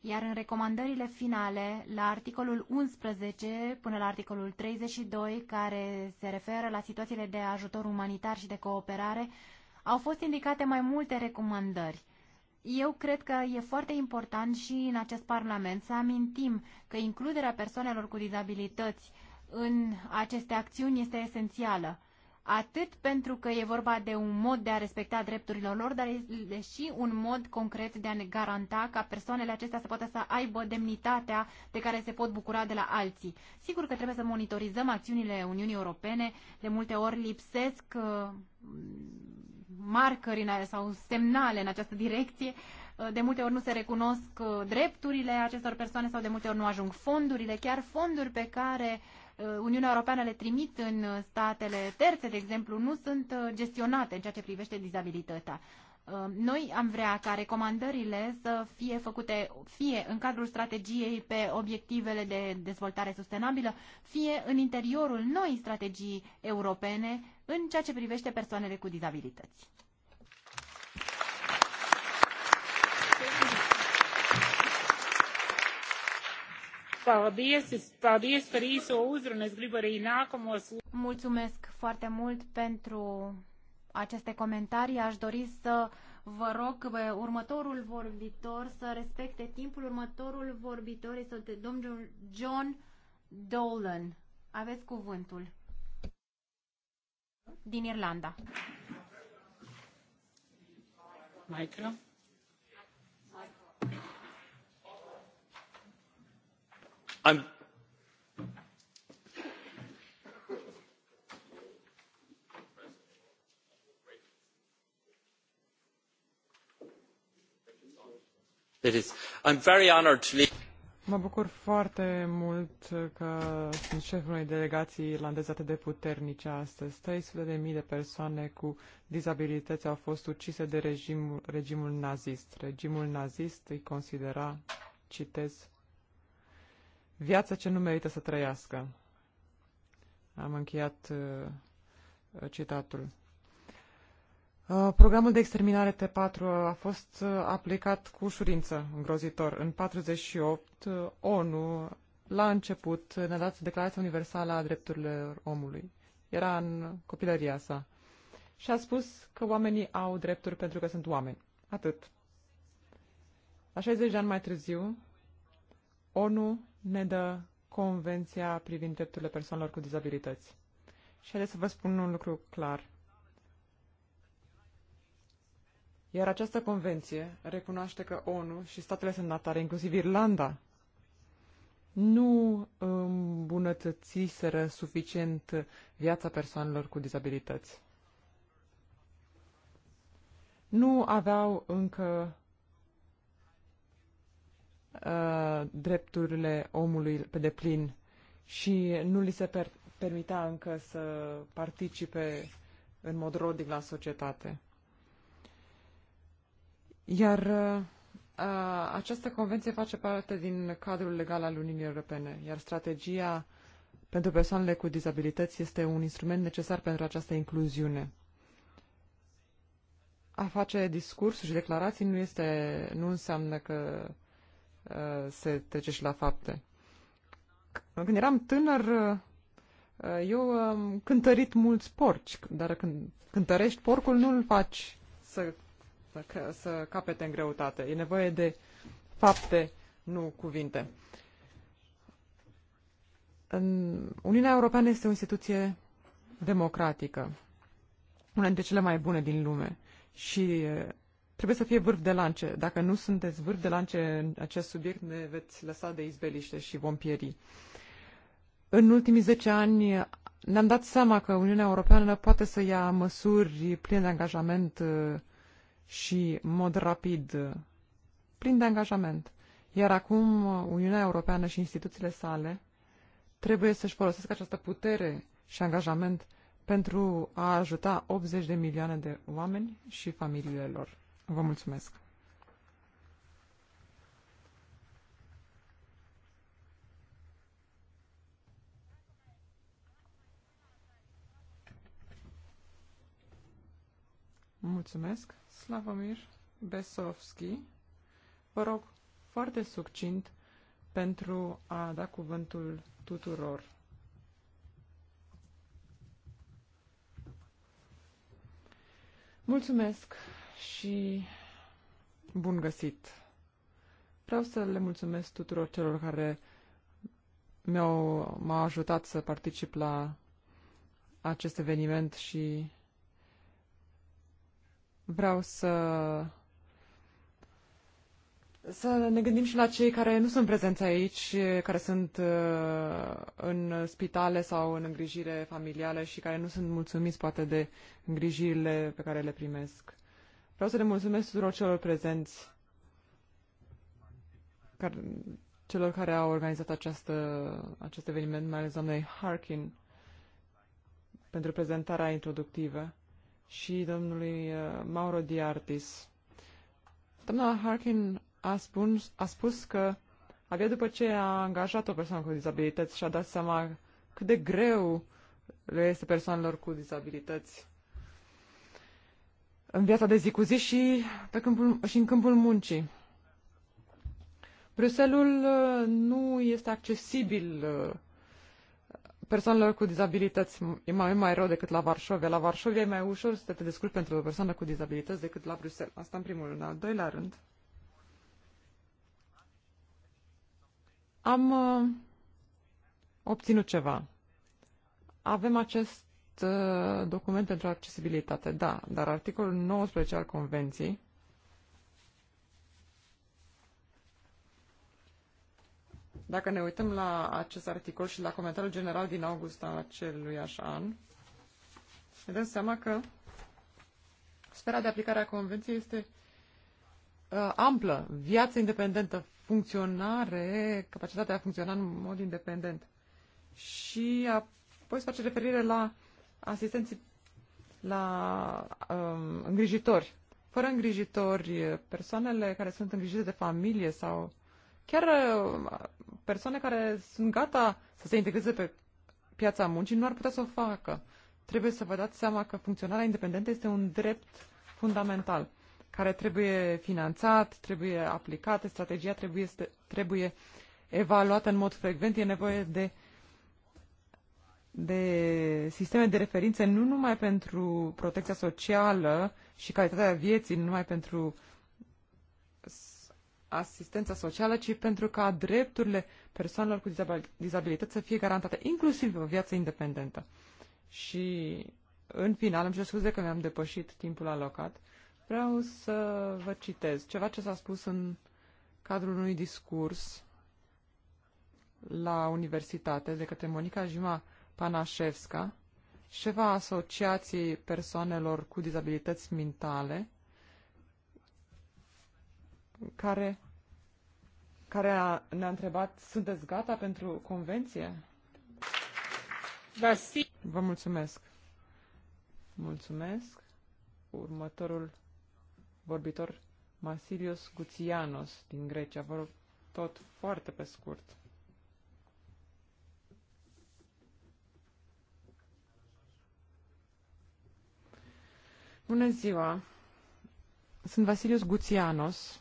iar în recomandările finale, la articolul 11 până la articolul 32, care se referă la situațiile de ajutor umanitar și de cooperare, au fost indicate mai multe recomandări. Eu cred că e foarte important și în acest Parlament să amintim că includerea persoanelor cu dizabilități în aceste acțiuni este esențială atât pentru că e vorba de un mod de a respecta drepturile lor, dar e și un mod concret de a ne garanta ca persoanele acestea să poată să aibă demnitatea de care se pot bucura de la alții. Sigur că trebuie să monitorizăm acțiunile Uniunii Europene, de multe ori lipsesc uh, marcări sau semnale în această direcție, uh, de multe ori nu se recunosc uh, drepturile acestor persoane sau de multe ori nu ajung fondurile, chiar fonduri pe care uh, Uh, Uniunea Europeană le trimit în uh, statele terțe, de exemplu, nu sunt uh, gestionate în ceea ce privește dizabilitatea. Noi am vrea ca recomandările să fie făcute fie în cadrul strategiei pe obiectivele de dezvoltare sustenabilă, fie în interiorul noii strategii europene în ceea ce privește persoanele cu dizabilități. Mulțumesc foarte mult pentru aceste comentarii. Aș dori să vă rog pe următorul vorbitor să respecte timpul. Următorul vorbitor este domnul John Dolan. Aveți cuvântul. Din Irlanda. Micro. i'm very honoured to lead Mă bucur foarte mult că sunt șeful unei delegații irlandeze atât de puternice astăzi. Sute de mii de persoane cu dizabilități au fost ucise de regimul, regimul nazist. Regimul nazist îi considera, citez, Viața ce nu merită să trăiască. Am încheiat uh, citatul. Uh, programul de exterminare T4 a fost uh, aplicat cu ușurință, îngrozitor. În 48, uh, ONU, la început, ne-a dat Declarația Universală a Drepturilor Omului. Era în copilăria sa. Și a spus că oamenii au drepturi pentru că sunt oameni. Atât. La 60 de ani mai târziu, ONU ne dă Convenția privind drepturile persoanelor cu dizabilități. Și haideți să vă spun un lucru clar. Iar această convenție recunoaște că ONU și statele semnatare, inclusiv Irlanda, nu îmbunătățiseră suficient viața persoanelor cu dizabilități. Nu aveau încă Uh, drepturile omului pe deplin și nu li se per- permitea încă să participe în mod rodic la societate. Iar uh, uh, această convenție face parte din cadrul legal al Uniunii Europene, iar strategia pentru persoanele cu dizabilități este un instrument necesar pentru această incluziune. A face discursuri și declarații nu, este, nu înseamnă că Uh, se trece și la fapte. Când eram tânăr, uh, eu am cântărit mulți porci, dar când cântărești porcul, nu-l faci să, să, să capete în greutate. E nevoie de fapte, nu cuvinte. În Uniunea Europeană este o instituție democratică, una dintre cele mai bune din lume și uh, trebuie să fie vârf de lance. Dacă nu sunteți vârf de lance în acest subiect, ne veți lăsa de izbeliște și vom pieri. În ultimii 10 ani ne-am dat seama că Uniunea Europeană poate să ia măsuri pline de angajament uh, și în mod rapid, uh, plin de angajament. Iar acum uh, Uniunea Europeană și instituțiile sale trebuie să-și folosească această putere și angajament pentru a ajuta 80 de milioane de oameni și familiile lor. Vă mulțumesc. Mulțumesc, Slavomir Besovski. Vă rog foarte succint pentru a da cuvântul tuturor. Mulțumesc, și bun găsit! Vreau să le mulțumesc tuturor celor care m au m-au ajutat să particip la acest eveniment și vreau să să ne gândim și la cei care nu sunt prezenți aici, care sunt uh, în spitale sau în îngrijire familială și care nu sunt mulțumiți poate de îngrijirile pe care le primesc. Vreau să le mulțumesc tuturor celor prezenți, care, celor care au organizat această, acest eveniment, mai ales doamnei Harkin, pentru prezentarea introductivă și domnului uh, Mauro Diartis. Doamna Harkin a spus, a spus că abia după ce a angajat o persoană cu dizabilități și-a dat seama cât de greu le este persoanelor cu dizabilități în viața de zi cu zi și, pe câmpul, și în câmpul muncii. Bruselul uh, nu este accesibil uh, persoanelor cu dizabilități. E mai, mai rău decât la Varșovia. La Varșovia e mai ușor să te descurci pentru o persoană cu dizabilități decât la Bruxelles. Asta în primul rând. Al doilea rând, am uh, obținut ceva. Avem acest acest uh, document pentru accesibilitate. Da, dar articolul 19 al Convenției Dacă ne uităm la acest articol și la comentariul general din august al acelui așa an, ne dăm seama că sfera de aplicare a convenției este uh, amplă, viață independentă, funcționare, capacitatea de a funcționa în mod independent. Și apoi se face referire la asistenții la um, îngrijitori. Fără îngrijitori, persoanele care sunt îngrijite de familie sau chiar uh, persoane care sunt gata să se integreze pe piața muncii nu ar putea să o facă. Trebuie să vă dați seama că funcționarea independentă este un drept fundamental care trebuie finanțat, trebuie aplicat, strategia trebuie, trebuie evaluată în mod frecvent, e nevoie de uh, de sisteme de referință nu numai pentru protecția socială și calitatea vieții, nu numai pentru asistența socială, ci pentru ca drepturile persoanelor cu dizabilități să fie garantate, inclusiv o viață independentă. Și în final, îmi cer scuze că mi-am depășit timpul alocat, vreau să vă citez ceva ce s-a spus în cadrul unui discurs la universitate de către Monica Jima, Panașevska, șefa Asociației Persoanelor cu Dizabilități Mentale, care, care a, ne-a întrebat, sunteți gata pentru convenție? Da, Vă mulțumesc. Mulțumesc. Următorul vorbitor, Masilios Guțianos din Grecia. Vă rog tot foarte pe scurt. Bună ziua! Sunt Vasilius Guțianos.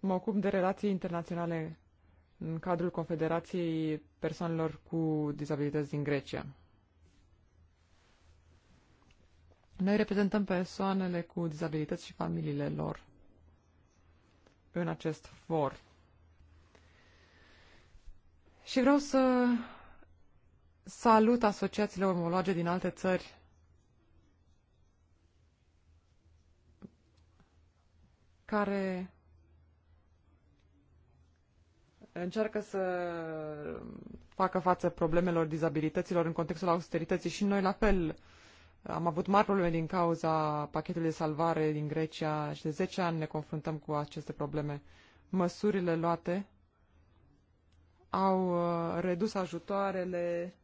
Mă ocup de relații internaționale în cadrul Confederației Persoanelor cu Dizabilități din Grecia. Noi reprezentăm persoanele cu dizabilități și familiile lor în acest for. Și vreau să salut asociațiile omologe din alte țări care încearcă să facă față problemelor dizabilităților în contextul austerității și noi la fel am avut mari probleme din cauza pachetului de salvare din Grecia și de 10 ani ne confruntăm cu aceste probleme. Măsurile luate au uh, redus ajutoarele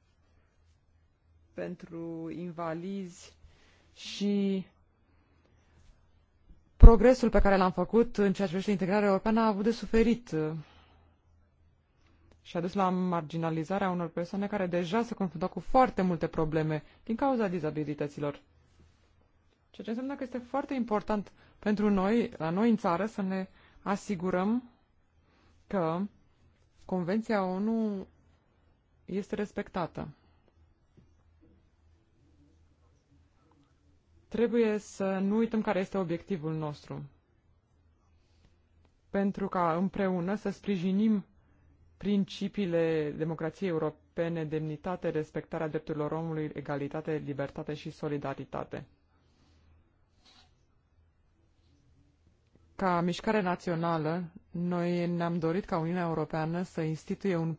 pentru invalizi și progresul pe care l-am făcut în ceea ce privește integrarea europeană a avut de suferit uh, și a dus la marginalizarea unor persoane care deja se confruntau cu foarte multe probleme din cauza dizabilităților. Ceea ce înseamnă că este foarte important pentru noi, la noi în țară, să ne asigurăm că Convenția ONU este respectată. Trebuie să nu uităm care este obiectivul nostru. Pentru ca împreună să sprijinim principiile democrației europene, demnitate, respectarea drepturilor omului, egalitate, libertate și solidaritate. Ca mișcare națională, noi ne-am dorit ca Uniunea Europeană să instituie un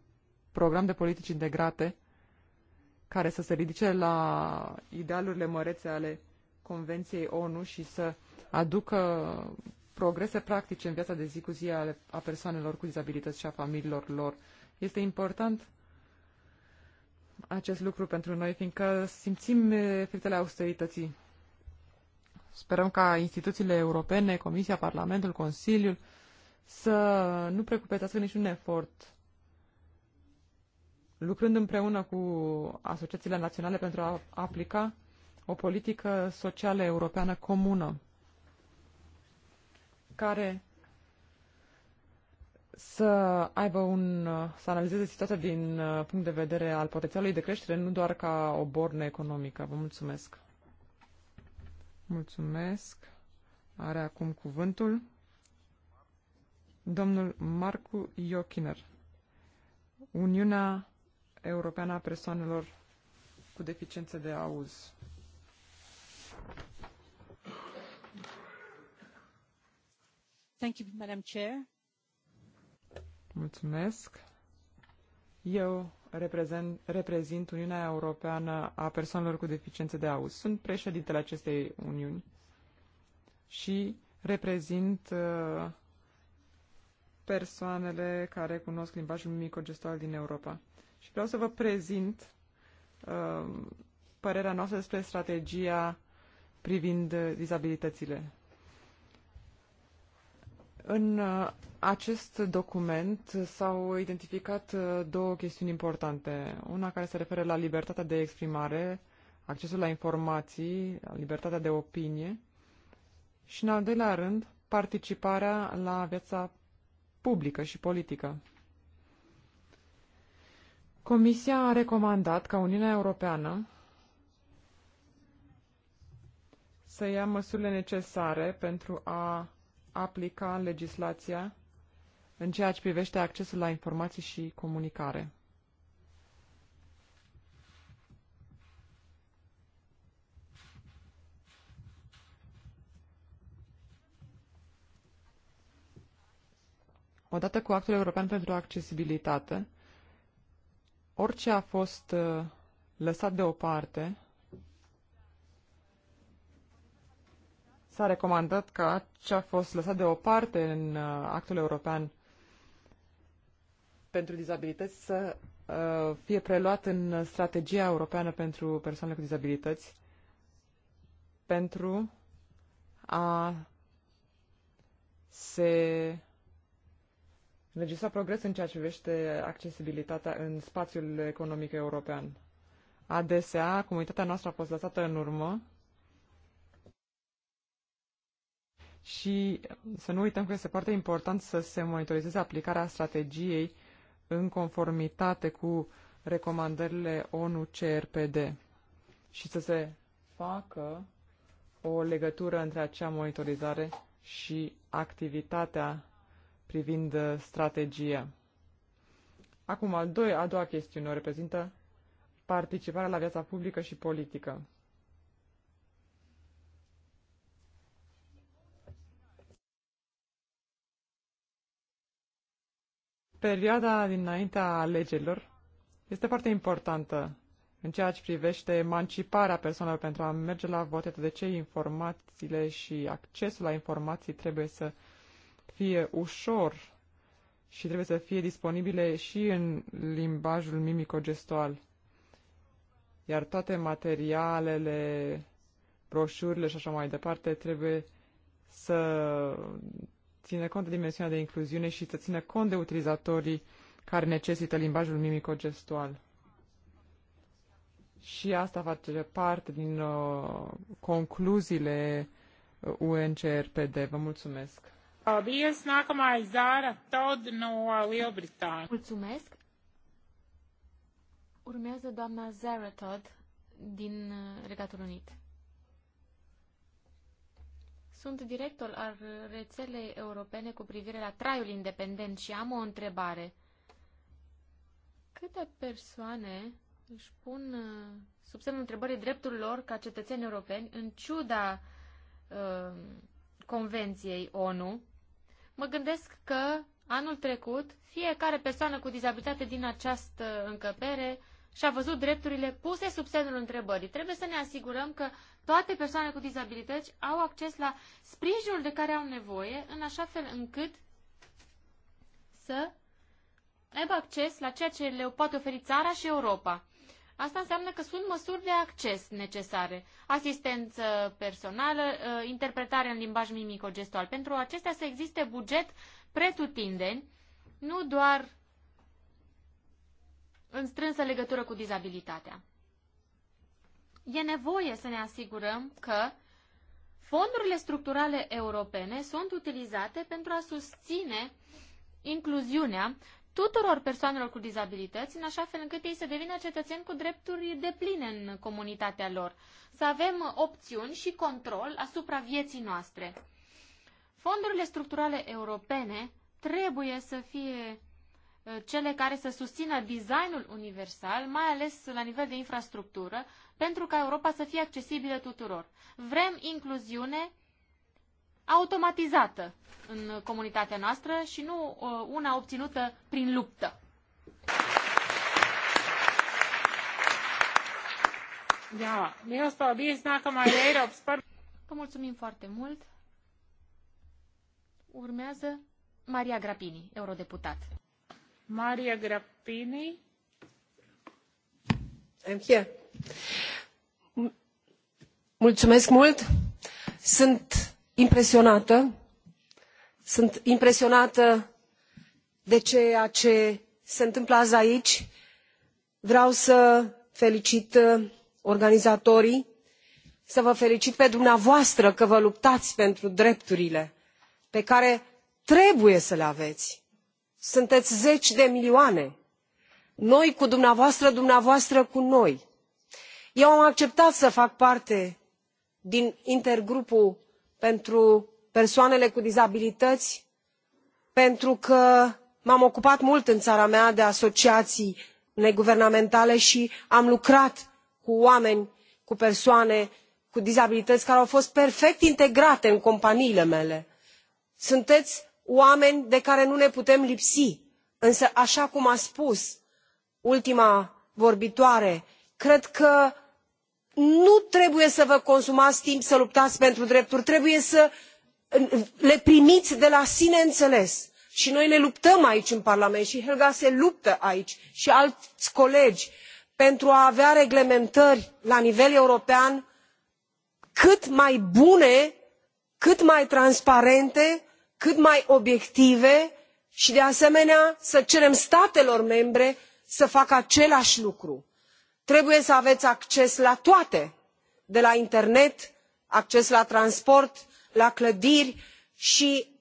program de politici integrate care să se ridice la idealurile mărețe ale Convenției ONU și să aducă progrese practice în viața de zi cu zi a persoanelor cu dizabilități și a familiilor lor. Este important acest lucru pentru noi, fiindcă simțim efectele austerității. Sperăm ca instituțiile europene, Comisia, Parlamentul, Consiliul, să nu precupetească niciun efort lucrând împreună cu asociațiile naționale pentru a aplica o politică socială europeană comună care să aibă un, să analizeze situația din uh, punct de vedere al potențialului de creștere, nu doar ca o bornă economică. Vă mulțumesc. Mulțumesc. Are acum cuvântul domnul Marcu Iochiner. Uniunea Europeană a Persoanelor cu Deficiențe de Auz. Thank you, Madam Chair. Mulțumesc. Eu reprezent, reprezint Uniunea Europeană a persoanelor cu deficiențe de auz. Sunt președintele acestei uniuni și reprezint uh, persoanele care cunosc limbajul microgestual din Europa. Și vreau să vă prezint uh, părerea noastră despre strategia privind dizabilitățile. În uh, acest document s-au identificat uh, două chestiuni importante. Una care se referă la libertatea de exprimare, accesul la informații, libertatea de opinie și, în al doilea rând, participarea la viața publică și politică. Comisia a recomandat ca Uniunea Europeană să ia măsurile necesare pentru a aplica legislația în ceea ce privește accesul la informații și comunicare. Odată cu actul european pentru accesibilitate, orice a fost uh, lăsat deoparte s-a recomandat ca ce a fost lăsat deoparte în uh, actul european pentru dizabilități să uh, fie preluat în strategia europeană pentru persoanele cu dizabilități pentru a se înregistra progres în ceea ce privește accesibilitatea în spațiul economic european. Adesea, comunitatea noastră a fost lăsată în urmă și să nu uităm că este foarte important să se monitorizeze aplicarea strategiei în conformitate cu recomandările ONU CRPD și să se facă o legătură între acea monitorizare și activitatea privind strategia. Acum, al doi, a doua chestiune o reprezintă participarea la viața publică și politică. Perioada dinaintea alegerilor este foarte importantă în ceea ce privește emanciparea persoanelor pentru a merge la vot, de ce informațiile și accesul la informații trebuie să fie ușor și trebuie să fie disponibile și în limbajul mimico-gestual. Iar toate materialele, broșurile și așa mai departe trebuie să ține cont de dimensiunea de incluziune și să ține cont de utilizatorii care necesită limbajul mimico-gestual. Și asta face parte din uh, concluziile UNCRPD. Uh, Vă mulțumesc. Mulțumesc. Urmează doamna Zara Todd din uh, Regatul Unit. Sunt director al rețelei europene cu privire la traiul independent și am o întrebare. Câte persoane își pun uh, sub semnul întrebării dreptul lor ca cetățeni europeni, în ciuda uh, Convenției ONU, mă gândesc că anul trecut fiecare persoană cu dizabilitate din această încăpere uh, și a văzut drepturile puse sub semnul întrebării. Trebuie să ne asigurăm că toate persoanele cu dizabilități au acces la sprijinul de care au nevoie, în așa fel încât să aibă acces la ceea ce le poate oferi țara și Europa. Asta înseamnă că sunt măsuri de acces necesare. Asistență personală, ă, interpretare în limbaj mimico-gestual. Pentru acestea să existe buget pretutindeni, nu doar în strânsă legătură cu dizabilitatea. E nevoie să ne asigurăm că fondurile structurale europene sunt utilizate pentru a susține incluziunea tuturor persoanelor cu dizabilități, în așa fel încât ei să devină cetățeni cu drepturi depline în comunitatea lor. Să avem opțiuni și control asupra vieții noastre. Fondurile structurale europene trebuie să fie Uh, cele care să susțină designul universal, mai ales la nivel de infrastructură, pentru ca Europa să fie accesibilă tuturor. Vrem incluziune automatizată în comunitatea noastră și nu uh, una obținută prin luptă. Da, mi mai Vă mulțumim foarte mult. Urmează Maria Grapini, eurodeputat. Maria Mulțumesc mult. Sunt impresionată. Sunt impresionată de ceea ce se întâmplă azi aici. Vreau să felicit uh, organizatorii, să vă felicit pe dumneavoastră că vă luptați pentru drepturile pe care trebuie să le aveți sunteți zeci de milioane noi cu dumneavoastră dumneavoastră cu noi. eu am acceptat să fac parte din intergrupul pentru persoanele cu dizabilități pentru că m am ocupat mult în țara mea de asociații neguvernamentale și am lucrat cu oameni cu persoane cu dizabilități care au fost perfect integrate în companiile mele. sunteți oameni de care nu ne putem lipsi însă așa cum a spus ultima vorbitoare cred că nu trebuie să vă consumați timp să luptați pentru drepturi trebuie să le primiți de la sine înțeles și noi ne luptăm aici în parlament și helga se luptă aici și alți colegi pentru a avea reglementări la nivel european cât mai bune cât mai transparente cât mai obiective și de asemenea să cerem statelor membre să facă același lucru. trebuie să aveți acces la toate de la internet acces la transport la clădiri și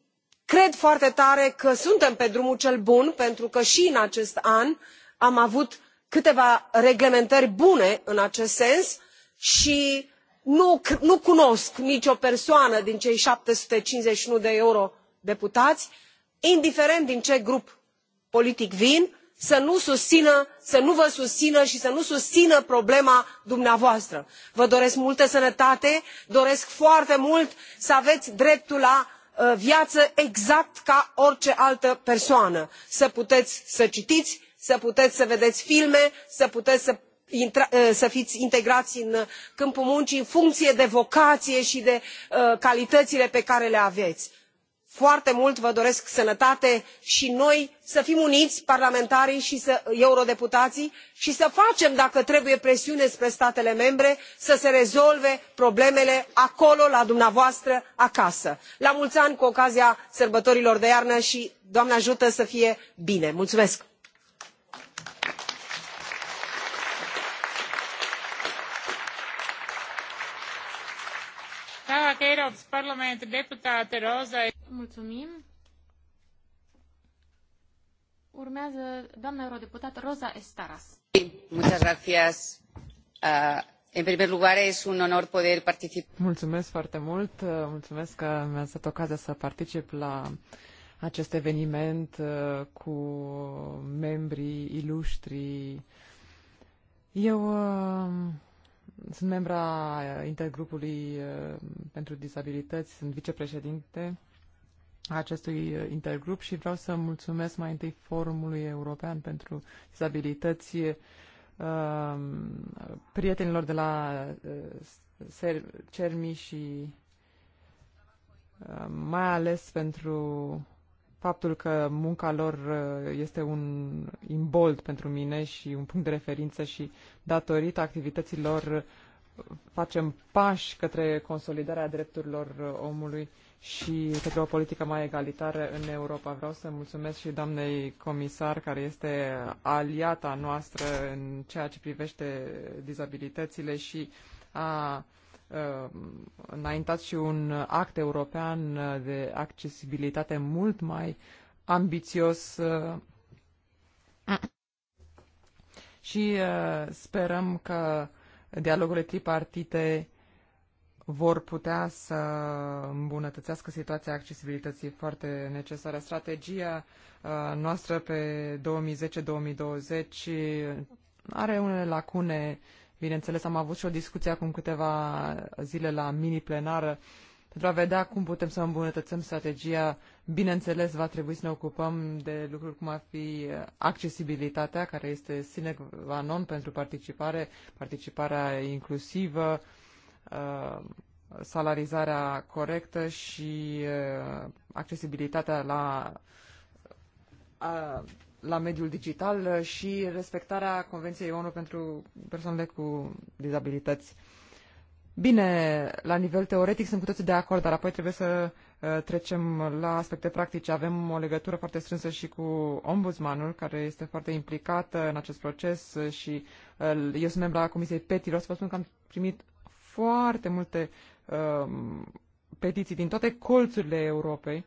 cred foarte tare că suntem pe drumul cel bun pentru că și în acest an am avut câteva reglementări bune în acest sens și nu, nu cunosc nicio persoană din cei șapte sute cincizeci și unu de euro deputați indiferent din ce grup politic vin să nu susțină să nu vă susțină și să nu susțină problema dumneavoastră. vă doresc multă sănătate doresc foarte mult să aveți dreptul la uh, viață exact ca orice altă persoană să puteți să citiți să puteți să vedeți filme să puteți să, intra, uh, să fiți integrați în uh, câmpul muncii în funcție de vocație și de uh, calitățile pe care le aveți foarte mult vă doresc sănătate și noi să fim uniți parlamentarii și eurodeputații și să facem dacă trebuie presiune spre statele membre să se rezolve problemele acolo la dumneavoastră acasă. la mulți ani cu ocazia sărbătorilor de iarnă și doamne ajută să fie bine! mulțumesc. Mulțumim. Urmează doamna eurodeputată Rosa Estaras. în ah, primul lugar, este un onor poder participar. Mulțumesc foarte mult. Mulțumesc că mi-ați dat ocazia să particip la acest eveniment ah, cu membrii iluștri. Eu uh, sunt membra uh, intergrupului uh, pentru disabilități, sunt vicepreședinte a acestui uh, intergrup și vreau să mulțumesc mai întâi Forumului European pentru Disabilități, prietenilor de la CERMI și mai ales pentru faptul că munca lor uh, este un imbold pentru mine și un punct de referință și datorită activităților uh, facem pași către consolidarea drepturilor uh, omului și către o politică mai egalitară în Europa. Vreau să mulțumesc și doamnei comisar, care este aliata noastră în ceea ce privește dizabilitățile și a Uh, înaintat și un act european uh, de accesibilitate mult mai ambițios uh, și sperăm că dialogurile tripartite vor putea să îmbunătățească situația accesibilității foarte necesară. Strategia noastră pe 2010-2020 are unele lacune Bineînțeles, am avut și o discuție acum câteva zile la mini-plenară pentru a vedea cum putem să îmbunătățim strategia. Bineînțeles, va trebui să ne ocupăm de lucruri cum ar fi accesibilitatea, care este sine qua non pentru participare, participarea inclusivă, uh, salarizarea corectă și uh, accesibilitatea la uh, la mediul digital uh, și respectarea Convenției ONU pentru persoanele cu dizabilități. Bine, la nivel teoretic sunt cu toții de acord, dar apoi trebuie să uh, trecem la aspecte practice. Avem o legătură foarte strânsă și cu ombudsmanul, care este foarte implicat uh, în acest proces și eu sunt membra la Comisiei PETI. Vreau să vă spun că am primit foarte multe um, petiții din toate colțurile Europei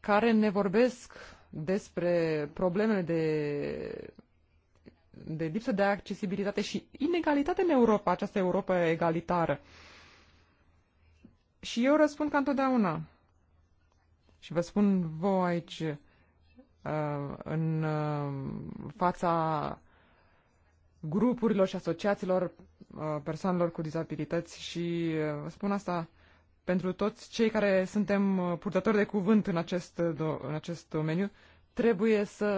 care ne vorbesc despre problemele de, de lipsă de accesibilitate și inegalitate în Europa, această Europa egalitară. Și eu răspund ca întotdeauna. Și vă spun voi aici, uh, în uh, fața grupurilor și asociațiilor uh, persoanelor cu dizabilități și spun asta pentru toți cei care suntem uh, purtători de cuvânt în acest, uh, în acest domeniu, trebuie să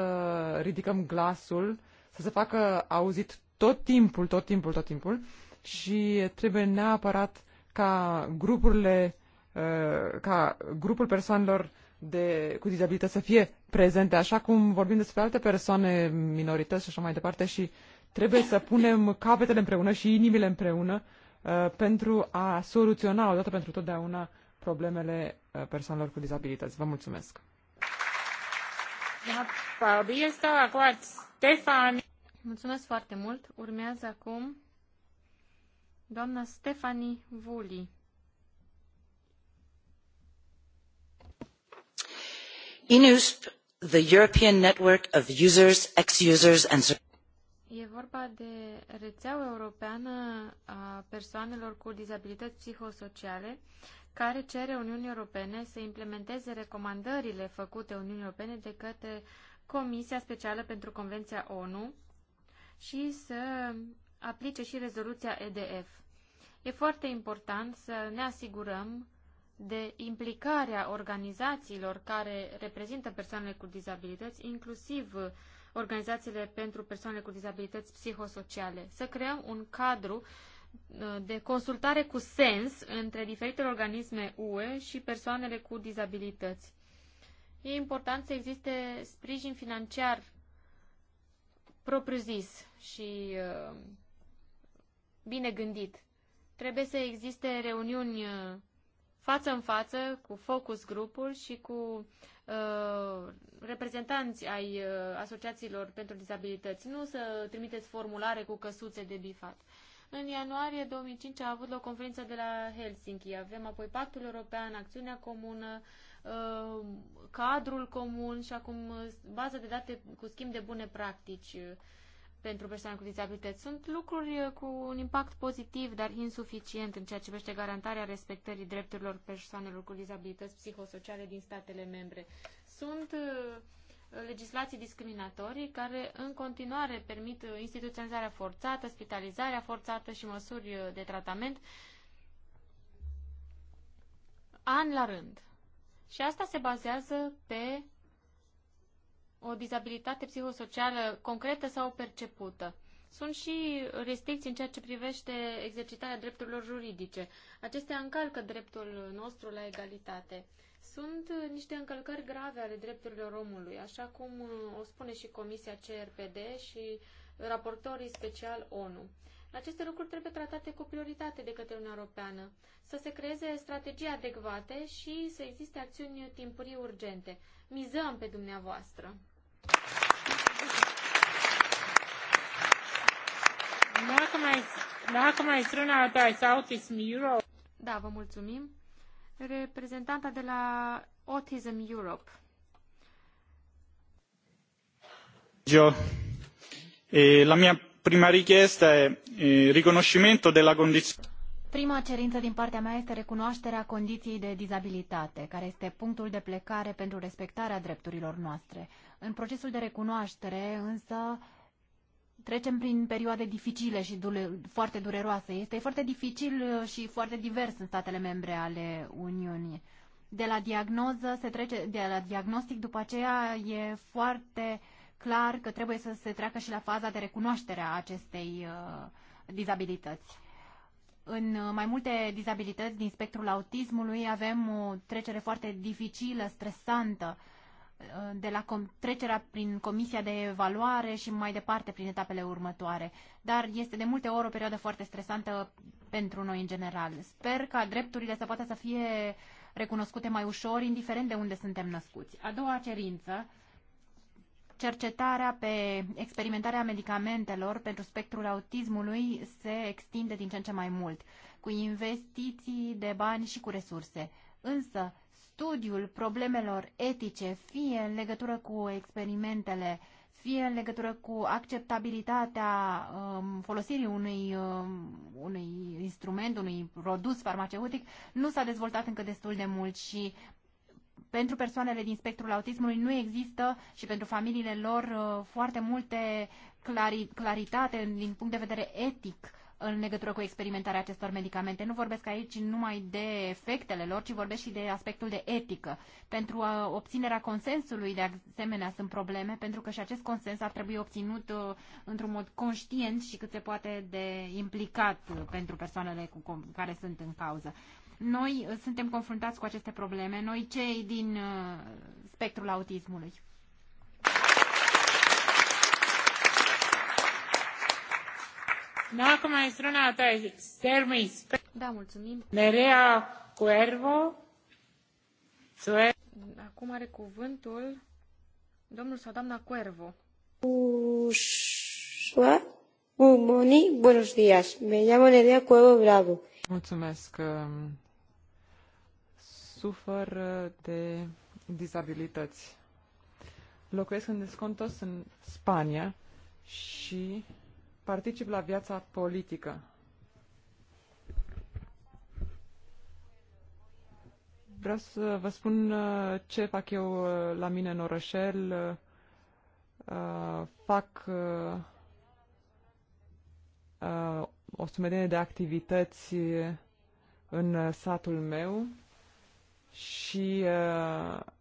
ridicăm glasul, să se facă auzit tot timpul, tot timpul, tot timpul și trebuie neapărat ca grupurile, uh, ca grupul persoanelor de, cu dizabilități să fie prezente, așa cum vorbim despre alte persoane, minorități și așa mai departe și trebuie să punem capetele împreună și inimile împreună Uh, pentru a soluționa odată pentru totdeauna problemele uh, persoanelor cu dizabilități. Vă mulțumesc! Mulțumesc foarte mult! Urmează acum doamna Stefanie Vuli. INUSP, the European Network of Users, Ex-Users and E vorba de rețeaua europeană a persoanelor cu dizabilități psihosociale, care cere Uniunii Europene să implementeze recomandările făcute Uniunii Europene de către Comisia Specială pentru Convenția ONU și să aplice și rezoluția EDF. E foarte important să ne asigurăm de implicarea organizațiilor care reprezintă persoanele cu dizabilități, inclusiv organizațiile pentru persoane cu dizabilități psihosociale. Să creăm un cadru uh, de consultare cu sens între diferitele organisme UE și persoanele cu dizabilități. E important să existe sprijin financiar propriu-zis și uh, bine gândit. Trebuie să existe reuniuni uh, față în față cu focus grupul și cu Uh, reprezentanți ai uh, asociațiilor pentru dizabilități, nu să trimiteți formulare cu căsuțe de bifat. În ianuarie 2005 a avut o conferință de la Helsinki. Avem apoi Pactul European, Acțiunea Comună, uh, cadrul comun și acum uh, bază de date cu schimb de bune practici pentru persoane cu dizabilități. Sunt lucruri uh, cu un impact pozitiv, dar insuficient în ceea ce privește garantarea respectării drepturilor persoanelor cu dizabilități psihosociale din statele membre. Sunt uh, legislații discriminatorii care în continuare permit uh, instituționalizarea forțată, spitalizarea forțată și măsuri de tratament an la rând. Și asta se bazează pe o dizabilitate psihosocială concretă sau percepută. Sunt și restricții în ceea ce privește exercitarea drepturilor juridice. Acestea încalcă dreptul nostru la egalitate. Sunt niște încălcări grave ale drepturilor omului, așa cum o spune și Comisia CRPD și raportorii special ONU. Aceste lucruri trebuie tratate cu prioritate de către Uniunea Europeană, să se creeze strategii adecvate și să existe acțiuni timpurii urgente. Mizăm pe dumneavoastră. Da, vă mulțumim. Reprezentanta de la Autism Europe. Yo. la mia prima richiesta è riconoscimento della condizione. Prima cerință din partea mea este recunoașterea condiției de dizabilitate, care este punctul de plecare pentru respectarea drepturilor noastre. În procesul de recunoaștere, însă, trecem prin perioade dificile și dule, foarte dureroase. Este foarte dificil uh, și foarte divers în statele membre ale Uniunii. De la diagnoză se trece, de la diagnostic după aceea e foarte clar că trebuie să se treacă și la faza de recunoaștere a acestei uh, dizabilități. În uh, mai multe dizabilități din spectrul autismului avem o trecere foarte dificilă, stresantă, uh, Uh, de la trecerea prin comisia de evaluare și mai departe prin etapele următoare. Dar este de multe ori o perioadă foarte stresantă pentru noi în general. Sper ca drepturile să poată să fie recunoscute mai ușor, indiferent de unde suntem născuți. A doua cerință, cercetarea pe experimentarea medicamentelor pentru spectrul autismului se extinde din ce în ce mai mult, cu investiții de bani și cu resurse. Însă, studiul problemelor etice, fie în legătură cu experimentele, fie în legătură cu acceptabilitatea um, folosirii unui, um, unui instrument, unui produs farmaceutic, nu s-a dezvoltat încă destul de mult și pentru persoanele din spectrul autismului nu există și pentru familiile lor uh, foarte multe clari, claritate din punct de vedere etic în legătură cu experimentarea acestor medicamente. Nu vorbesc aici numai de efectele lor, ci vorbesc și de aspectul de etică. Pentru a obținerea consensului, de asemenea, sunt probleme, pentru că și acest consens ar trebui obținut uh, într-un mod conștient și cât se poate de implicat uh, pentru persoanele cu care sunt în cauză noi uh, suntem confruntați cu aceste probleme, noi cei din spectrul autismului. Da, da, mulțumim. Nerea Cuervo. Acum are cuvântul domnul sau doamna Cuervo. Ușoa, Moni, buenos días. Me llamo Nerea Cuervo Bravo. Mulțumesc. Um, sufăr de dizabilități. Locuiesc în Descontos, în Spania și particip la viața politică. Vreau să vă spun uh, ce fac eu uh, la mine în orășel. Uh, fac o sumedenie de activități în satul meu și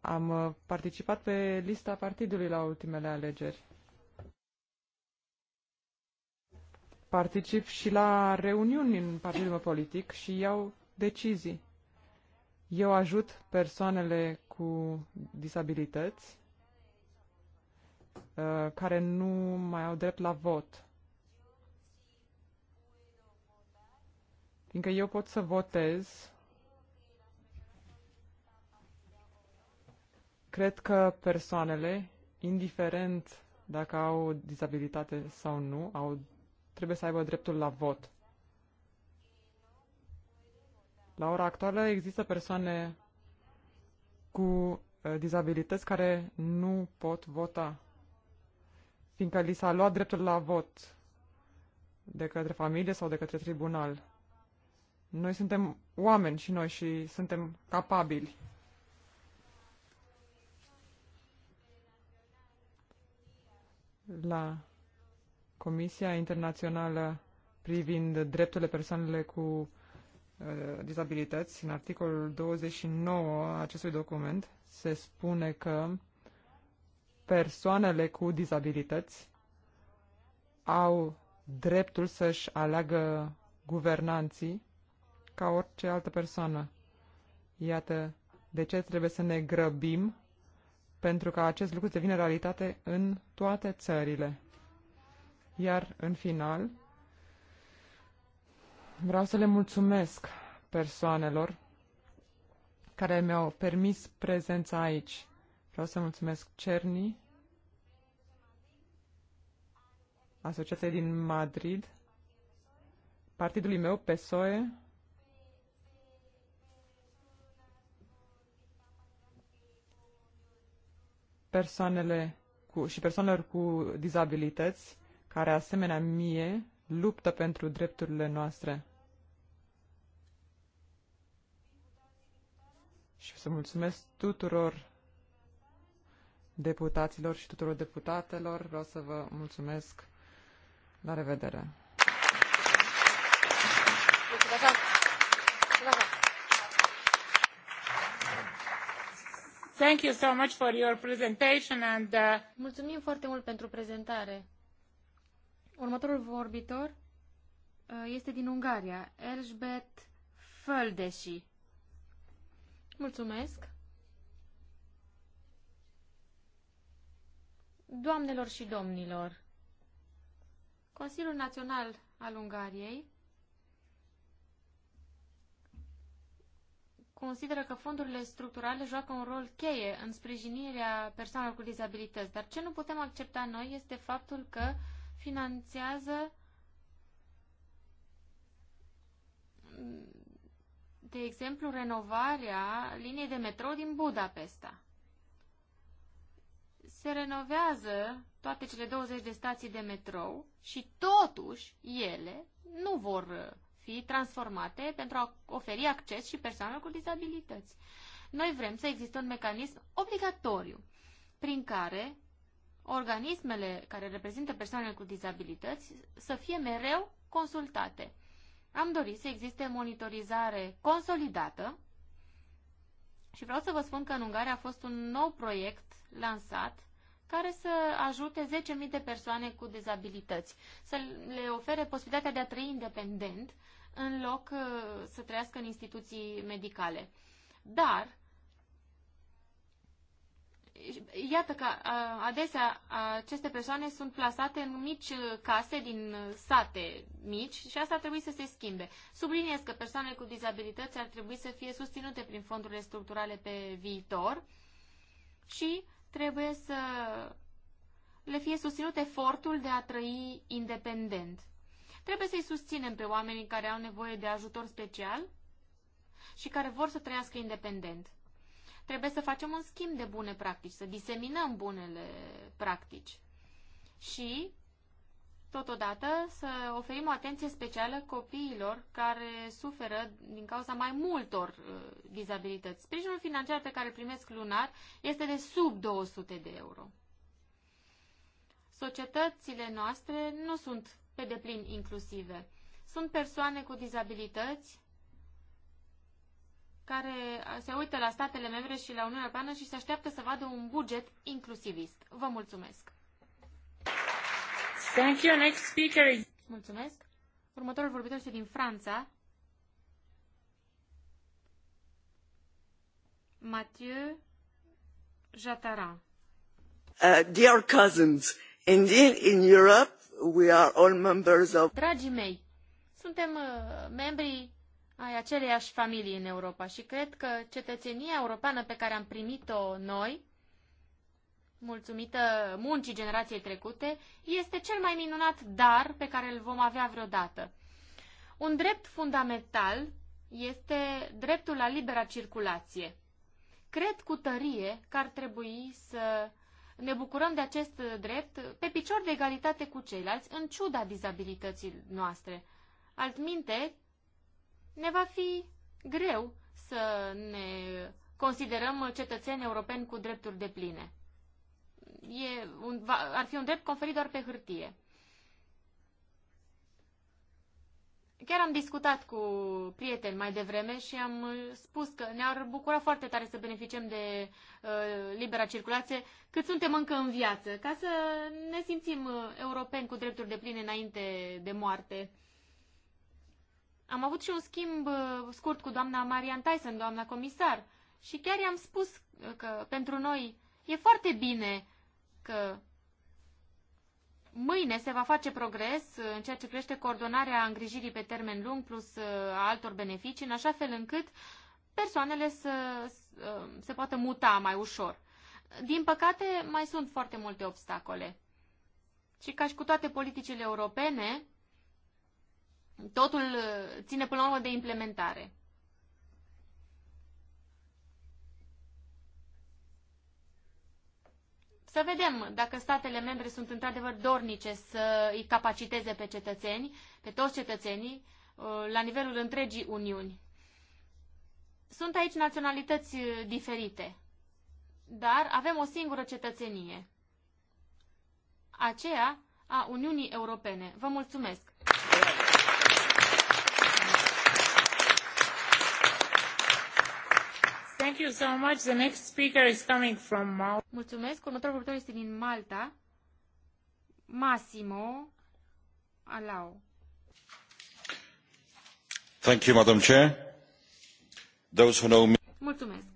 am participat pe lista partidului la ultimele alegeri. particip și la reuniuni în partidul meu politic și iau decizii. Eu ajut persoanele cu disabilități uh, care nu mai au drept la vot. Fiindcă eu pot să votez, cred că persoanele, indiferent dacă au dizabilitate sau nu, au trebuie să aibă dreptul la vot. La ora actuală există persoane cu uh, dizabilități care nu pot vota, fiindcă li s-a luat dreptul la vot de către familie sau de către tribunal. Noi suntem oameni și noi și suntem capabili. La Comisia Internațională privind drepturile Persoanelor cu uh, dizabilități, în articolul 29 acestui document, se spune că persoanele cu dizabilități au dreptul să-și aleagă guvernanții ca orice altă persoană. Iată de ce trebuie să ne grăbim pentru ca acest lucru să devină realitate în toate țările. Iar în final, vreau să le mulțumesc persoanelor care mi-au permis prezența aici. Vreau să mulțumesc Cerni, asociației din Madrid, partidului meu, PSOE, persoanele cu, și persoanelor cu dizabilități, care, asemenea mie, luptă pentru drepturile noastre. Și să mulțumesc tuturor deputaților și tuturor deputatelor. Vreau să vă mulțumesc. La revedere! Thank you so much for your presentation and, uh... Mulțumim foarte mult pentru prezentare. Următorul vorbitor uh, este din Ungaria, Erzsbet Földesi. Mulțumesc! Doamnelor și domnilor, Consiliul Național al Ungariei consideră că fondurile structurale joacă un rol cheie în sprijinirea persoanelor cu dizabilități, dar ce nu putem accepta noi este faptul că uh, finanțează, de exemplu, renovarea liniei de metrou din Budapesta. Se renovează toate cele 20 de stații de metrou și totuși ele nu vor fi transformate pentru a oferi acces și persoanelor cu dizabilități. Noi vrem să existe un mecanism obligatoriu prin care organismele care reprezintă persoanele cu dizabilități să fie mereu consultate. Am dorit să existe monitorizare consolidată și vreau să vă spun că în Ungaria a fost un nou proiect lansat care să ajute 10.000 de persoane cu dizabilități, să le ofere posibilitatea de a trăi independent în loc uh, să trăiască în instituții medicale. Dar Iată că adesea aceste persoane sunt plasate în mici uh, case din uh, sate mici și asta ar trebui să se schimbe. Subliniez că persoanele cu dizabilități ar trebui să fie susținute prin fondurile structurale pe viitor și trebuie să le fie susținut efortul de a trăi independent. Trebuie să-i susținem pe oamenii care au nevoie de ajutor special și care vor să trăiască independent trebuie să facem un schimb de bune practici, să diseminăm bunele practici și, totodată, să oferim o atenție specială copiilor care suferă din cauza mai multor uh, dizabilități. Sprijinul financiar pe care îl primesc lunar este de sub 200 de euro. Societățile noastre nu sunt pe deplin inclusive. Sunt persoane cu dizabilități care se uită la statele membre și la Uniunea Europeană și se așteaptă să vadă un buget inclusivist. Vă mulțumesc! Thank you. Next speaker is... Mulțumesc! Următorul vorbitor este din Franța. Mathieu Jatarin. Uh, dear cousins, indeed in Europe we are all members of... Dragii mei, suntem uh, membrii ai aceleiași familii în Europa și cred că cetățenia europeană pe care am primit-o noi, mulțumită muncii generației trecute, este cel mai minunat dar pe care îl vom avea vreodată. Un drept fundamental este dreptul la libera circulație. Cred cu tărie că ar trebui să ne bucurăm de acest drept pe picior de egalitate cu ceilalți, în ciuda dizabilității noastre. Altminte, ne va fi greu să ne considerăm cetățeni europeni cu drepturi de pline. E un, va, ar fi un drept conferit doar pe hârtie. Chiar am discutat cu prieteni mai devreme și am spus că ne-ar bucura foarte tare să beneficiem de uh, libera circulație cât suntem încă în viață, ca să ne simțim uh, europeni cu drepturi de pline înainte de moarte. Uh, am avut și un schimb uh, scurt cu doamna Marian Tyson, doamna comisar, și chiar i-am spus uh, că pentru noi e foarte bine că mâine se va face progres uh, în ceea ce crește coordonarea îngrijirii pe termen lung plus a altor beneficii, în așa fel încât persoanele să se poată muta mai ușor. Din păcate, mai sunt foarte multe obstacole. Și ca și cu toate politicile europene, Totul uh, ține până la urmă de implementare. Să vedem dacă statele membre sunt într-adevăr dornice să îi capaciteze pe cetățeni, pe toți cetățenii, uh, la nivelul întregii Uniuni. Sunt aici naționalități uh, diferite, dar avem o singură cetățenie, aceea a Uniunii Europene. Vă mulțumesc! Thank you so much. The next speaker is coming from Malta. Mulțumesc. Următorul vorbitor este din Malta. Massimo Alau. Thank you, Madam Chair. Those who know me... Mulțumesc.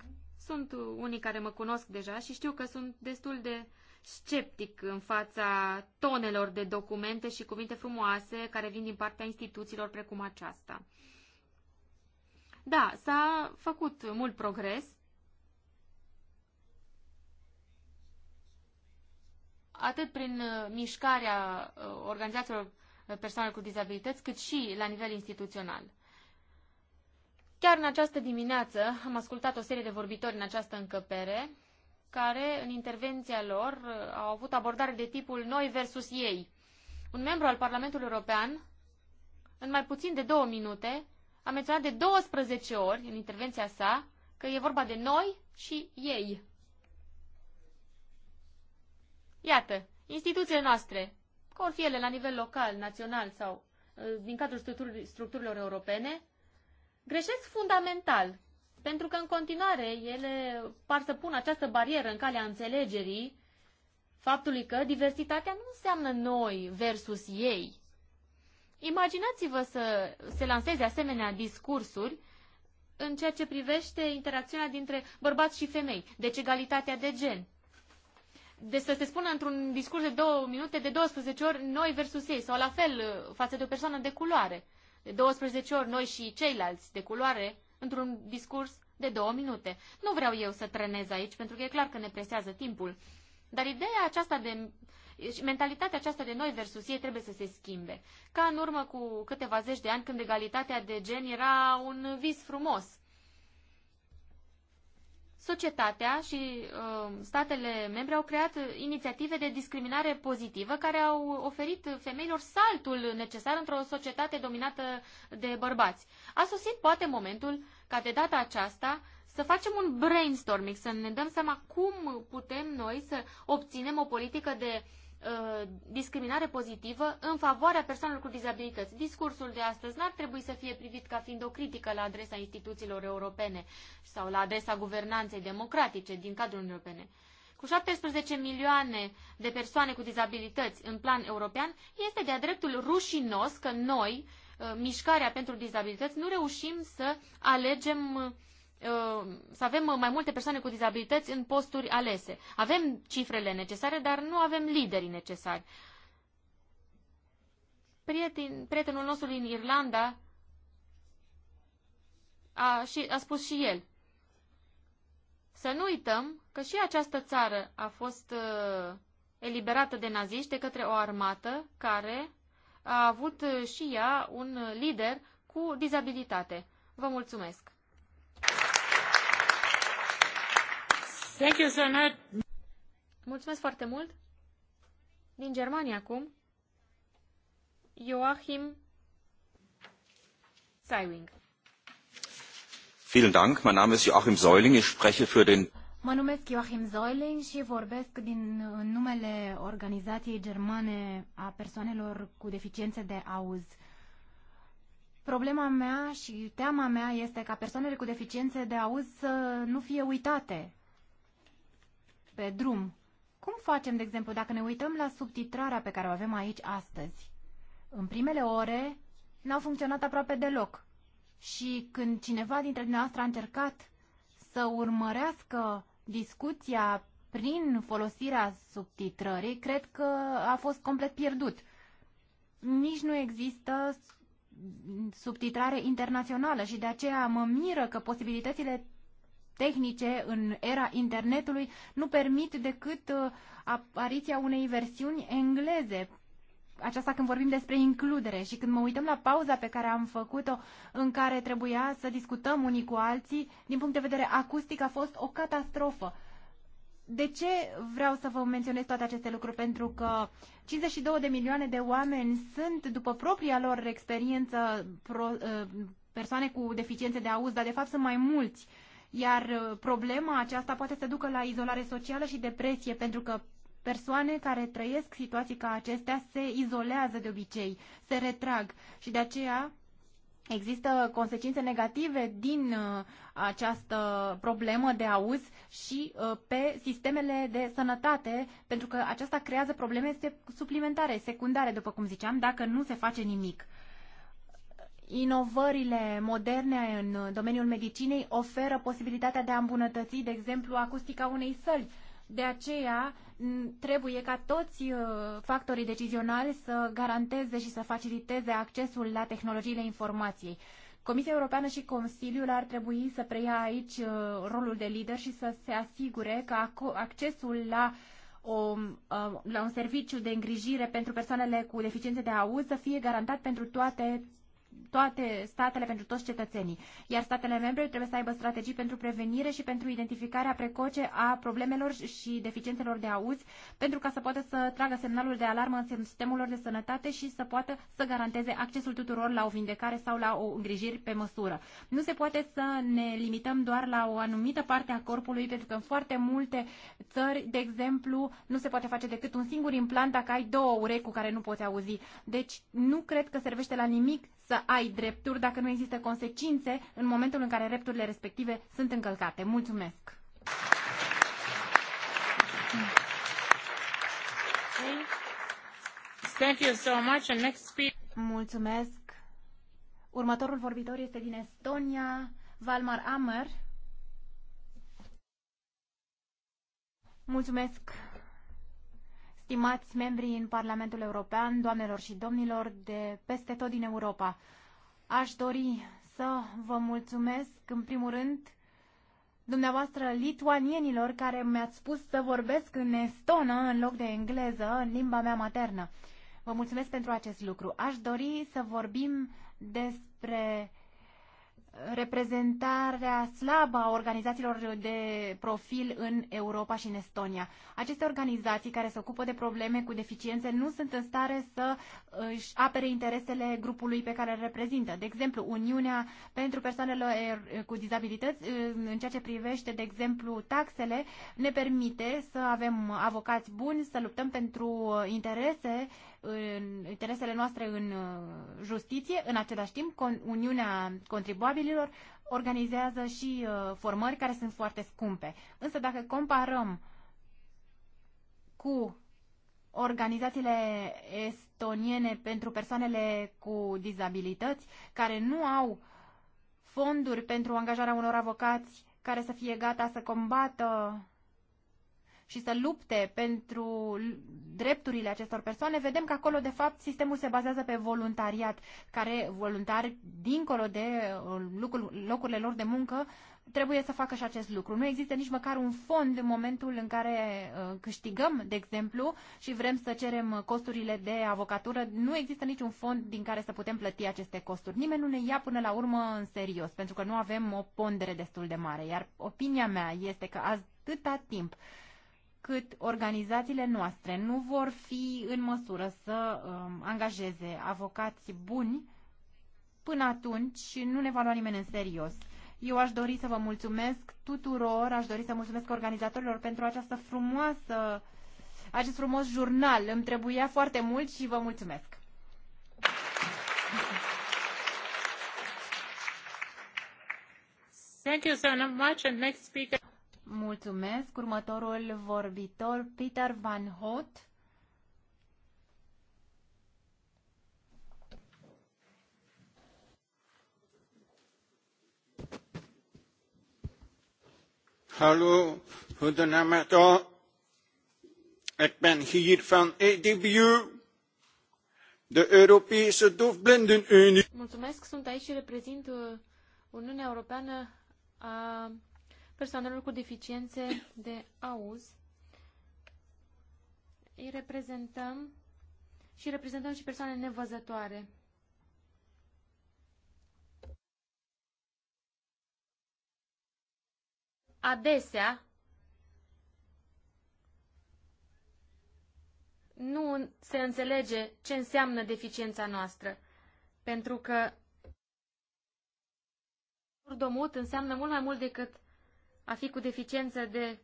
Sunt unii care mă cunosc deja și știu că sunt destul de sceptic în fața tonelor de documente și cuvinte frumoase care vin din partea instituțiilor precum aceasta. Da, s-a făcut mult progres. Atât prin uh, mișcarea uh, organizațiilor persoanelor cu dizabilități, cât și la nivel instituțional. Chiar în această dimineață am ascultat o serie de vorbitori în această încăpere, care, în intervenția lor, uh, au avut abordare de tipul noi versus ei. Un membru al Parlamentului European, în mai puțin de două minute, a menționat de 12 ori în intervenția sa că e vorba de noi și ei. Iată, instituțiile noastre, că or fi ele la nivel local, național sau uh, din cadrul structurilor europene, greșesc fundamental, pentru că în continuare ele par să pună această barieră în calea înțelegerii faptului că diversitatea nu înseamnă noi versus ei, Imaginați-vă să se lanseze asemenea discursuri în ceea ce privește interacțiunea dintre bărbați și femei, deci egalitatea de gen. De deci să se spună într-un discurs de două minute, de 12 ori noi versus ei, sau la fel uh, față de o persoană de culoare. De 12 ori noi și ceilalți de culoare, într-un discurs de două minute. Nu vreau eu să trenez aici, pentru că e clar că ne presează timpul. Dar ideea aceasta de și deci, mentalitatea aceasta de noi versus ei trebuie să se schimbe. Ca în urmă cu câteva zeci de ani, când egalitatea de gen era un vis frumos. Societatea și uh, statele membre au creat inițiative de discriminare pozitivă care au oferit femeilor saltul necesar într-o societate dominată de bărbați. A sosit poate momentul ca de data aceasta să facem un brainstorming, să ne dăm seama cum putem noi să obținem o politică de Uh, discriminare pozitivă în favoarea persoanelor cu dizabilități. Discursul de astăzi n-ar trebui să fie privit ca fiind o critică la adresa instituțiilor europene sau la adresa guvernanței democratice din cadrul Uniunii Europene. Cu 17 milioane de persoane cu dizabilități în plan european, este de-a dreptul rușinos că noi, uh, mișcarea pentru dizabilități, nu reușim să alegem uh, Uh, să avem mai multe persoane cu dizabilități în posturi alese. Avem cifrele necesare, dar nu avem liderii necesari. Prieten, prietenul nostru din Irlanda a, și, a spus și el. Să nu uităm că și această țară a fost uh, eliberată de naziști de către o armată care a avut uh, și ea un uh, lider cu dizabilitate. Vă mulțumesc! Mulțumesc foarte mult. Din Germania acum, Joachim Seiling. Vielen Dank, mein Name ist Joachim Seuling. ich spreche für den Mă numesc Joachim Zoiling și vorbesc din numele Organizației Germane a Persoanelor cu Deficiențe de Auz. Problema mea și teama mea este ca persoanele cu deficiențe de auz să nu fie uitate pe drum. Cum facem, de exemplu, dacă ne uităm la subtitrarea pe care o avem aici astăzi? În primele ore n-au funcționat aproape deloc. Și când cineva dintre dumneavoastră a încercat să urmărească discuția prin folosirea subtitrării, cred că a fost complet pierdut. Nici nu există subtitrare internațională și de aceea mă miră că posibilitățile tehnice în era internetului nu permit decât uh, apariția unei versiuni engleze aceasta când vorbim despre includere și când mă uităm la pauza pe care am făcut-o, în care trebuia să discutăm unii cu alții, din punct de vedere acustic a fost o catastrofă. De ce vreau să vă menționez toate aceste lucruri? Pentru că 52 de milioane de oameni sunt, după propria lor experiență, pro, uh, persoane cu deficiențe de auz, dar de fapt sunt mai mulți. Uh, iar uh, problema aceasta poate să ducă la izolare socială și depresie, pentru că Persoane care trăiesc situații ca acestea se izolează de obicei, se retrag și de aceea există consecințe negative din uh, această problemă de auz și uh, pe sistemele de sănătate, pentru că aceasta creează probleme suplimentare, secundare, după cum ziceam, dacă nu se face nimic inovările moderne în domeniul medicinei oferă posibilitatea de a îmbunătăți, de exemplu, acustica unei săli. De aceea trebuie ca toți uh, factorii decizionali să garanteze și să faciliteze accesul la tehnologiile informației. Comisia Europeană și Consiliul ar trebui să preia aici uh, rolul de lider și să se asigure că accesul la o, uh, la un serviciu de îngrijire pentru persoanele cu deficiențe de auz să fie garantat pentru toate toate statele, pentru toți cetățenii. Iar statele membre trebuie să aibă strategii pentru prevenire și pentru identificarea precoce a problemelor și deficiențelor de auz, pentru ca să poată să tragă semnalul de alarmă în sistemul lor de sănătate și să poată să garanteze accesul tuturor la o vindecare sau la o îngrijiri pe măsură. Nu se poate să ne limităm doar la o anumită parte a corpului, pentru că în foarte multe țări, de exemplu, nu se poate face decât un singur implant dacă ai două urechi cu care nu poți auzi. Deci nu cred că servește la nimic să ai ai drepturi dacă nu există consecințe în momentul în care drepturile respective sunt încălcate. Mulțumesc! Thank you so much. And next speaker. Mulțumesc. Următorul vorbitor este din Estonia, Valmar Amer. Mulțumesc, stimați membrii în Parlamentul European, doamnelor și domnilor de peste tot din Europa. Aș dori să vă mulțumesc, în primul rând, dumneavoastră lituanienilor care mi-ați spus să vorbesc în estonă în loc de engleză, în limba mea maternă. Vă mulțumesc pentru acest lucru. Aș dori să vorbim despre reprezentarea slabă a organizațiilor de profil în Europa și în Estonia. Aceste organizații care se ocupă de probleme cu deficiențe nu sunt în stare să își apere interesele grupului pe care îl reprezintă. De exemplu, Uniunea pentru persoanele cu dizabilități, în ceea ce privește, de exemplu, taxele, ne permite să avem avocați buni, să luptăm pentru interese în interesele noastre în uh, justiție, în același timp Uniunea Contribuabililor organizează și uh, formări care sunt foarte scumpe. Însă dacă comparăm cu organizațiile estoniene pentru persoanele cu dizabilități care nu au fonduri pentru angajarea unor avocați care să fie gata să combată și să lupte pentru drepturile acestor persoane, vedem că acolo, de fapt, sistemul se bazează pe voluntariat, care voluntari, dincolo de uh, locurile lor de muncă, trebuie să facă și acest lucru. Nu există nici măcar un fond în momentul în care uh, câștigăm, de exemplu, și vrem să cerem costurile de avocatură. Nu există niciun fond din care să putem plăti aceste costuri. Nimeni nu ne ia până la urmă în serios, pentru că nu avem o pondere destul de mare. Iar opinia mea este că atâta timp cât organizațiile noastre nu vor fi în măsură să uh, angajeze avocați buni, până atunci nu ne va lua nimeni în serios. Eu aș dori să vă mulțumesc tuturor, aș dori să mulțumesc organizatorilor pentru această frumoasă, acest frumos jurnal. Îmi trebuia foarte mult și vă mulțumesc! Thank you so much and next speaker. Mulțumesc. Următorul vorbitor, Peter Van Hout. Hallo, goedenavond. Ik ben hier van EDBU, de Europese Doofblindenunie. Mulțumesc, sunt aici și reprezint uh, Uniunea Europeană a persoanelor cu deficiențe de auz. Îi reprezentăm și reprezentăm și persoane nevăzătoare. Adesea, nu se înțelege ce înseamnă deficiența noastră, pentru că surdomut înseamnă mult mai mult decât a fi cu deficiență de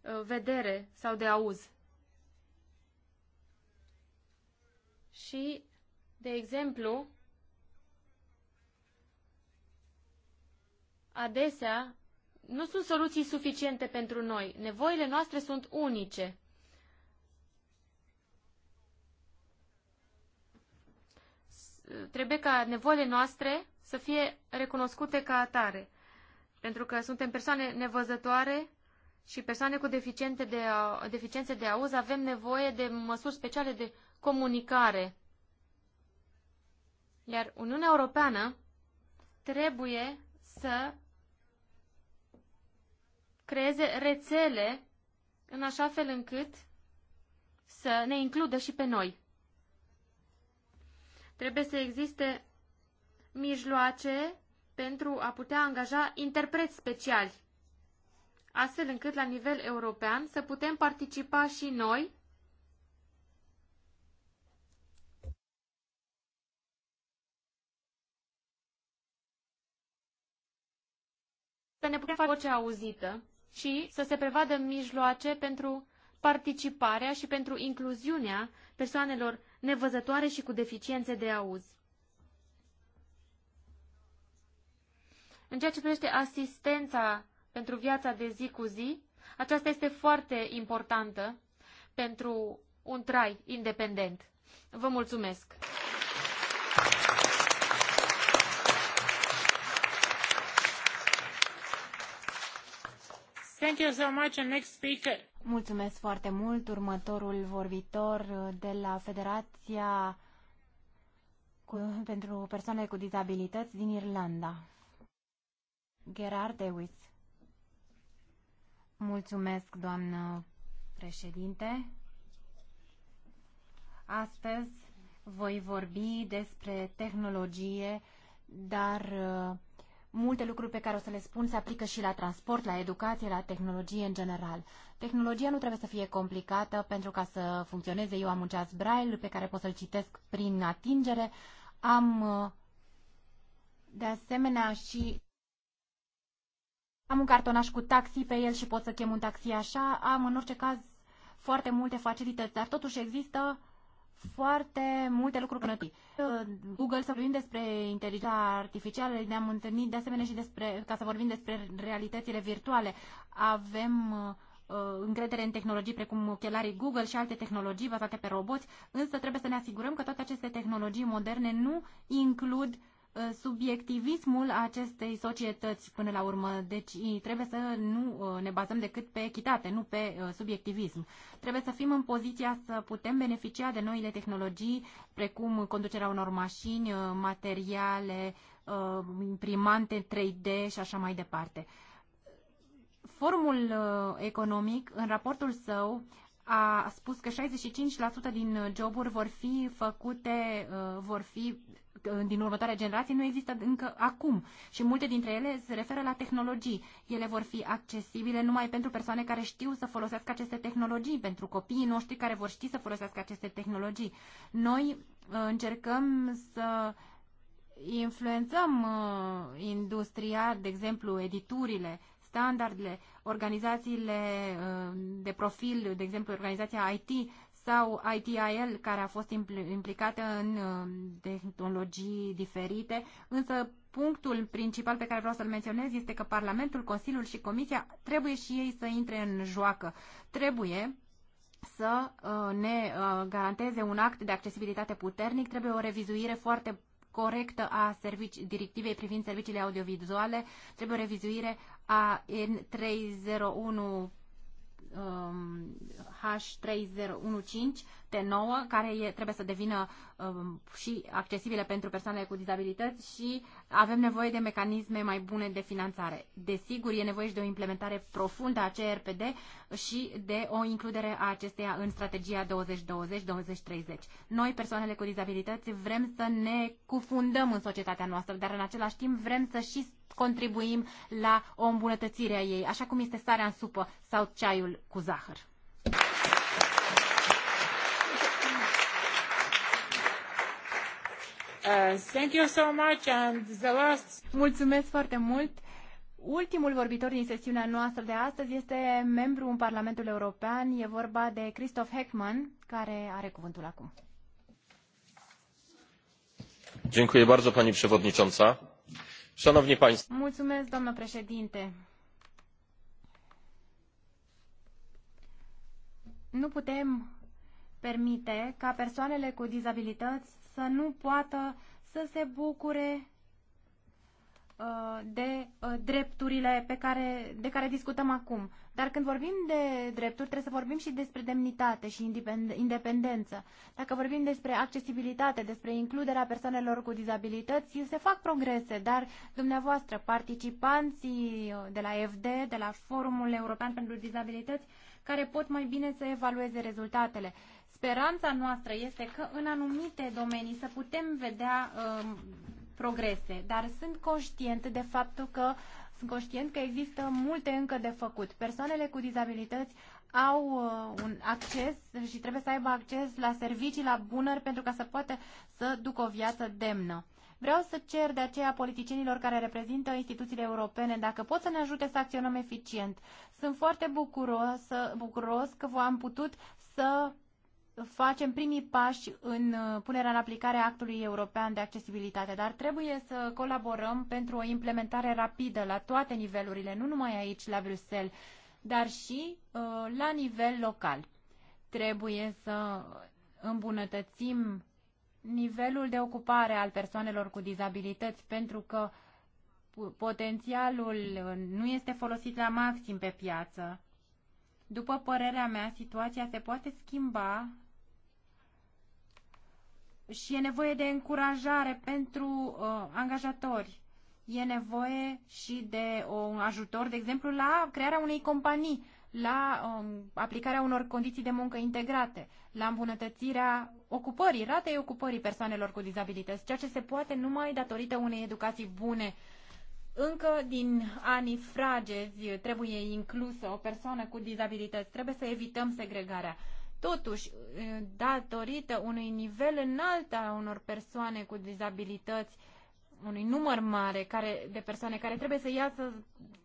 uh, vedere sau de auz. Și, de exemplu, adesea nu sunt soluții suficiente pentru noi. Nevoile noastre sunt unice. Trebuie ca nevoile noastre să fie recunoscute ca atare pentru că suntem persoane nevăzătoare și persoane cu deficiente de, deficiențe de auz, avem nevoie de măsuri speciale de comunicare. Iar Uniunea Europeană trebuie să creeze rețele în așa fel încât să ne includă și pe noi. Trebuie să existe mijloace pentru a putea angaja interpreți speciali, astfel încât la nivel european să putem participa și noi să ne putem face voce auzită și să se prevadă mijloace pentru participarea și pentru incluziunea persoanelor nevăzătoare și cu deficiențe de auz. În ceea ce privește asistența pentru viața de zi cu zi, aceasta este foarte importantă pentru un trai independent. Vă mulțumesc! Thank you so much. next speaker. Mulțumesc foarte mult. Următorul vorbitor de la Federația cu, pentru persoane cu dizabilități din Irlanda. Gerard Dewis. Mulțumesc, doamnă președinte. Astăzi voi vorbi despre tehnologie, dar uh, multe lucruri pe care o să le spun se aplică și la transport, la educație, la tehnologie în general. Tehnologia nu trebuie să fie complicată pentru ca să funcționeze. Eu am un ceas braille pe care pot să-l citesc prin atingere. Am uh, de asemenea și am un cartonaș cu taxi pe el și pot să chem un taxi așa. Am în orice caz foarte multe facilități, dar totuși există foarte multe lucruri conectate. Google să vorbim despre inteligența artificială, ne-am întâlnit de asemenea și despre, ca să vorbim despre realitățile virtuale. Avem uh, uh, încredere în tehnologii precum ochelarii Google și alte tehnologii bazate pe roboți, însă trebuie să ne asigurăm că toate aceste tehnologii moderne nu includ uh, Uh, subiectivismul acestei societăți până la urmă. Deci trebuie să nu uh, ne bazăm decât pe echitate, nu pe uh, subiectivism. Trebuie să fim în poziția să putem beneficia de noile tehnologii, precum conducerea unor mașini, materiale, imprimante 3D și așa mai departe. Formul economic, în raportul său, a spus că 65% din joburi vor fi făcute, vor fi din următoarea generație nu există încă acum și multe dintre ele se referă la tehnologii. Ele vor fi accesibile numai pentru persoane care știu să folosească aceste tehnologii, pentru copiii noștri care vor ști să folosească aceste tehnologii. Noi uh, încercăm să influențăm uh, industria, de exemplu, editurile, standardele, organizațiile uh, de profil, de exemplu organizația IT, sau ITIL care a fost implicată în um, tehnologii diferite, însă punctul principal pe care vreau să-l menționez este că Parlamentul, Consiliul și Comisia trebuie și ei să intre în joacă. Trebuie să uh, ne uh, garanteze un act de accesibilitate puternic, trebuie o revizuire foarte corectă a servici, directivei privind serviciile audiovizuale, trebuie o revizuire a N301 um, H3015 7-9, care e, trebuie să devină um, și accesibile pentru persoanele cu dizabilități și avem nevoie de mecanisme mai bune de finanțare. Desigur, e nevoie și de o implementare profundă a CRPD și de o includere a acesteia în strategia 2020-2030. Noi, persoanele cu dizabilități, vrem să ne cufundăm în societatea noastră, dar în același timp vrem să și contribuim la o îmbunătățire a ei, așa cum este starea în supă sau ceaiul cu zahăr. Uh, Mulțumesc foarte mult. Ultimul vorbitor din sesiunea noastră de astăzi este membru în Parlamentul European. E vorba de Christoph Heckman, care are cuvântul acum. Dziękuję bardzo pani przewodnicząca. Szanowni państwo. Mulțumesc, doamnă președinte. Nu putem permite ca persoanele cu dizabilități să nu poată să se bucure uh, de uh, drepturile pe care, de care discutăm acum. Dar când vorbim de drepturi, trebuie să vorbim și despre demnitate și independență. Dacă vorbim despre accesibilitate, despre includerea persoanelor cu dizabilități, se fac progrese, dar dumneavoastră, participanții uh, de la FD, de la Forumul European pentru Dizabilități, care pot mai bine să evalueze rezultatele speranța noastră este că în anumite domenii să putem vedea um, progrese, dar sunt conștient de faptul că sunt conștient că există multe încă de făcut. Persoanele cu dizabilități au uh, un acces și trebuie să aibă acces la servicii, la bunări, pentru ca să poată să ducă o viață demnă. Vreau să cer de aceea politicienilor care reprezintă instituțiile europene dacă pot să ne ajute să acționăm eficient. Sunt foarte bucuros, bucuros că am putut să facem primii pași în uh, punerea în aplicare a actului european de accesibilitate, dar trebuie să colaborăm pentru o implementare rapidă la toate nivelurile, nu numai aici, la Bruxelles, dar și uh, la nivel local. Trebuie să îmbunătățim nivelul de ocupare al persoanelor cu dizabilități, pentru că potențialul uh, nu este folosit la maxim pe piață. După părerea mea, situația se poate schimba și e nevoie de încurajare pentru uh, angajatori. E nevoie și de uh, un ajutor, de exemplu, la crearea unei companii, la um, aplicarea unor condiții de muncă integrate, la îmbunătățirea ocupării, ratei ocupării persoanelor cu dizabilități, ceea ce se poate numai datorită unei educații bune. Încă din anii fragezi trebuie inclusă o persoană cu dizabilități, trebuie să evităm segregarea. Totuși, datorită unui nivel înalt a unor persoane cu dizabilități, unui număr mare care, de persoane care trebuie să iasă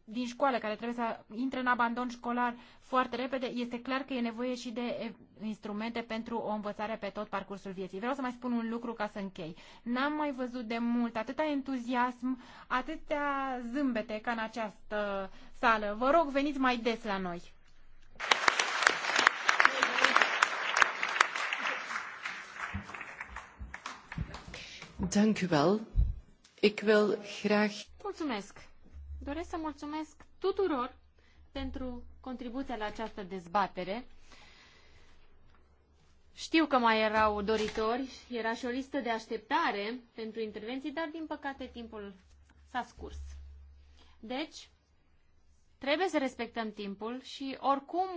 din școală, care trebuie să intre în abandon școlar foarte repede, este clar că e nevoie și de instrumente pentru o învățare pe tot parcursul vieții. Vreau să mai spun un lucru ca să închei. N-am mai văzut de mult atâta entuziasm, atâtea zâmbete ca în această sală. Vă rog, veniți mai des la noi! wel. Mulțumesc. Doresc să mulțumesc tuturor pentru contribuția la această dezbatere. Știu că mai erau doritori, era și o listă de așteptare pentru intervenții, dar din păcate timpul s-a scurs. Deci, trebuie să respectăm timpul și oricum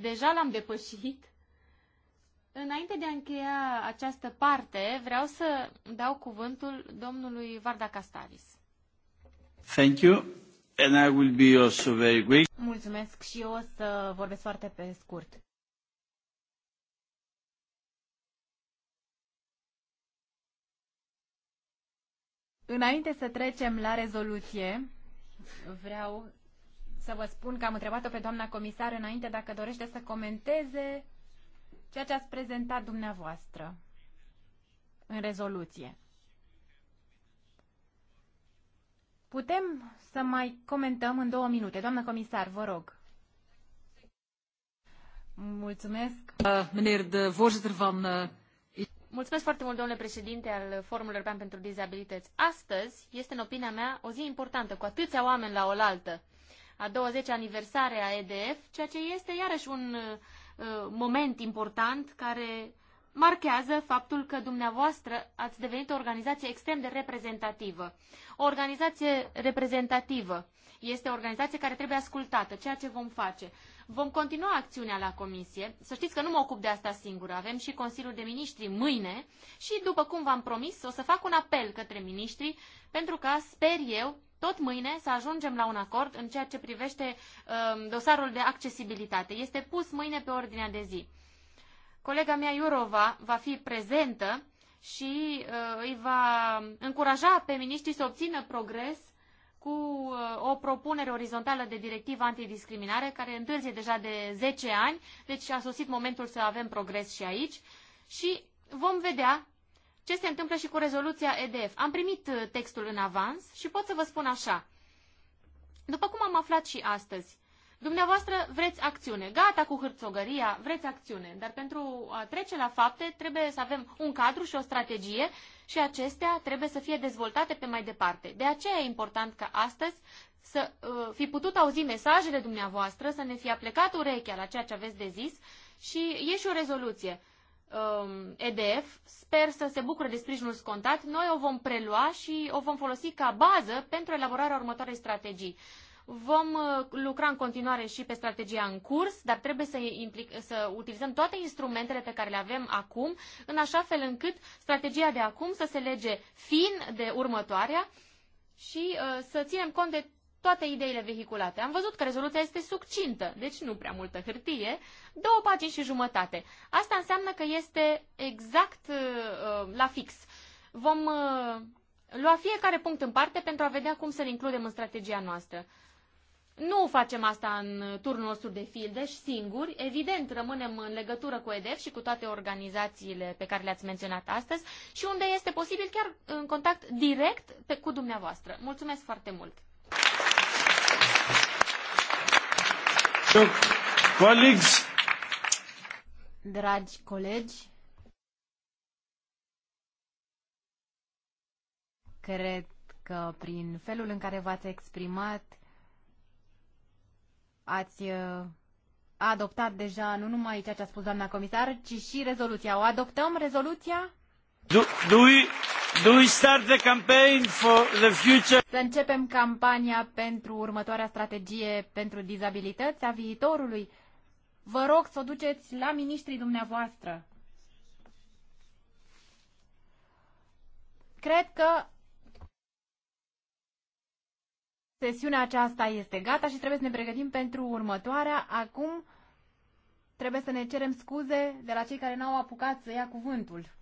deja l-am depășit, Înainte de a încheia această parte, vreau să dau cuvântul domnului Varda Castaris. Thank you. And I will be also very quick. Mulțumesc și eu o să vorbesc foarte pe scurt. Înainte să trecem la rezoluție, vreau să vă spun că am întrebat-o pe doamna comisar înainte dacă dorește să comenteze ceea ce ați prezentat dumneavoastră în rezoluție. Putem să mai comentăm în două minute. Doamnă comisar, vă rog. Mulțumesc. Uh, meneer de voorzitter van... Uh, Mulțumesc foarte mult, domnule președinte al Forumului European pentru Dizabilități. Astăzi este, în opinia mea, o zi importantă, cu atâția oameni la oaltă a 20 aniversare a EDF, ceea ce este iarăși un uh, moment important care marchează faptul că dumneavoastră ați devenit o organizație extrem de reprezentativă. O organizație reprezentativă este o organizație care trebuie ascultată, ceea ce vom face. Vom continua acțiunea la comisie. Să știți că nu mă ocup de asta singură. Avem și Consiliul de Ministri mâine și, după cum v-am promis, o să fac un apel către ministri pentru ca, sper eu, tot mâine să ajungem la un acord în ceea ce privește um, dosarul de accesibilitate. Este pus mâine pe ordinea de zi. Colega mea Iurova va fi prezentă și uh, îi va încuraja pe miniștri să obțină progres cu uh, o propunere orizontală de directivă antidiscriminare care întârzie deja de 10 ani, deci a sosit momentul să avem progres și aici și vom vedea ce se întâmplă și cu rezoluția EDF. Am primit uh, textul în avans și pot să vă spun așa. După cum am aflat și astăzi, dumneavoastră vreți acțiune. Gata cu hârțogăria, vreți acțiune. Dar pentru a trece la fapte trebuie să avem un cadru și o strategie și acestea trebuie să fie dezvoltate pe mai departe. De aceea e important ca astăzi să uh, fi putut auzi mesajele dumneavoastră, să ne fi aplicat urechea la ceea ce aveți de zis și e și o rezoluție. Um, EDF. Sper să se bucure de sprijinul scontat. Noi o vom prelua și o vom folosi ca bază pentru elaborarea următoarei strategii. Vom uh, lucra în continuare și pe strategia în curs, dar trebuie să, implic, să utilizăm toate instrumentele pe care le avem acum, în așa fel încât strategia de acum să se lege fin de următoarea și uh, să ținem cont de toate ideile vehiculate. Am văzut că rezoluția este succintă, deci nu prea multă hârtie, două pagini și jumătate. Asta înseamnă că este exact uh, uh, la fix. Vom uh, lua fiecare punct în parte pentru a vedea cum să-l includem în strategia noastră. Nu facem asta în turnul nostru de și singuri. Evident, rămânem în legătură cu EDF și cu toate organizațiile pe care le-ați menționat astăzi și unde este posibil chiar în contact direct pe, cu dumneavoastră. Mulțumesc foarte mult! Dragi colegi, cred că prin felul în care v-ați exprimat ați uh, adoptat deja nu numai ceea ce a spus doamna comisar, ci și rezoluția. O adoptăm, rezoluția? Do, do we, să începem campania pentru următoarea strategie pentru dizabilități a viitorului. Vă rog să o duceți la ministrii dumneavoastră. Cred că sesiunea aceasta este gata și trebuie să ne pregătim pentru următoarea. Acum trebuie să ne cerem scuze de la cei care n-au apucat să ia cuvântul.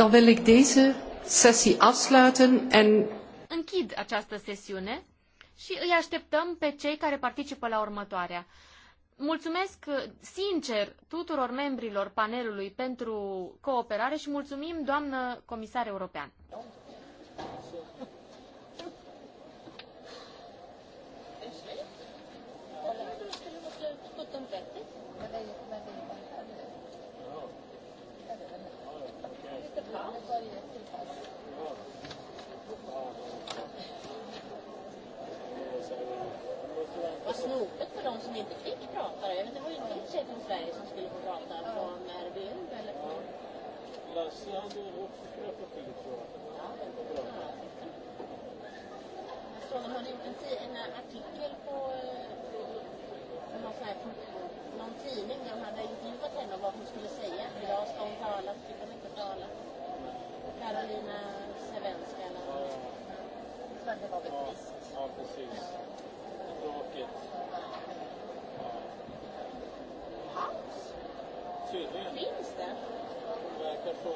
Dan wil ik deze sessie afsluiten en... Închid această sesiune și îi așteptăm pe cei care participă la următoarea. Mulțumesc uh, sincer tuturor membrilor panelului pentru cooperare și mulțumim, doamnă comisar european. Sverige som skulle få prata ja. från RBU eller från... Ja. Lasse hade också kunnat plocka lite frågor. Ja, Jag såg de hade gjort en, en artikel på eh, någon, sån här, någon tidning där de hade intervjuat henne om vad hon skulle säga. Idag ska hon tala, så fick hon inte tala. Karolina Svenska eller Ja. det var väl trist. Ja, precis. Tråkigt. fanns. Tydligen. Finns det? Det verkar så.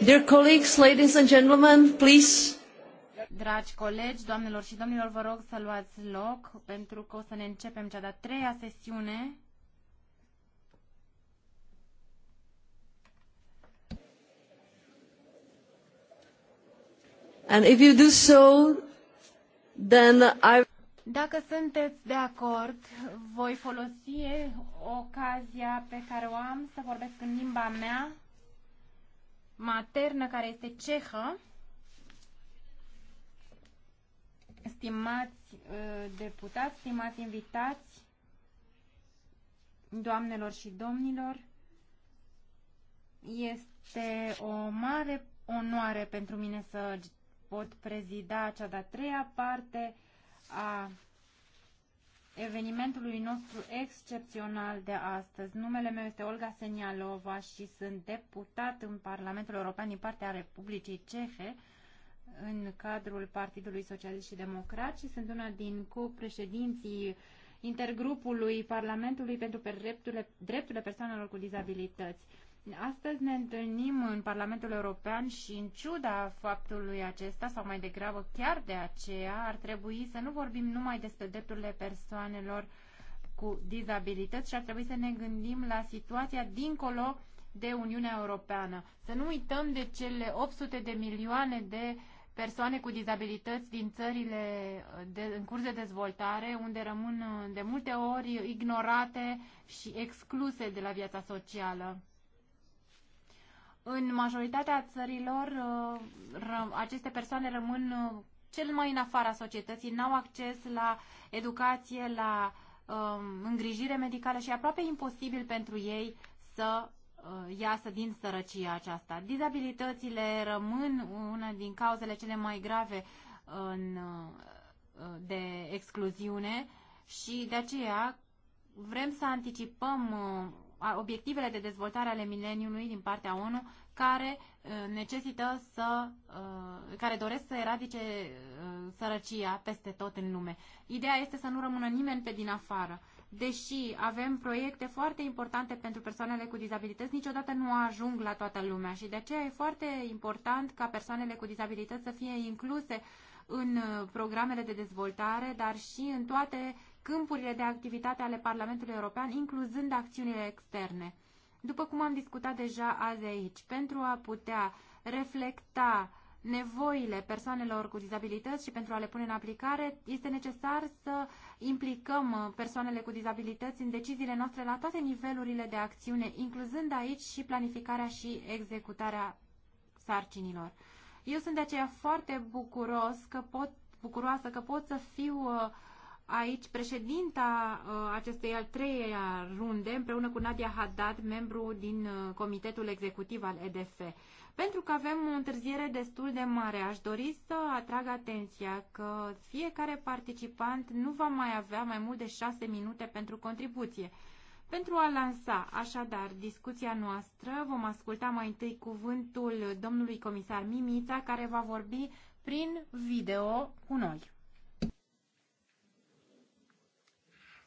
Dear colleagues, ladies and gentlemen, please. Dragi colegi, doamnelor și domnilor, vă rog să luați loc pentru că o să ne începem cea de-a treia sesiune. And if you do so, then I dacă sunteți de acord, voi folosi ocazia pe care o am să vorbesc în limba mea, maternă, care este cehă. Stimați uh, deputați, stimați invitați, doamnelor și domnilor, este o mare onoare pentru mine să pot prezida cea de-a treia parte a evenimentului nostru excepțional de astăzi. Numele meu este Olga Senialova și sunt deputat în Parlamentul European din partea Republicii Cehe în cadrul Partidului Socialist și Democrat și sunt una din copreședinții intergrupului Parlamentului pentru drepturile, drepturile persoanelor cu dizabilități. Astăzi ne întâlnim în Parlamentul European și în ciuda faptului acesta, sau mai degrabă chiar de aceea, ar trebui să nu vorbim numai despre drepturile persoanelor cu dizabilități și ar trebui să ne gândim la situația dincolo de Uniunea Europeană. Să nu uităm de cele 800 de milioane de persoane cu dizabilități din țările uh, de, în curs de dezvoltare, unde rămân uh, de multe ori ignorate și excluse de la viața socială. În majoritatea țărilor, uh, aceste persoane rămân uh, cel mai în afara societății, n-au acces la educație, la um, îngrijire medicală și e aproape imposibil pentru ei să uh, iasă din sărăcia aceasta. Dizabilitățile rămân una din cauzele cele mai grave în, de excluziune și de aceea vrem să anticipăm obiectivele de dezvoltare ale mileniului din partea ONU care uh, necesită să uh, care doresc să eradice uh, sărăcia peste tot în lume. Ideea este să nu rămână nimeni pe din afară. Deși avem proiecte foarte importante pentru persoanele cu dizabilități, niciodată nu ajung la toată lumea și de aceea e foarte important ca persoanele cu dizabilități să fie incluse în programele de dezvoltare, dar și în toate câmpurile de activitate ale Parlamentului European, incluzând acțiunile externe. După cum am discutat deja azi aici, pentru a putea reflecta nevoile persoanelor cu dizabilități și pentru a le pune în aplicare, este necesar să implicăm persoanele cu dizabilități în deciziile noastre la toate nivelurile de acțiune, incluzând aici și planificarea și executarea sarcinilor. Eu sunt de aceea foarte bucuros că pot, bucuroasă că pot să fiu uh, Aici, președinta uh, acestei al treia runde, împreună cu Nadia Haddad, membru din uh, Comitetul Executiv al EDF. Pentru că avem o întârziere destul de mare, aș dori să atrag atenția că fiecare participant nu va mai avea mai mult de șase minute pentru contribuție. Pentru a lansa așadar discuția noastră, vom asculta mai întâi cuvântul domnului comisar Mimița, care va vorbi prin video cu noi.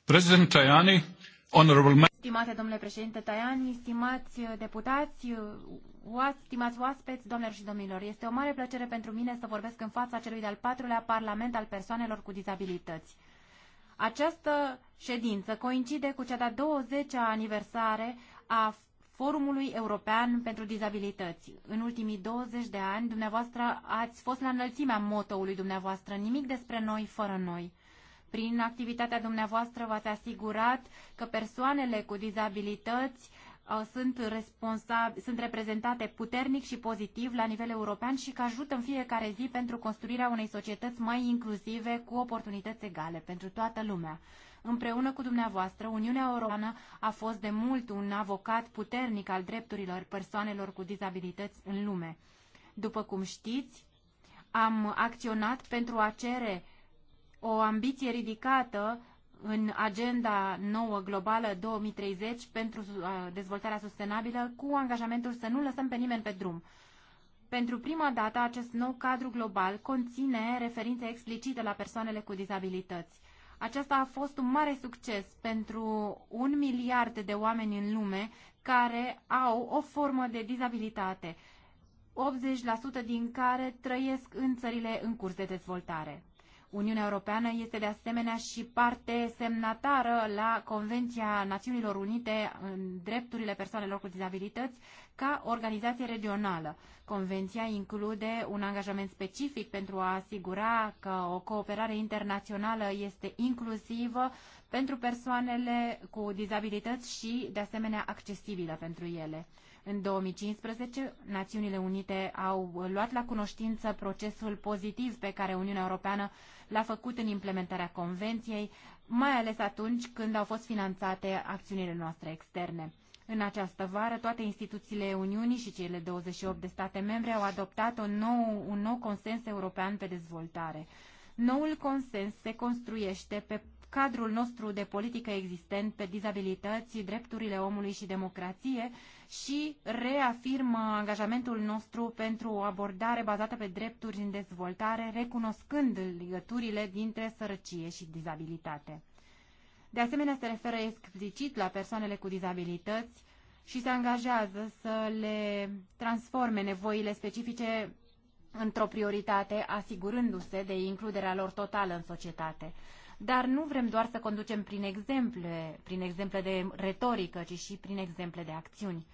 President Tajani, honorable... Stimate domnule președinte Tajani, stimați uh, deputați, uh, oas, stimați oaspeți, domnilor și domnilor, este o mare plăcere pentru mine să vorbesc în fața celui de-al patrulea Parlament al persoanelor cu dizabilități. Această ședință coincide cu cea de-a 20-a aniversare a Forumului European pentru Dizabilități. În ultimii 20 de ani, dumneavoastră ați fost la înălțimea motoului dumneavoastră, nimic despre noi fără noi. Prin activitatea dumneavoastră v-ați asigurat că persoanele cu dizabilități uh, sunt, sunt reprezentate puternic și pozitiv la nivel european și că ajută în fiecare zi pentru construirea unei societăți mai inclusive cu oportunități egale pentru toată lumea. Împreună cu dumneavoastră, Uniunea Europeană a fost de mult un avocat puternic al drepturilor persoanelor cu dizabilități în lume. După cum știți, am acționat pentru a cere o ambiție ridicată în agenda nouă globală 2030 pentru uh, dezvoltarea sustenabilă cu angajamentul să nu lăsăm pe nimeni pe drum. Pentru prima dată, acest nou cadru global conține referințe explicite la persoanele cu dizabilități. Aceasta a fost un mare succes pentru un miliard de oameni în lume care au o formă de dizabilitate, 80% din care trăiesc în țările în curs de dezvoltare. Uniunea Europeană este de asemenea și parte semnatară la Convenția Națiunilor Unite în drepturile persoanelor cu dizabilități ca organizație regională. Convenția include un angajament specific pentru a asigura că o cooperare internațională este inclusivă pentru persoanele cu dizabilități și, de asemenea, accesibilă pentru ele. În 2015, Națiunile Unite au luat la cunoștință procesul pozitiv pe care Uniunea Europeană l-a făcut în implementarea Convenției, mai ales atunci când au fost finanțate acțiunile noastre externe. În această vară, toate instituțiile Uniunii și cele 28 de state membre au adoptat un nou, un nou consens european pe dezvoltare. Noul consens se construiește pe cadrul nostru de politică existent pe dizabilități, drepturile omului și democrație și reafirmă angajamentul nostru pentru o abordare bazată pe drepturi în dezvoltare, recunoscând legăturile dintre sărăcie și dizabilitate. De asemenea, se referă explicit la persoanele cu dizabilități și se angajează să le transforme nevoile specifice într-o prioritate, asigurându-se de includerea lor totală în societate dar nu vrem doar să conducem prin exemple, prin exemple de retorică, ci și prin exemple de acțiuni.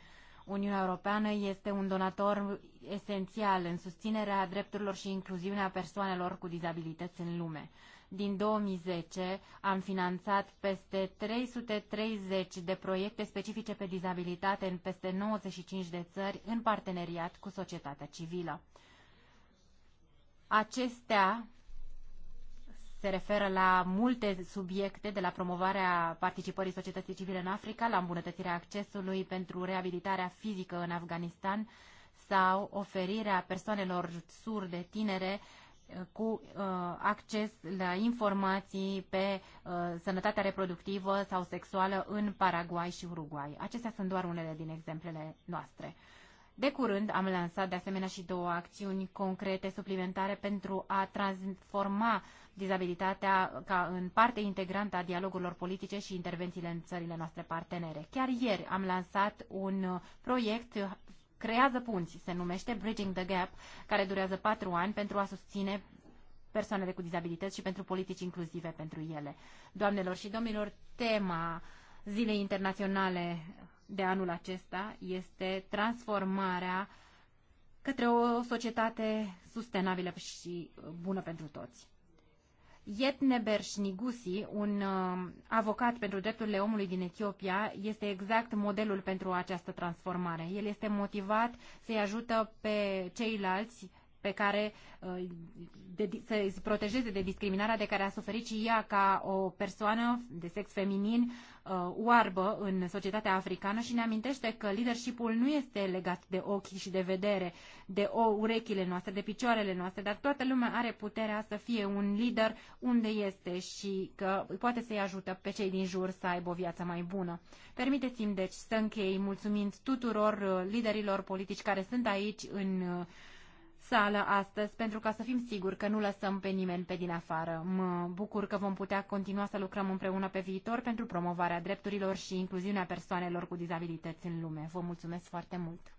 Uniunea Europeană este un donator esențial în susținerea drepturilor și incluziunea persoanelor cu dizabilități în lume. Din 2010 am finanțat peste 330 de proiecte specifice pe dizabilitate în peste 95 de țări în parteneriat cu societatea civilă. Acestea se referă la multe subiecte, de la promovarea participării societății civile în Africa, la îmbunătățirea accesului pentru reabilitarea fizică în Afganistan sau oferirea persoanelor surde tinere eh, cu uh, acces la informații pe uh, sănătatea reproductivă sau sexuală în Paraguay și Uruguay. Acestea sunt doar unele din exemplele noastre. De curând am lansat de asemenea și două acțiuni concrete suplimentare pentru a transforma uh, dizabilitatea ca în parte integrantă a dialogurilor politice și intervențiile în țările noastre partenere. Chiar ieri am lansat un uh, proiect uh, Creează punți, se numește Bridging the Gap, care durează patru ani pentru a susține persoanele cu dizabilități și pentru politici inclusive pentru ele. Doamnelor și domnilor, tema Zilei Internaționale de anul acesta este transformarea către o societate sustenabilă și bună pentru toți. Yetneber Shnigusi, un uh, avocat pentru drepturile omului din Etiopia, este exact modelul pentru această transformare. El este motivat să-i ajută pe ceilalți pe care uh, de, să se protejeze de discriminarea de care a suferit și ea ca o persoană de sex feminin uh, oarbă în societatea africană și ne amintește că leadershipul nu este legat de ochi și de vedere, de o, urechile noastre, de picioarele noastre, dar toată lumea are puterea să fie un lider unde este și că poate să-i ajută pe cei din jur să aibă o viață mai bună. Permiteți-mi deci să închei mulțumind tuturor uh, liderilor politici care sunt aici în sală astăzi pentru ca să fim siguri că nu lăsăm pe nimeni pe din afară. Mă bucur că vom putea continua să lucrăm împreună pe viitor pentru promovarea drepturilor și incluziunea persoanelor cu dizabilități în lume. Vă mulțumesc foarte mult!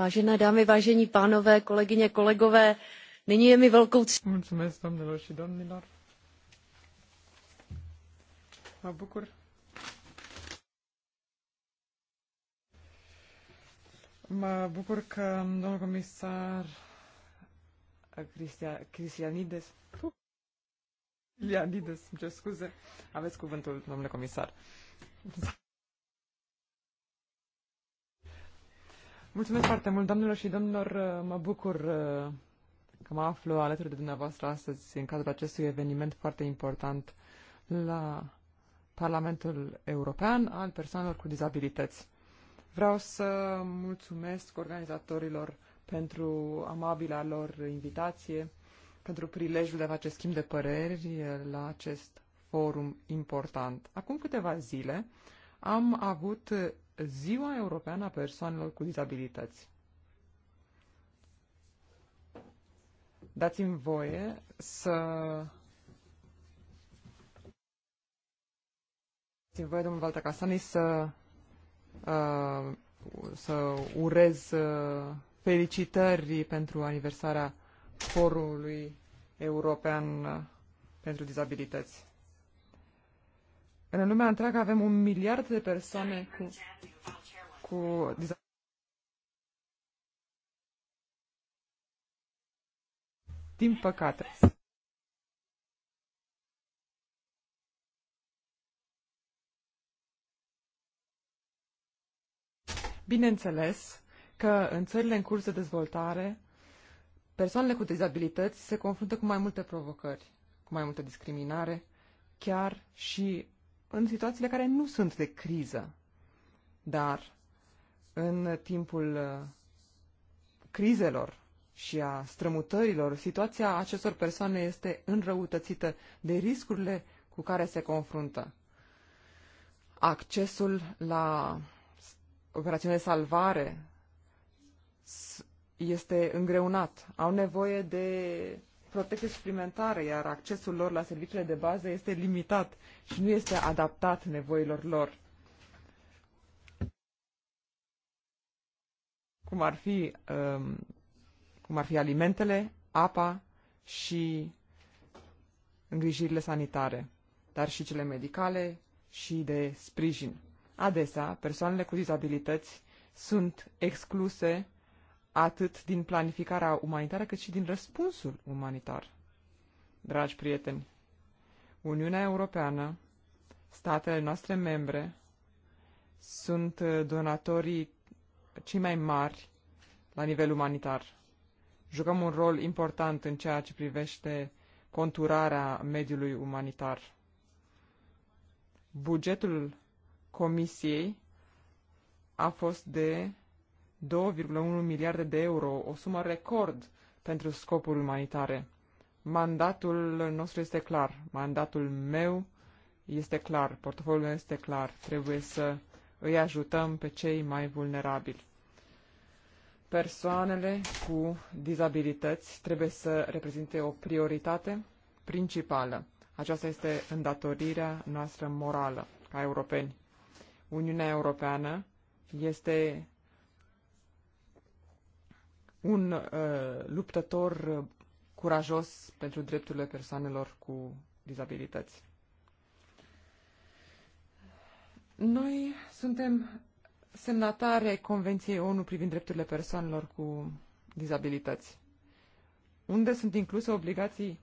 Vážené dámy, vážení pánové, kolegyně, kolegové, nyní je mi velkou ctí. Mulțumesc, și domnilor. Mă bucur Mă bucur că domnul comisar Cristianides, Cristianides Ilianides, îmi cer scuze. Aveți cuvântul, domnule comisar. Mulțumesc foarte mult, domnilor și domnilor. Mă bucur uh, că mă aflu alături de dumneavoastră astăzi în cadrul acestui eveniment foarte important la Parlamentul European al persoanelor cu dizabilități. Vreau să mulțumesc organizatorilor pentru amabila lor invitație, pentru prilejul de a face schimb de păreri la acest forum important. Acum câteva zile am avut Ziua Europeană a Persoanelor cu Dizabilități. Dați-mi voie să dați-mi voie, domnul Valtacasani, să Uh, să urez uh, felicitări pentru aniversarea Forumului European uh, pentru Dizabilități. În lumea întreagă avem un miliard de persoane cu, cu dizabilități. Din păcate. Bineînțeles că în țările în curs de dezvoltare, persoanele cu dizabilități se confruntă cu mai multe provocări, cu mai multă discriminare, chiar și în situațiile care nu sunt de criză. Dar în timpul uh, crizelor și a strămutărilor, situația acestor persoane este înrăutățită de riscurile cu care se confruntă. Accesul la operațiune de salvare este îngreunat. Au nevoie de protecție suplimentară, iar accesul lor la serviciile de bază este limitat și nu este adaptat nevoilor lor. Cum ar fi, um, cum ar fi alimentele, apa și îngrijirile sanitare, dar și cele medicale și de sprijin. Adesea, persoanele cu dizabilități sunt excluse atât din planificarea umanitară, cât și din răspunsul umanitar. Dragi prieteni, Uniunea Europeană, statele noastre membre, sunt uh, donatorii cei mai mari la nivel umanitar. Jucăm un rol important în ceea ce privește conturarea mediului umanitar. Bugetul Comisiei a fost de 2,1 miliarde de euro, o sumă record pentru scopuri umanitare. Mandatul nostru este clar, mandatul meu este clar, portofoliul meu este clar. Trebuie să îi ajutăm pe cei mai vulnerabili. Persoanele cu dizabilități trebuie să reprezinte o prioritate principală. Aceasta este îndatorirea noastră morală ca europeni. Uniunea Europeană este un uh, luptător uh, curajos pentru drepturile persoanelor cu dizabilități. Noi suntem semnatare ai Convenției ONU privind drepturile persoanelor cu dizabilități, unde sunt incluse obligații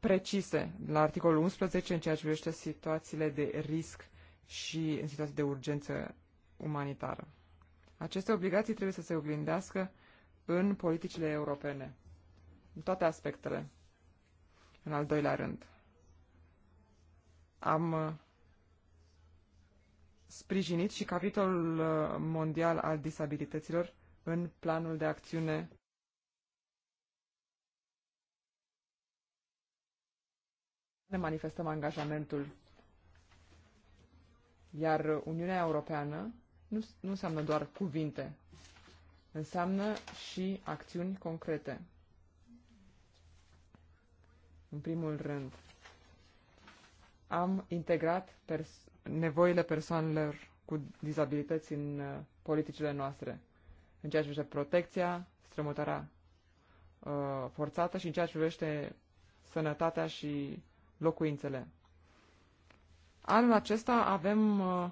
precise la articolul 11 în ceea ce privește situațiile de risc și în situații de urgență umanitară. Aceste obligații trebuie să se oglindească în politicile europene, în toate aspectele. În al doilea rând, am uh, sprijinit și capitolul uh, mondial al disabilităților în planul de acțiune ne manifestăm angajamentul iar Uniunea Europeană nu, nu înseamnă doar cuvinte, înseamnă și acțiuni concrete. În primul rând, am integrat pers- nevoile persoanelor cu dizabilități în uh, politicile noastre, în ceea ce privește protecția, strămutarea uh, forțată și în ceea ce privește sănătatea și locuințele. Anul acesta avem uh,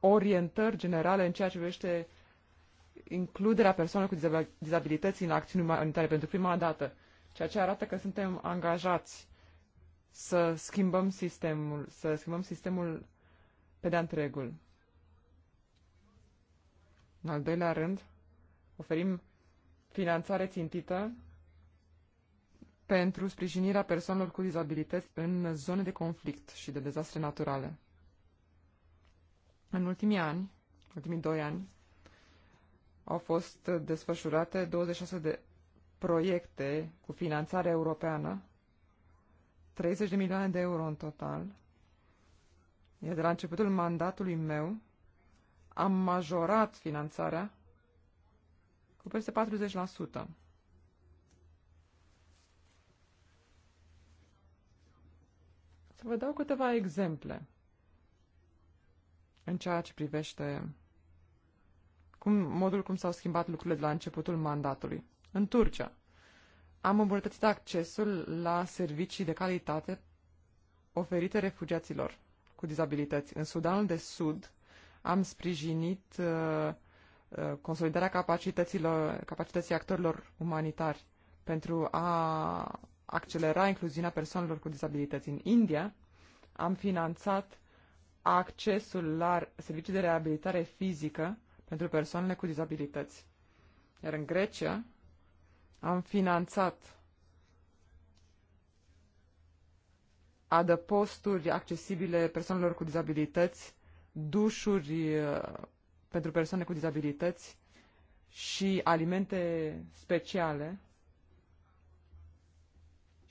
orientări generale în ceea ce privește includerea persoanelor cu dizabilități în acțiuni umanitare pentru prima dată, ceea ce arată că suntem angajați să schimbăm sistemul, să schimbăm sistemul pe de întregul. În al doilea rând, oferim finanțare țintită pentru sprijinirea persoanelor cu dizabilități în zone de conflict și de dezastre naturale. În ultimii ani, ultimii doi ani, au fost desfășurate 26 de proiecte cu finanțare europeană, 30 de milioane de euro în total, iar de la începutul mandatului meu am majorat finanțarea cu peste 40%. vă dau câteva exemple în ceea ce privește cum, modul cum s-au schimbat lucrurile de la începutul mandatului. În Turcia am îmbunătățit accesul la servicii de calitate oferite refugiaților cu dizabilități. În Sudanul de Sud am sprijinit uh, uh consolidarea capacităților, capacității actorilor umanitari pentru a accelera incluziunea persoanelor cu dizabilități în India, am finanțat accesul la servicii de reabilitare fizică pentru persoanele cu dizabilități. Iar în Grecia am finanțat adăposturi accesibile persoanelor cu dizabilități, dușuri uh, pentru persoane cu dizabilități și alimente speciale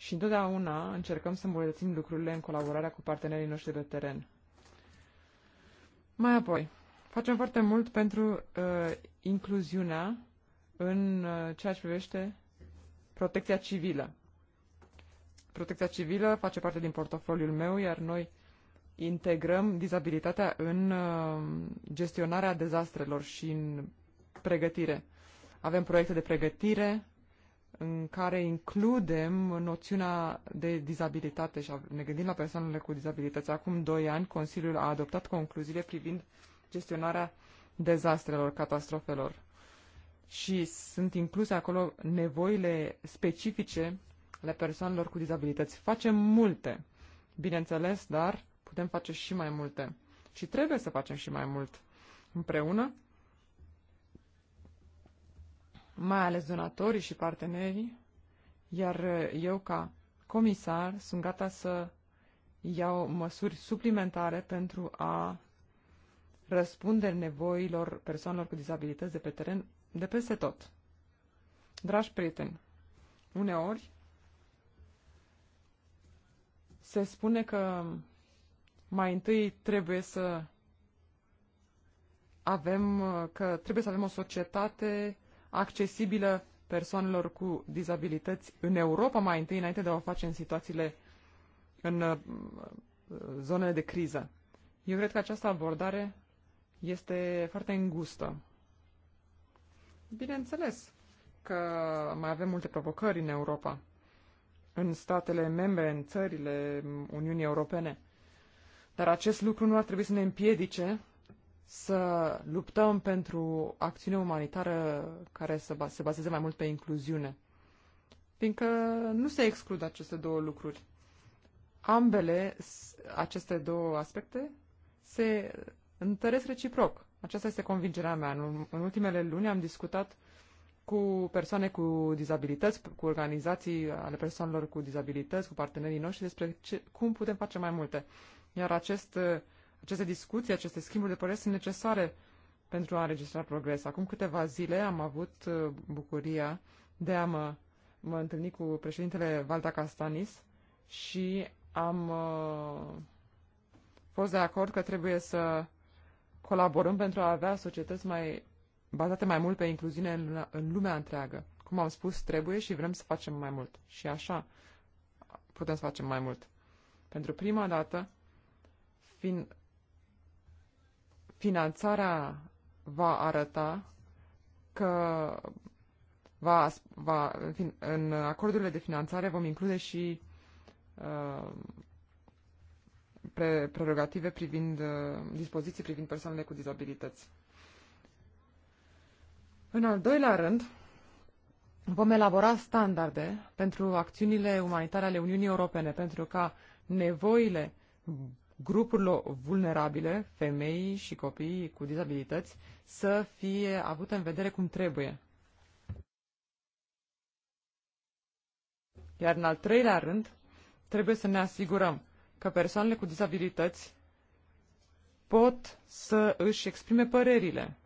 și întotdeauna încercăm să îmbunătățim lucrurile în colaborarea cu partenerii noștri de teren. Mai apoi, facem foarte mult pentru uh, incluziunea în uh, ceea ce privește protecția civilă. Protecția civilă face parte din portofoliul meu, iar noi integrăm dizabilitatea în uh, gestionarea dezastrelor și în pregătire. Avem proiecte de pregătire în care includem noțiunea de dizabilitate și ne gândim la persoanele cu dizabilități. Acum doi ani, Consiliul a adoptat concluziile privind gestionarea dezastrelor, catastrofelor. Și sunt incluse acolo nevoile specifice ale persoanelor cu dizabilități. Facem multe, bineînțeles, dar putem face și mai multe. Și trebuie să facem și mai mult împreună mai ales donatorii și partenerii, iar eu ca comisar sunt gata să iau măsuri suplimentare pentru a răspunde nevoilor persoanelor cu dizabilități de pe teren, de peste tot. Dragi prieteni, uneori se spune că mai întâi trebuie să avem, că trebuie să avem o societate accesibilă persoanelor cu dizabilități în Europa mai întâi, înainte de a o face în situațiile, în uh, zonele de criză. Eu cred că această abordare este foarte îngustă. Bineînțeles că mai avem multe provocări în Europa, în statele membre, în țările Uniunii Europene, dar acest lucru nu ar trebui să ne împiedice să luptăm pentru acțiune umanitară care să se bazeze mai mult pe incluziune. Fiindcă nu se exclud aceste două lucruri. Ambele, aceste două aspecte, se întăresc reciproc. Aceasta este convingerea mea. În, ultimele luni am discutat cu persoane cu dizabilități, cu organizații ale persoanelor cu dizabilități, cu partenerii noștri despre ce, cum putem face mai multe. Iar acest aceste discuții, aceste schimburi de părere sunt necesare pentru a înregistra progres. Acum câteva zile am avut uh, bucuria de a mă, mă întâlni cu președintele Valta Castanis și am uh, fost de acord că trebuie să colaborăm pentru a avea societăți mai bazate mai mult pe incluziune în, în lumea întreagă. Cum am spus, trebuie și vrem să facem mai mult. Și așa putem să facem mai mult. Pentru prima dată, fiind finanțarea va arăta că va, va, în acordurile de finanțare vom include și uh, prerogative privind uh, dispoziții privind persoanele cu dizabilități. În al doilea rând, vom elabora standarde pentru acțiunile umanitare ale Uniunii Europene, pentru ca nevoile grupurilor vulnerabile, femei și copii cu dizabilități, să fie avute în vedere cum trebuie. Iar în al treilea rând, trebuie să ne asigurăm că persoanele cu dizabilități pot să își exprime părerile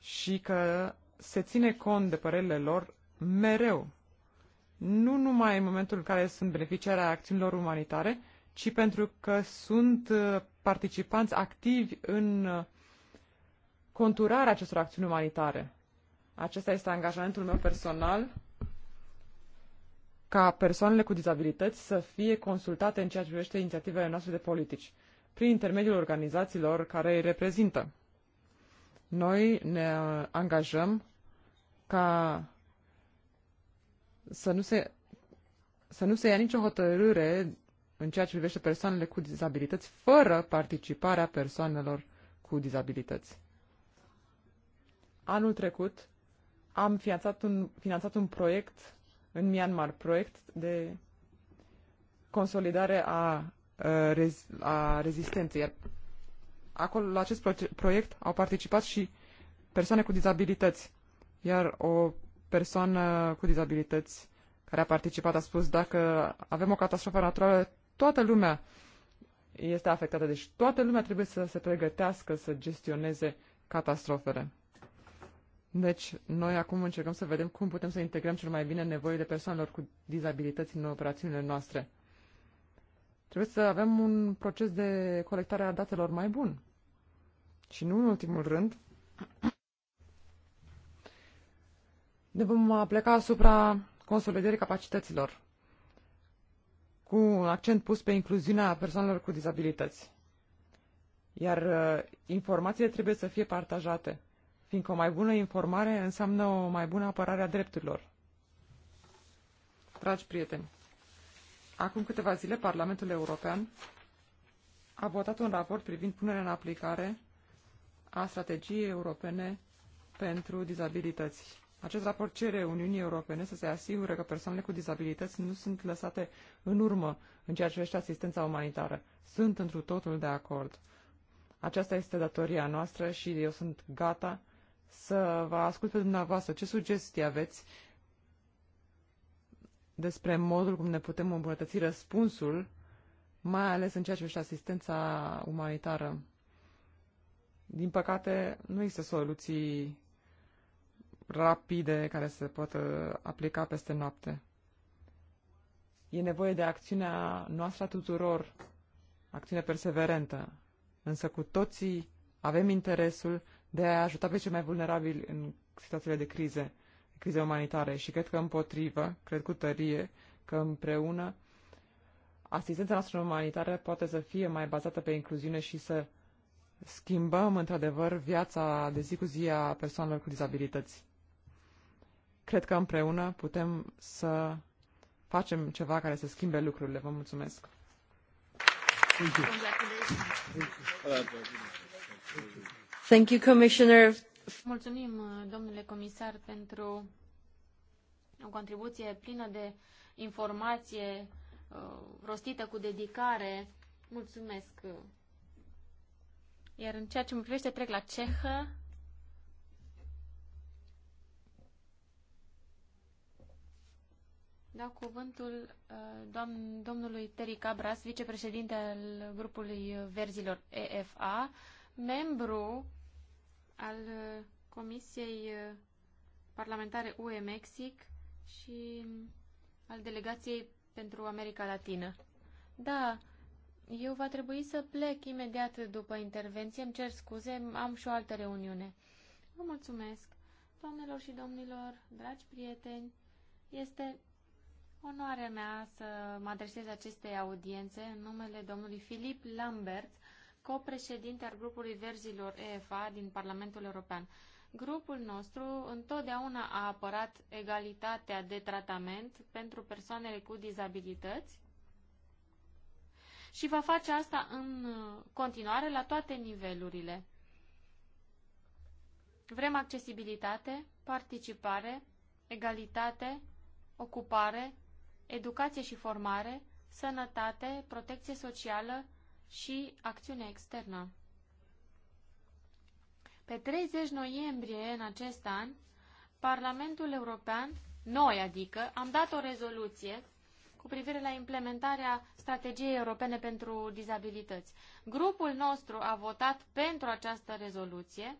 și că se ține cont de părerile lor mereu, nu numai în momentul în care sunt beneficiare a acțiunilor umanitare, ci pentru că sunt uh, participanți activi în uh, conturarea acestor acțiuni umanitare. Acesta este angajamentul meu personal ca persoanele cu dizabilități să fie consultate în ceea ce privește inițiativele noastre de politici, prin intermediul organizațiilor care îi reprezintă. Noi ne uh, angajăm ca să nu se, să nu se ia nicio hotărâre în ceea ce privește persoanele cu dizabilități, fără participarea persoanelor cu dizabilități. Anul trecut am finanțat un, finanțat un proiect în Myanmar, proiect de consolidare a, uh, a rezistenței. Iar acolo, la acest proiect au participat și persoane cu dizabilități. Iar o persoană cu dizabilități care a participat a spus dacă avem o catastrofă naturală, toată lumea este afectată, deci toată lumea trebuie să se pregătească să gestioneze catastrofele. Deci, noi acum încercăm să vedem cum putem să integrăm cel mai bine nevoile persoanelor cu dizabilități în operațiunile noastre. Trebuie să avem un proces de colectare a datelor mai bun. Și nu în ultimul rând, ne vom pleca asupra consolidării capacităților cu un accent pus pe incluziunea persoanelor cu dizabilități. Iar uh, informațiile trebuie să fie partajate, fiindcă o mai bună informare înseamnă o mai bună apărare a drepturilor. Dragi prieteni, acum câteva zile Parlamentul European a votat un raport privind punerea în aplicare a strategiei europene pentru dizabilități. Acest raport cere Uniunii Europene să se asigure că persoanele cu dizabilități nu sunt lăsate în urmă în ceea ce privește asistența umanitară. Sunt întru totul de acord. Aceasta este datoria noastră și eu sunt gata să vă ascult pe dumneavoastră ce sugestii aveți despre modul cum ne putem îmbunătăți răspunsul, mai ales în ceea ce privește asistența umanitară. Din păcate, nu există soluții rapide care se pot aplica peste noapte. E nevoie de acțiunea noastră a tuturor, acțiune perseverentă, însă cu toții avem interesul de a ajuta pe cei mai vulnerabili în situațiile de crize, crize umanitare și cred că împotrivă, cred cu tărie, că împreună asistența noastră umanitară poate să fie mai bazată pe incluziune și să schimbăm într-adevăr viața de zi cu zi a persoanelor cu dizabilități. Cred că împreună putem să facem ceva care să schimbe lucrurile. Vă mulțumesc! Thank you. Commissioner. Mulțumim, domnule comisar, pentru o contribuție plină de informație uh, rostită cu dedicare. Mulțumesc! Iar în ceea ce mă privește, trec la cehă. Da cuvântul uh, domn, domnului Terry Cabras, vicepreședinte al grupului verzilor EFA, membru al uh, Comisiei uh, Parlamentare UE-Mexic și al Delegației pentru America Latină. Da, eu va trebui să plec imediat după intervenție, îmi cer scuze, am și o altă reuniune. Vă mulțumesc, doamnelor și domnilor, dragi prieteni, este onoarea mea să mă adresez acestei audiențe în numele domnului Filip Lambert, copreședinte al grupului Verzilor EFA din Parlamentul European. Grupul nostru întotdeauna a apărat egalitatea de tratament pentru persoanele cu dizabilități și va face asta în continuare la toate nivelurile. Vrem accesibilitate, participare, egalitate, ocupare, educație și formare, sănătate, protecție socială și acțiune externă. Pe 30 noiembrie în acest an, Parlamentul European, noi adică, am dat o rezoluție cu privire la implementarea strategiei europene pentru dizabilități. Grupul nostru a votat pentru această rezoluție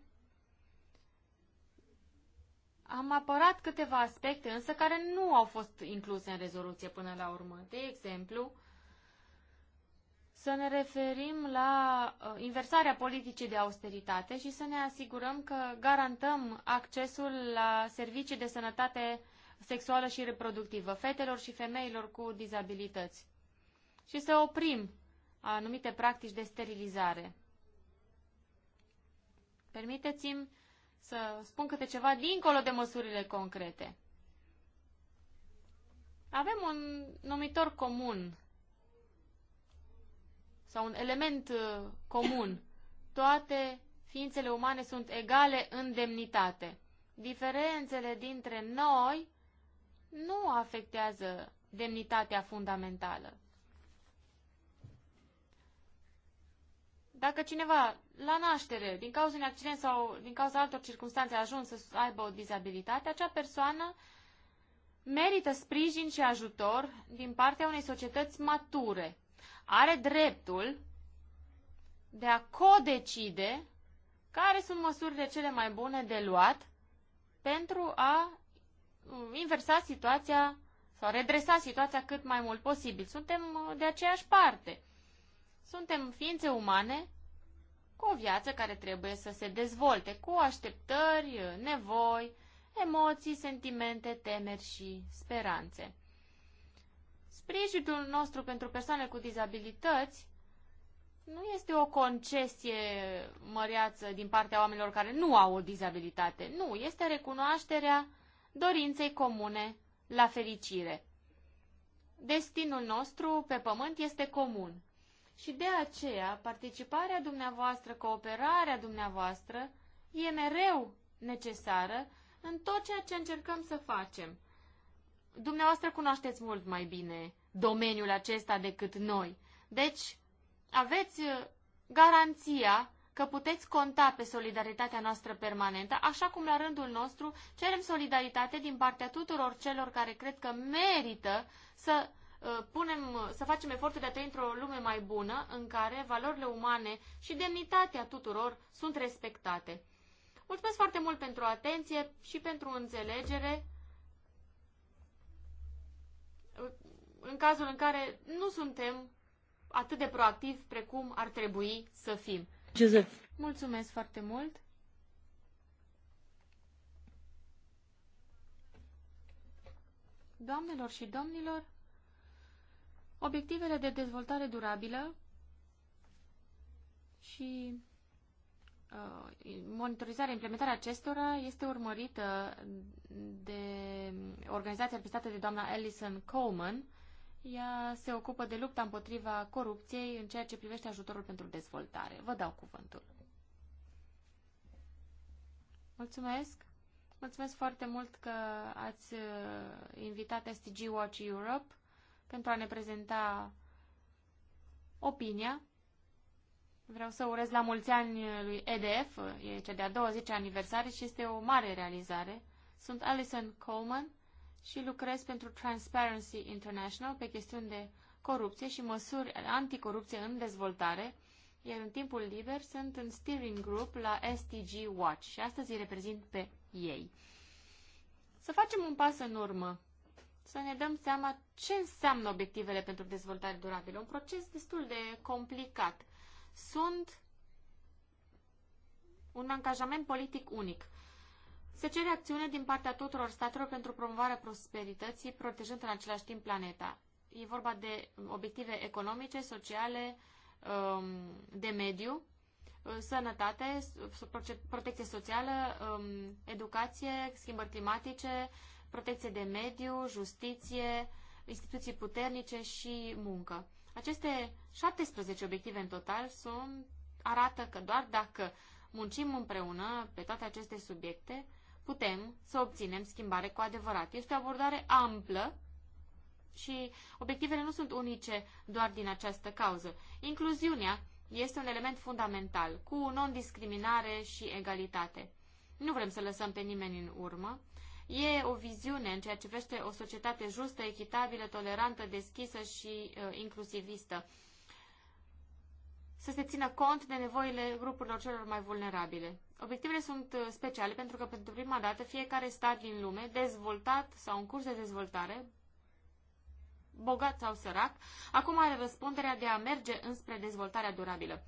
am apărat câteva aspecte, însă, care nu au fost incluse în rezoluție până la urmă. De exemplu, să ne referim la uh, inversarea politicii de austeritate și să ne asigurăm că garantăm accesul la servicii de sănătate sexuală și reproductivă fetelor și femeilor cu dizabilități și să oprim anumite practici de sterilizare. Permiteți-mi să spun câte ceva dincolo de măsurile concrete. Avem un numitor comun sau un element uh, comun. Toate ființele umane sunt egale în demnitate. Diferențele dintre noi nu afectează demnitatea fundamentală. Dacă cineva la naștere, din cauza unui accident sau din cauza altor circunstanțe, a ajuns să aibă o dizabilitate, acea persoană merită sprijin și ajutor din partea unei societăți mature. Are dreptul de a codecide care sunt măsurile cele mai bune de luat pentru a um, inversa situația sau redresa situația cât mai mult posibil. Suntem uh, de aceeași parte. Suntem ființe umane cu o viață care trebuie să se dezvolte, cu așteptări, nevoi, emoții, sentimente, temeri și speranțe. Sprijinul nostru pentru persoane cu dizabilități nu este o concesie măreață din partea oamenilor care nu au o dizabilitate. Nu, este recunoașterea dorinței comune la fericire. Destinul nostru pe pământ este comun. Și de aceea, participarea dumneavoastră, cooperarea dumneavoastră e mereu necesară în tot ceea ce încercăm să facem. Dumneavoastră cunoașteți mult mai bine domeniul acesta decât noi. Deci, aveți uh, garanția că puteți conta pe solidaritatea noastră permanentă, așa cum la rândul nostru cerem solidaritate din partea tuturor celor care cred că merită să Uh, punem, uh, să facem eforturi de a trăi într-o lume mai bună, în care valorile umane și demnitatea tuturor sunt respectate. Mulțumesc foarte mult pentru atenție și pentru înțelegere uh, în cazul în care nu suntem atât de proactivi precum ar trebui să fim. Joseph. Mulțumesc foarte mult! Doamnelor și domnilor, obiectivele de dezvoltare durabilă și uh, monitorizarea, implementarea acestora este urmărită de organizația reprezentată de doamna Alison Coleman. Ea se ocupă de lupta împotriva corupției în ceea ce privește ajutorul pentru dezvoltare. Vă dau cuvântul. Mulțumesc! Mulțumesc foarte mult că ați uh, invitat SDG Watch Europe pentru a ne prezenta opinia. Vreau să urez la mulți ani lui EDF, e cea de-a 20-a aniversare și este o mare realizare. Sunt Alison Coleman și lucrez pentru Transparency International pe chestiuni de corupție și măsuri anticorupție în dezvoltare, iar în timpul liber sunt în steering group la STG Watch și astăzi îi reprezint pe ei. Să facem un pas în urmă să ne dăm seama ce înseamnă obiectivele pentru dezvoltare durabilă. Un proces destul de complicat. Sunt un angajament politic unic. Se cere acțiune din partea tuturor statelor pentru promovarea prosperității, protejând în același timp planeta. E vorba de obiective economice, sociale, um, de mediu, uh, sănătate, protecție socială, um, educație, schimbări climatice, protecție de mediu, justiție, instituții puternice și muncă. Aceste 17 obiective în total sunt, arată că doar dacă muncim împreună pe toate aceste subiecte, putem să obținem schimbare cu adevărat. Este o abordare amplă și obiectivele nu sunt unice doar din această cauză. Incluziunea este un element fundamental, cu non-discriminare și egalitate. Nu vrem să lăsăm pe nimeni în urmă E o viziune în ceea ce vește o societate justă, echitabilă, tolerantă, deschisă și uh, inclusivistă. Să se țină cont de nevoile grupurilor celor mai vulnerabile. Obiectivele sunt uh, speciale pentru că pentru prima dată fiecare stat din lume, dezvoltat sau în curs de dezvoltare, bogat sau sărac, acum are răspunderea de a merge înspre dezvoltarea durabilă.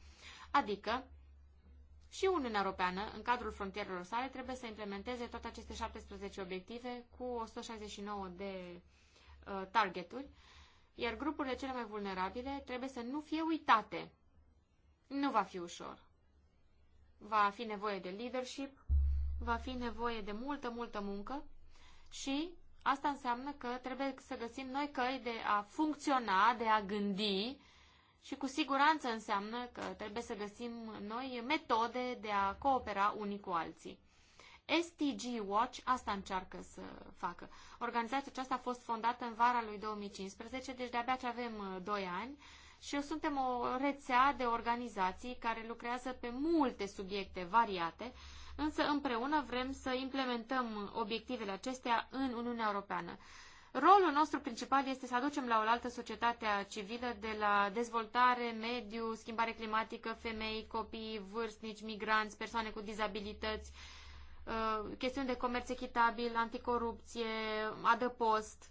Adică și Uniunea Europeană, în cadrul frontierelor sale, trebuie să implementeze toate aceste 17 obiective cu 169 de uh, targeturi, iar grupurile cele mai vulnerabile trebuie să nu fie uitate. Nu va fi ușor. Va fi nevoie de leadership, va fi nevoie de multă, multă muncă și asta înseamnă că trebuie să găsim noi căi de a funcționa, de a gândi, și cu siguranță înseamnă că trebuie să găsim noi metode de a coopera unii cu alții. STG Watch asta încearcă să facă. Organizația aceasta a fost fondată în vara lui 2015, deci de-abia ce avem 2 uh, ani și suntem o rețea de organizații care lucrează pe multe subiecte variate, însă împreună vrem să implementăm obiectivele acestea în Uniunea Europeană. Rolul nostru principal este să aducem la oaltă societatea civilă de la dezvoltare, mediu, schimbare climatică, femei, copii, vârstnici, migranți, persoane cu dizabilități, uh, chestiuni de comerț echitabil, anticorupție, adăpost.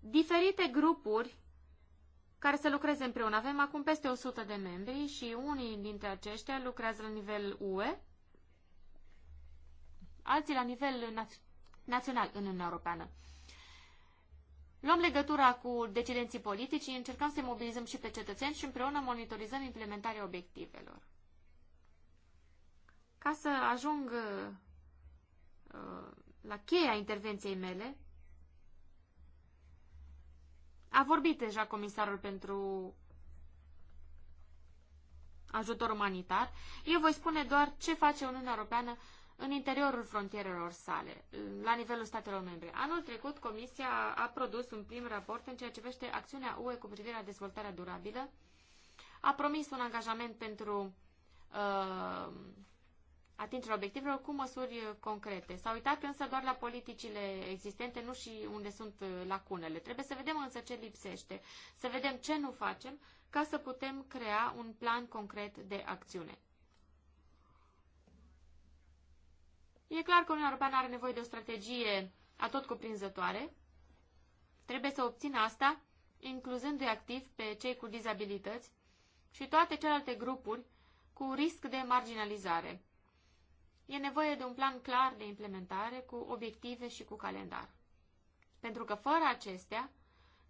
Diferite grupuri care să lucreze împreună. Avem acum peste 100 de membri și unii dintre aceștia lucrează la nivel UE, alții la nivel național în Uniunea Europeană. Luăm legătura cu decidenții politici, încercăm să mobilizăm și pe cetățeni și împreună monitorizăm implementarea obiectivelor. Ca să ajung uh, la cheia intervenției mele, a vorbit deja comisarul pentru ajutor umanitar. Eu voi spune doar ce face Uniunea Europeană în interiorul frontierelor sale, la nivelul statelor membre. Anul trecut, Comisia a produs un prim raport în ceea ce privește acțiunea UE cu privire la dezvoltarea durabilă, a promis un angajament pentru uh, atingerea obiectivelor cu măsuri concrete. S-a uitat însă doar la politicile existente, nu și unde sunt uh, lacunele. Trebuie să vedem însă ce lipsește, să vedem ce nu facem, ca să putem crea un plan concret de acțiune. E clar că Uniunea Europeană are nevoie de o strategie atot cuprinzătoare. Trebuie să obțină asta incluzându-i activ pe cei cu dizabilități și toate celelalte grupuri cu risc de marginalizare. E nevoie de un plan clar de implementare cu obiective și cu calendar. Pentru că fără acestea,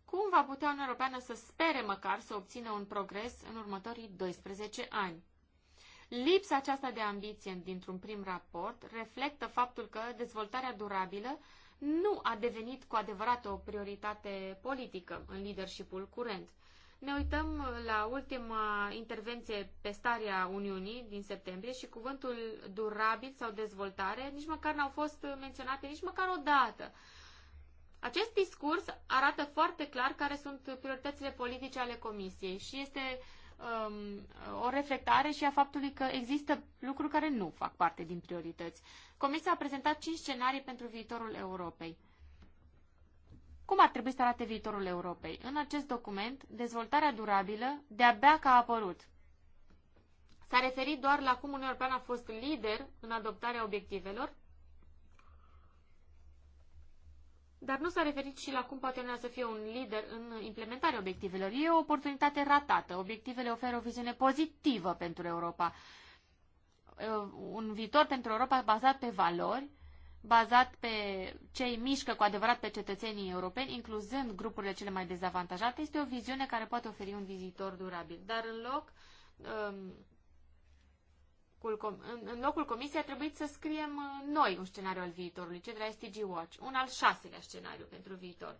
cum va putea Uniunea Europeană să spere măcar să obțină un progres în următorii 12 ani? Lipsa aceasta de ambiție dintr-un prim raport reflectă faptul că dezvoltarea durabilă nu a devenit cu adevărat o prioritate politică în leadershipul curent. Ne uităm la ultima intervenție pe starea Uniunii din septembrie și cuvântul durabil sau dezvoltare nici măcar n-au fost menționate nici măcar o dată. Acest discurs arată foarte clar care sunt prioritățile politice ale Comisiei și este um, o reflectare și a faptului că există lucruri care nu fac parte din priorități. Comisia a prezentat cinci scenarii pentru viitorul Europei. Cum ar trebui să arate viitorul Europei? În acest document, dezvoltarea durabilă de-abia că a apărut. S-a referit doar la cum Uniunea Europeană a fost lider în adoptarea obiectivelor, Dar nu s-a referit și la cum poate să fie un lider în implementarea obiectivelor. E o oportunitate ratată. Obiectivele oferă o viziune pozitivă pentru Europa. Un viitor pentru Europa bazat pe valori, bazat pe cei mișcă cu adevărat pe cetățenii europeni, incluzând grupurile cele mai dezavantajate, este o viziune care poate oferi un viitor durabil. Dar în loc um, în locul comisiei a trebuit să scriem uh, noi un scenariu al viitorului, cel de la STG Watch, un al șaselea scenariu pentru viitor,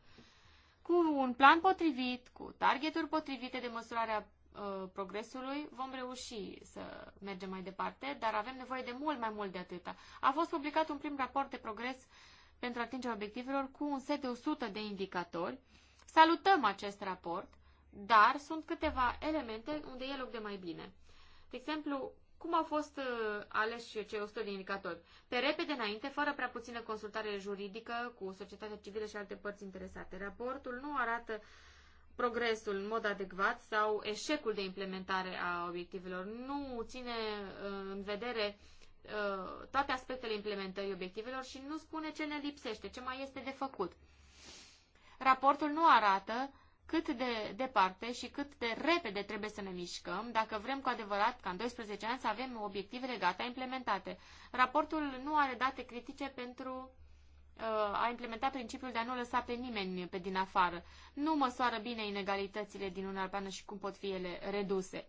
cu un plan potrivit, cu targeturi potrivite de măsurarea uh, progresului, vom reuși să mergem mai departe, dar avem nevoie de mult mai mult de atâta. A fost publicat un prim raport de progres pentru atingerea obiectivelor cu un set de 100 de indicatori. Salutăm acest raport, dar sunt câteva elemente unde e loc de mai bine. De exemplu, cum au fost uh, aleși cei 100 de indicatori? Pe repede înainte, fără prea puțină consultare juridică cu societatea civilă și alte părți interesate. Raportul nu arată progresul în mod adecvat sau eșecul de implementare a obiectivelor. Nu ține uh, în vedere uh, toate aspectele implementării obiectivelor și nu spune ce ne lipsește, ce mai este de făcut. Raportul nu arată uh, cât de departe și cât de repede trebuie să ne mișcăm dacă vrem cu adevărat ca în 12 ani să avem obiectivele gata implementate. Raportul nu are date critice pentru uh, a implementat principiul de a nu lăsa pe nimeni pe din afară. Nu măsoară bine inegalitățile din Uniunea Europeană și cum pot fi ele reduse.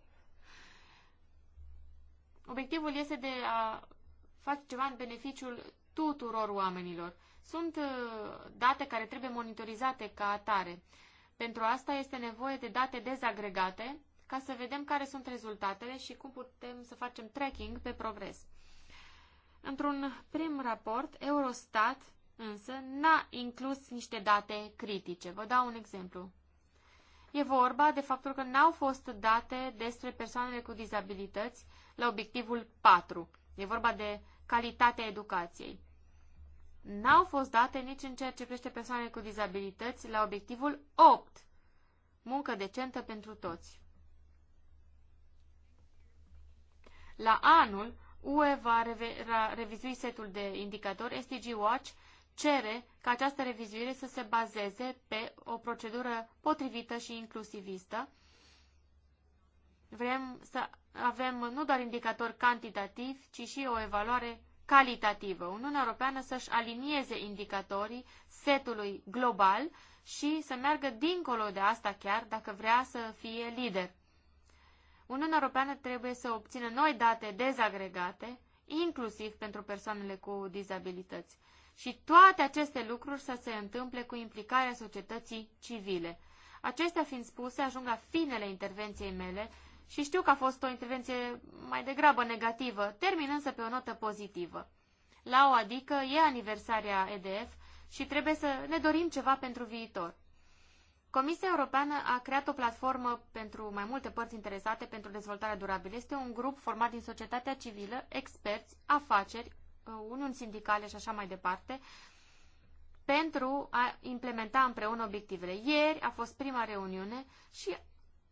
Obiectivul este de a face ceva în beneficiul tuturor oamenilor. Sunt uh, date care trebuie monitorizate ca atare. Pentru asta este nevoie de date dezagregate ca să vedem care sunt rezultatele și cum putem să facem tracking pe progres. Într-un prim raport, Eurostat însă n-a inclus niște date critice. Vă dau un exemplu. E vorba de faptul că n-au fost date despre persoanele cu dizabilități la obiectivul 4. E vorba de calitatea educației n-au fost date nici în ceea ce privește persoanele cu dizabilități la obiectivul 8. Muncă decentă pentru toți. La anul, UE va revizui setul de indicatori. STG Watch cere ca această revizuire să se bazeze pe o procedură potrivită și inclusivistă. Vrem să avem nu doar indicatori cantitativi, ci și o evaluare calitativă. Uniunea Europeană să-și alinieze indicatorii setului global și să meargă dincolo de asta chiar dacă vrea să fie lider. Uniunea Europeană trebuie să obțină noi date dezagregate, inclusiv pentru persoanele cu dizabilități. Și toate aceste lucruri să se întâmple cu implicarea societății civile. Acestea fiind spuse, ajung la finele intervenției mele și știu că a fost o intervenție mai degrabă negativă, termin însă pe o notă pozitivă. La o adică e aniversarea EDF și trebuie să ne dorim ceva pentru viitor. Comisia Europeană a creat o platformă pentru mai multe părți interesate pentru dezvoltarea durabilă. Este un grup format din societatea civilă, experți, afaceri, uniuni sindicale și așa mai departe, pentru a implementa împreună obiectivele. Ieri a fost prima reuniune și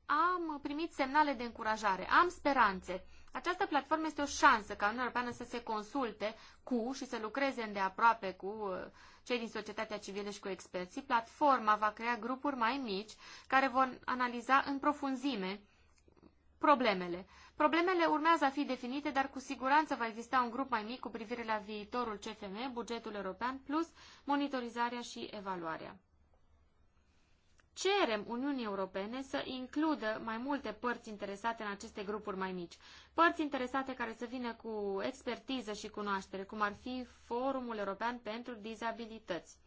am primit semnale de încurajare, am speranțe. Această platformă este o șansă ca Uniunea Europeană să se consulte cu și să lucreze îndeaproape cu uh, cei din societatea civilă și cu experții. Platforma va crea grupuri mai mici care vor analiza în profunzime problemele. Problemele urmează a fi definite, dar cu siguranță va exista un grup mai mic cu privire la viitorul CFM, bugetul european, plus monitorizarea și evaluarea cerem Uniunii Europene să includă mai multe părți interesate în aceste grupuri mai mici. Părți interesate care să vină cu expertiză și cunoaștere, cum ar fi Forumul European pentru Dizabilități.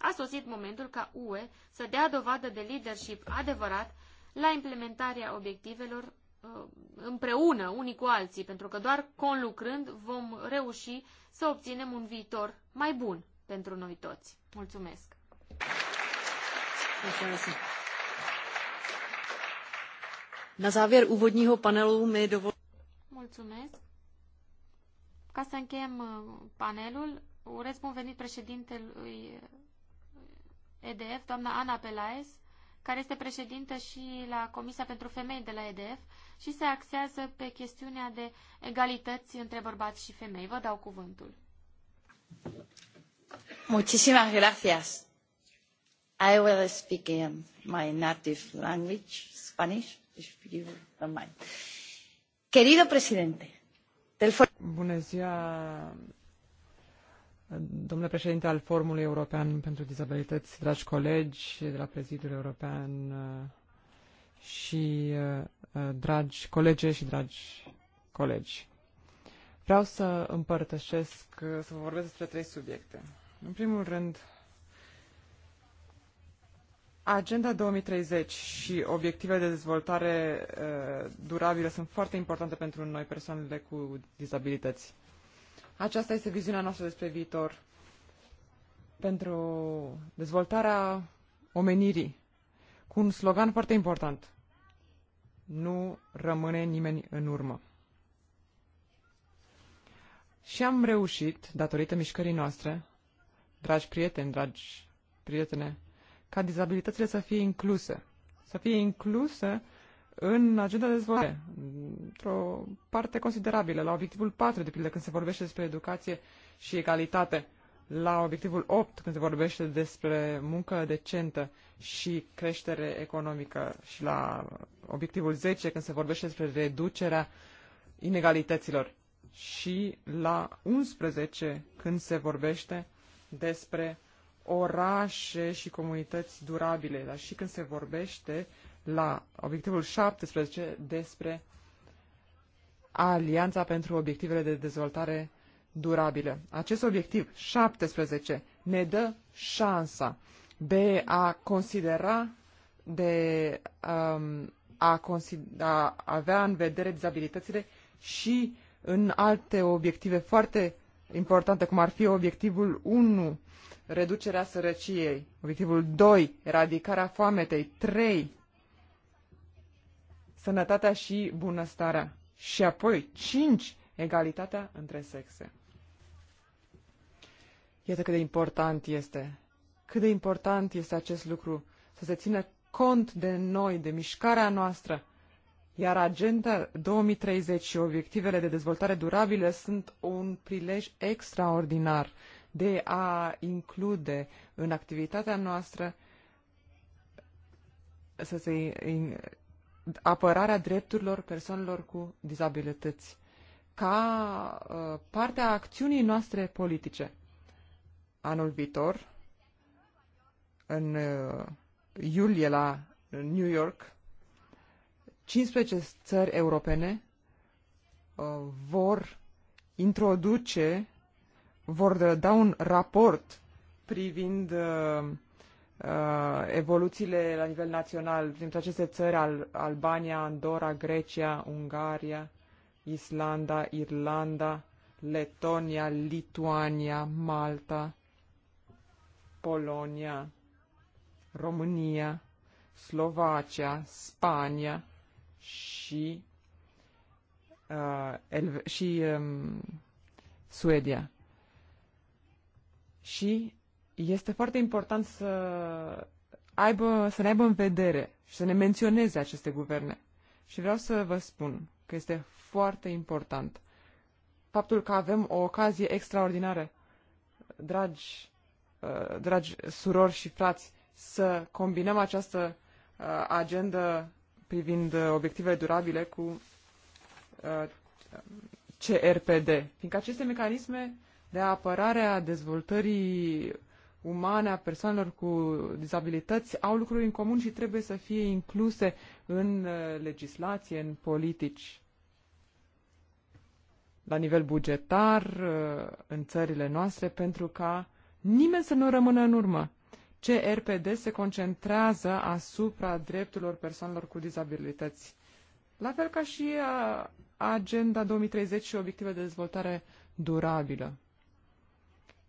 A sosit momentul ca UE să dea dovadă de leadership adevărat la implementarea obiectivelor uh, împreună, unii cu alții, pentru că doar conlucrând vom reuși să obținem un viitor mai bun pentru noi toți. Mulțumesc! Na závěr úvodního panelu mi dovolte. Mulțumesc. Ca să încheiem uh, panelul, urez bun venit președintelui EDF, doamna Ana Pelaes, care este președintă și la Comisia pentru Femei de la EDF și se axează pe chestiunea de egalități între bărbați și femei. Vă dau cuvântul. Muchísimas gracias. I will speak in um, my native language, Spanish, if you don't mind. Querido presidente del Bună ziua, domnule președinte al Forumului European pentru Dizabilități, dragi colegi de la Prezidiul European uh, și uh, uh, dragi colege și dragi colegi. Vreau să împărtășesc, să vă vorbesc despre trei subiecte. În primul rând, Agenda 2030 și obiectivele de dezvoltare uh, durabilă sunt foarte importante pentru noi, persoanele cu dizabilități. Aceasta este viziunea noastră despre viitor pentru dezvoltarea omenirii, cu un slogan foarte important. Nu rămâne nimeni în urmă. Și am reușit, datorită mișcării noastre, dragi prieteni, dragi prietene, ca dizabilitățile să fie incluse. Să fie incluse în agenda de dezvoltare, într-o parte considerabilă, la obiectivul 4, de pildă, când se vorbește despre educație și egalitate, la obiectivul 8, când se vorbește despre muncă decentă și creștere economică, și la obiectivul 10, când se vorbește despre reducerea inegalităților, și la 11, când se vorbește despre orașe și comunități durabile, dar și când se vorbește la obiectivul 17 despre Alianța pentru Obiectivele de Dezvoltare Durabilă. Acest obiectiv 17 ne dă șansa de a considera, de um, a, consider, a avea în vedere dizabilitățile și în alte obiective foarte importante, cum ar fi obiectivul 1 reducerea sărăciei. Obiectivul 2, eradicarea foametei. 3, sănătatea și bunăstarea. Și apoi 5, egalitatea între sexe. Iată cât de important este. Cât de important este acest lucru să se țină cont de noi, de mișcarea noastră. Iar agenda 2030 și obiectivele de dezvoltare durabilă sunt un prilej extraordinar de a include în activitatea noastră să se, apărarea drepturilor persoanelor cu dizabilități ca uh, parte a acțiunii noastre politice. Anul viitor, în uh, iulie la New York, 15 țări europene uh, vor introduce vor uh, da un raport privind uh, uh evoluțiile la nivel național dintre aceste țări, Al- Albania, Andorra, Grecia, Ungaria, Islanda, Irlanda, Letonia, Lituania, Malta, Polonia, România, Slovacia, Spania și, uh, Elve- și um, Suedia și este foarte important să aibă, să ne aibă în vedere și să ne menționeze aceste guverne. Și vreau să vă spun că este foarte important faptul că avem o ocazie extraordinară, dragi, uh, dragi surori și frați, să combinăm această uh, agendă privind obiectivele durabile cu uh, CRPD, fiindcă aceste mecanisme uh, de apărare a dezvoltării umane a persoanelor cu dizabilități au lucruri în comun și trebuie să fie incluse în uh, legislație, în politici. La nivel bugetar, uh, în țările noastre, pentru ca nimeni să nu rămână în urmă. CRPD se concentrează asupra drepturilor persoanelor cu dizabilități. La fel ca și uh, Agenda 2030 și obiective de dezvoltare durabilă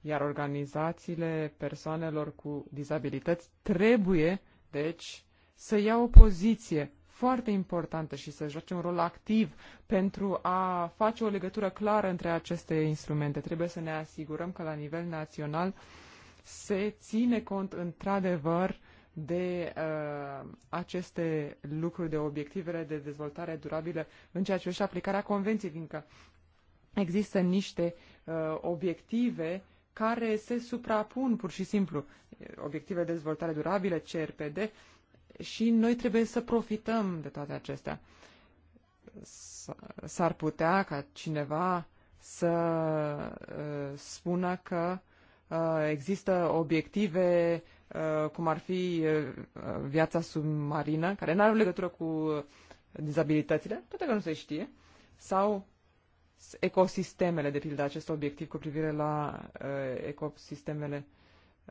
iar organizațiile persoanelor cu dizabilități trebuie, deci, să ia o poziție foarte importantă și să joace un rol activ pentru a face o legătură clară între aceste instrumente. Trebuie să ne asigurăm că la nivel național se ține cont într-adevăr de uh, aceste lucruri, de obiectivele de dezvoltare durabilă în ceea ce și aplicarea convenției, fiindcă există niște uh, obiective uh, care se suprapun pur și simplu. Obiective de dezvoltare durabile, CRPD, și noi trebuie să profităm de toate acestea. S-ar putea ca cineva să uh, spună că uh, există obiective uh, cum ar fi uh, viața submarină, care nu are legătură cu dizabilitățile, toate că nu se știe, sau ecosistemele, de pildă, acest obiectiv cu privire la uh, ecosistemele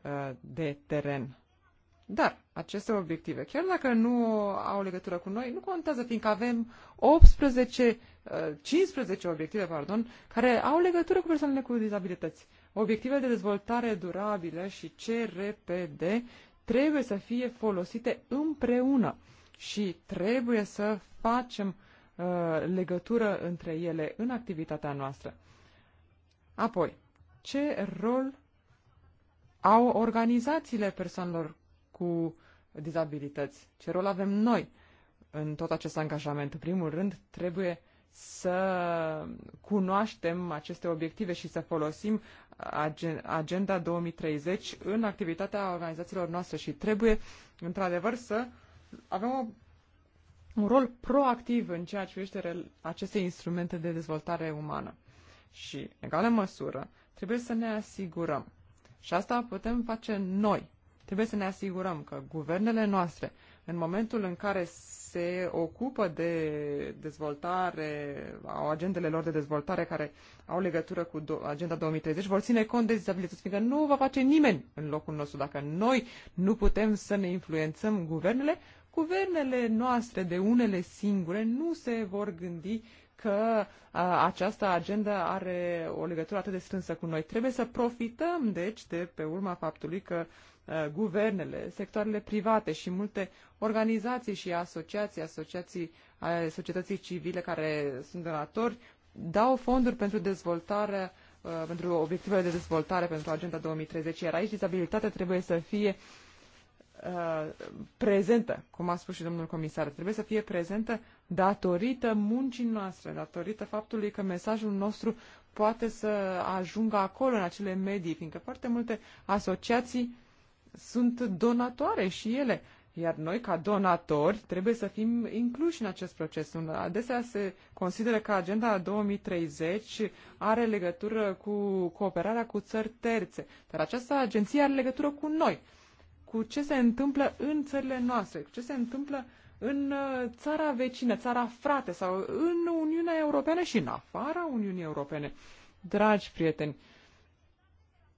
uh, de teren. Dar aceste obiective, chiar dacă nu au legătură cu noi, nu contează, fiindcă avem 18, 15 uh, obiective, pardon, care au legătură cu persoanele cu dizabilități. Obiectivele de dezvoltare durabilă și CRPD trebuie să fie folosite împreună și trebuie să facem uh, Uh, legătură între ele în activitatea noastră. Apoi, ce rol au organizațiile persoanelor cu dizabilități? Ce rol avem noi în tot acest angajament? În primul rând, trebuie să cunoaștem aceste obiective și să folosim Agenda 2030 în activitatea organizațiilor noastre și trebuie, într-adevăr, să avem o un rol proactiv în ceea ce privește aceste instrumente de dezvoltare umană. Și, în egală măsură, trebuie să ne asigurăm. Și asta putem face noi. Trebuie să ne asigurăm că guvernele noastre, în momentul în care se ocupă de dezvoltare, au agendele lor de dezvoltare care au legătură cu Agenda 2030, vor ține cont de dizabilități, fiindcă nu va face nimeni în locul nostru. Dacă noi nu putem să ne influențăm guvernele, Guvernele noastre de unele singure nu se vor gândi că a, această agendă are o legătură atât de strânsă cu noi. Trebuie să profităm, deci, de pe urma faptului că a, guvernele, sectoarele private și multe organizații și asociații, asociații a, societății civile care sunt donatori, dau fonduri pentru dezvoltare, a, pentru obiectivele de dezvoltare pentru Agenda 2030, iar aici dizabilitatea trebuie să fie prezentă, cum a spus și domnul comisar, trebuie să fie prezentă datorită muncii noastre, datorită faptului că mesajul nostru poate să ajungă acolo, în acele medii, fiindcă foarte multe asociații sunt donatoare și ele. Iar noi, ca donatori, trebuie să fim incluși în acest proces. Adesea se consideră că Agenda 2030 are legătură cu cooperarea cu țări terțe, dar această agenție are legătură cu noi cu ce se întâmplă în țările noastre, cu ce se întâmplă în uh, țara vecină, țara frate sau în Uniunea Europeană și în afara Uniunii Europene. Dragi prieteni,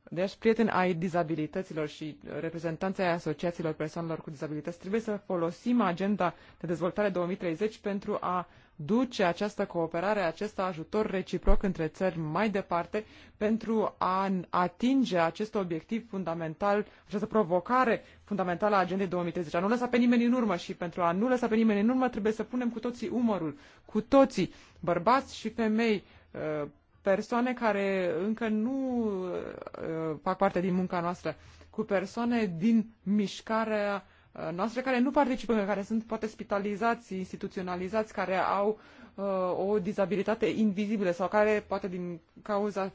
deci prieteni ai dizabilităților și reprezentanții ai asociațiilor persoanelor cu dizabilități, trebuie să folosim agenda de dezvoltare 2030 pentru a uh, duce această cooperare, acest ajutor reciproc între țări mai departe pentru a atinge acest obiectiv fundamental, această provocare fundamentală a agendei 2030. A nu lăsa pe nimeni în urmă și pentru a nu lăsa pe nimeni în urmă trebuie să punem cu toții umărul, cu toții, bărbați și femei, uh, persoane care încă nu uh, fac parte din munca noastră, cu persoane din mișcarea Uh, noastre care nu participă, care sunt poate spitalizați, instituționalizați, care au uh, o dizabilitate invizibilă sau care poate din cauza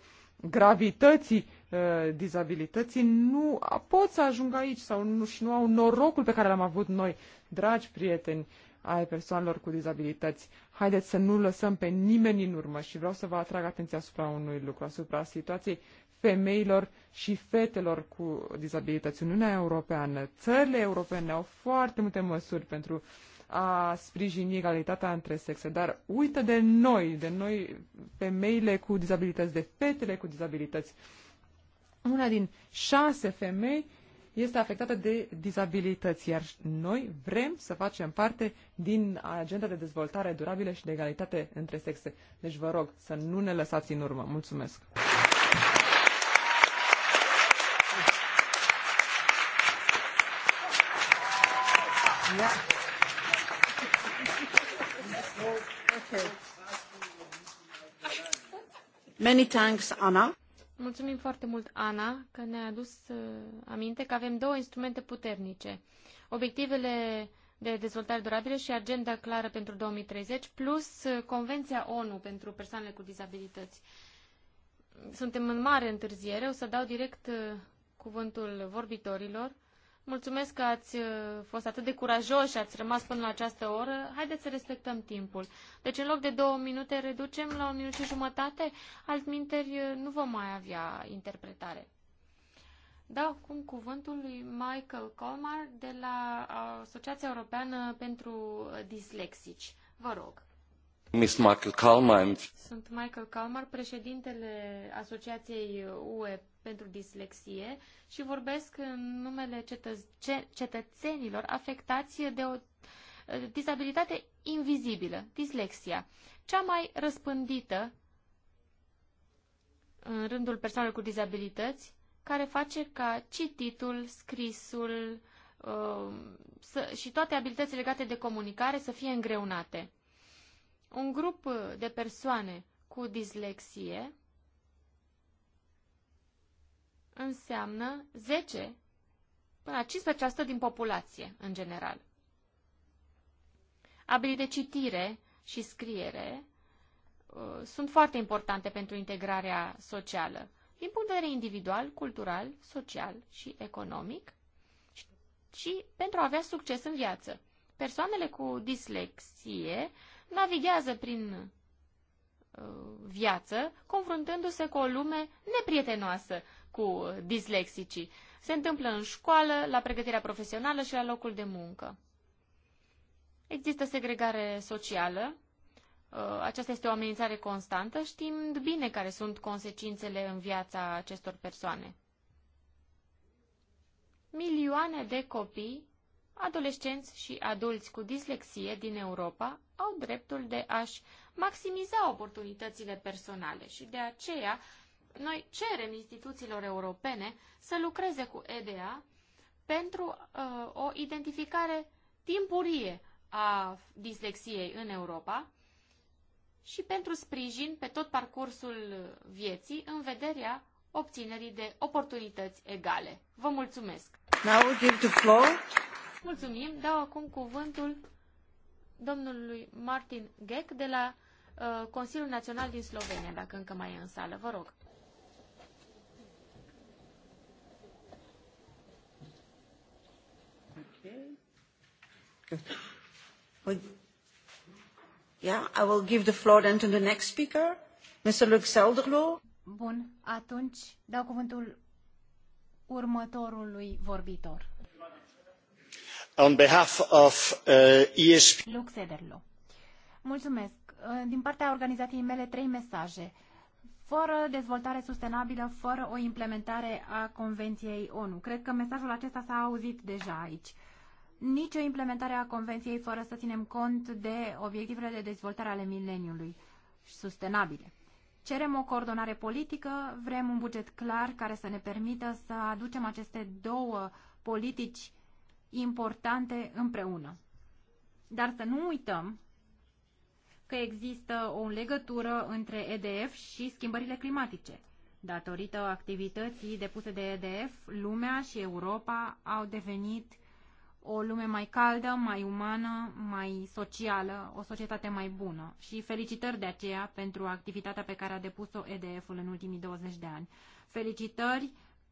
gravității uh, dizabilității nu pot să ajungă aici sau nu, și nu au norocul pe care l-am avut noi, dragi prieteni ai persoanelor cu dizabilități. Haideți să nu lăsăm pe nimeni în urmă și vreau să vă atrag atenția asupra unui lucru, asupra situației femeilor și fetelor cu dizabilități. Uniunea Europeană, țările europene au foarte multe măsuri pentru a sprijini egalitatea între sexe, dar uită de noi, de noi femeile cu dizabilități, de fetele cu dizabilități. Una din șase femei este afectată de dizabilități, iar noi vrem să facem parte din agenda de dezvoltare durabilă și de egalitate între sexe. Deci vă rog să nu ne lăsați în urmă. Mulțumesc! Yeah. Many thanks, Anna. Mulțumim foarte mult, Ana, că ne-a adus uh, aminte că avem două instrumente puternice. Obiectivele de dezvoltare durabilă și agenda clară pentru 2030, plus uh, Convenția ONU pentru persoanele cu dizabilități. Suntem în mare întârziere, o să dau direct uh, cuvântul vorbitorilor. Mulțumesc că ați uh, fost atât de curajoși și ați rămas până la această oră. Haideți să respectăm timpul. Deci în loc de două minute reducem la un minut și jumătate, altminteri uh, nu vom mai avea interpretare. Dau acum cuvântul lui Michael Colmar de la Asociația Europeană pentru Dislexici. Vă rog. Miss Michael Kalman. Sunt Michael Kalmar, președintele Asociației UE pentru dislexie și vorbesc în numele cetățenilor afectați de o disabilitate invizibilă, dislexia, cea mai răspândită în rândul persoanelor cu dizabilități, care face ca cititul, scrisul um, să, și toate abilitățile legate de comunicare să fie îngreunate un grup de persoane cu dislexie înseamnă 10 până la 15% din populație în general. Abilități de citire și scriere uh, sunt foarte importante pentru integrarea socială, din punct de vedere individual, cultural, social și economic, și, și pentru a avea succes în viață. Persoanele cu dislexie navighează prin uh, viață, confruntându-se cu o lume neprietenoasă cu dislexicii. Se întâmplă în școală, la pregătirea profesională și la locul de muncă. Există segregare socială, uh, aceasta este o amenințare constantă, știind bine care sunt consecințele în viața acestor persoane. Milioane de copii, adolescenți și adulți cu dislexie din Europa au dreptul de a-și maximiza oportunitățile personale și de aceea noi cerem instituțiilor europene să lucreze cu EDA pentru uh, o identificare timpurie a dislexiei în Europa și pentru sprijin pe tot parcursul vieții în vederea obținerii de oportunități egale. Vă mulțumesc! Now give the floor. Mulțumim, dau acum cuvântul domnului Martin Gek de la uh, Consiliul Național din Slovenia, dacă încă mai e în sală. Vă rog. Okay. Yeah, I will give the floor then to the next speaker, Mr. Luc Selderlo. Bun, atunci dau cuvântul următorului vorbitor. Uh, Mulțumesc. Uh, din partea organizației mele, trei mesaje. Fără dezvoltare sustenabilă, fără o implementare a Convenției ONU. Cred că mesajul acesta s-a auzit deja aici. Nici o implementare a Convenției fără să ținem cont de obiectivele de dezvoltare ale mileniului și sustenabile. Cerem o coordonare politică, vrem un buget clar care să ne permită să aducem aceste două politici importante împreună. Dar să nu uităm că există o legătură între EDF și schimbările climatice. Datorită activității depuse de EDF, lumea și Europa au devenit o lume mai caldă, mai umană, mai socială, o societate mai bună. Și felicitări de aceea pentru activitatea pe care a depus-o EDF-ul în ultimii 20 de ani. Felicitări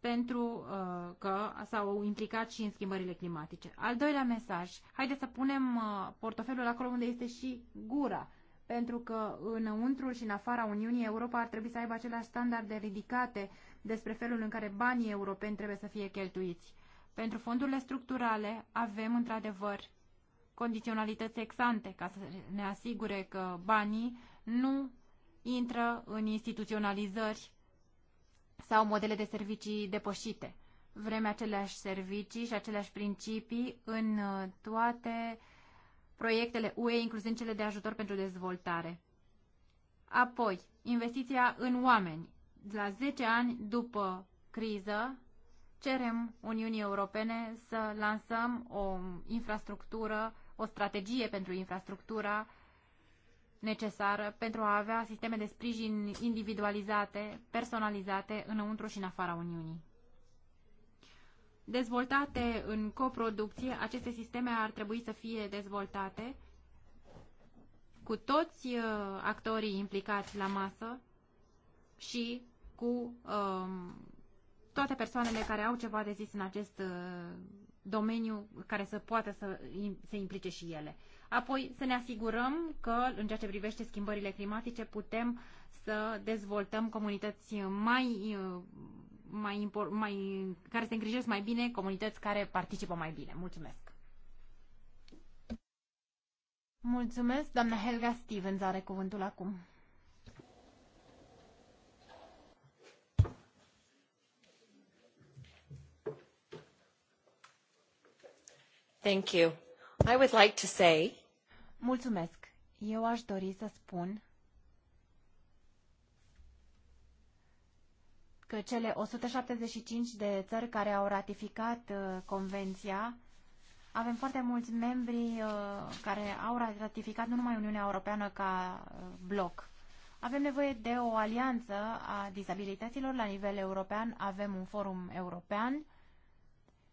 pentru uh, că s-au implicat și în schimbările climatice. Al doilea mesaj, haideți să punem uh, portofelul acolo unde este și gura, pentru că înăuntru și în afara Uniunii Europa ar trebui să aibă aceleași standarde ridicate despre felul în care banii europeni trebuie să fie cheltuiți. Pentru fondurile structurale avem într-adevăr condiționalități exante ca să ne asigure că banii nu intră în instituționalizări sau modele de servicii depășite. Vrem aceleași servicii și aceleași principii în uh, toate proiectele UE, inclusiv cele de ajutor pentru dezvoltare. Apoi, investiția în oameni. La 10 ani după criză, cerem Uniunii Europene să lansăm o infrastructură, o strategie pentru infrastructura necesară pentru a avea sisteme de sprijin individualizate, personalizate înăuntru și în afara Uniunii. Dezvoltate în coproducție, aceste sisteme ar trebui să fie dezvoltate cu toți uh, actorii implicați la masă și cu um, toate persoanele care au ceva de zis în acest uh, domeniu care să poată să se implice și ele. Apoi să ne asigurăm că, în ceea ce privește schimbările climatice, putem să dezvoltăm comunități mai, uh, mai, mai care se îngrijesc mai bine, comunități care participă mai bine. Mulțumesc! Mulțumesc, doamna Helga Stevens are cuvântul acum. Thank you. I would like to say... Mulțumesc. Eu aș dori să spun că cele 175 de țări care au ratificat uh, convenția, avem foarte mulți membri uh, care au ratificat nu numai Uniunea Europeană ca uh, bloc. Avem nevoie de o alianță a dizabilităților la nivel european, avem un forum european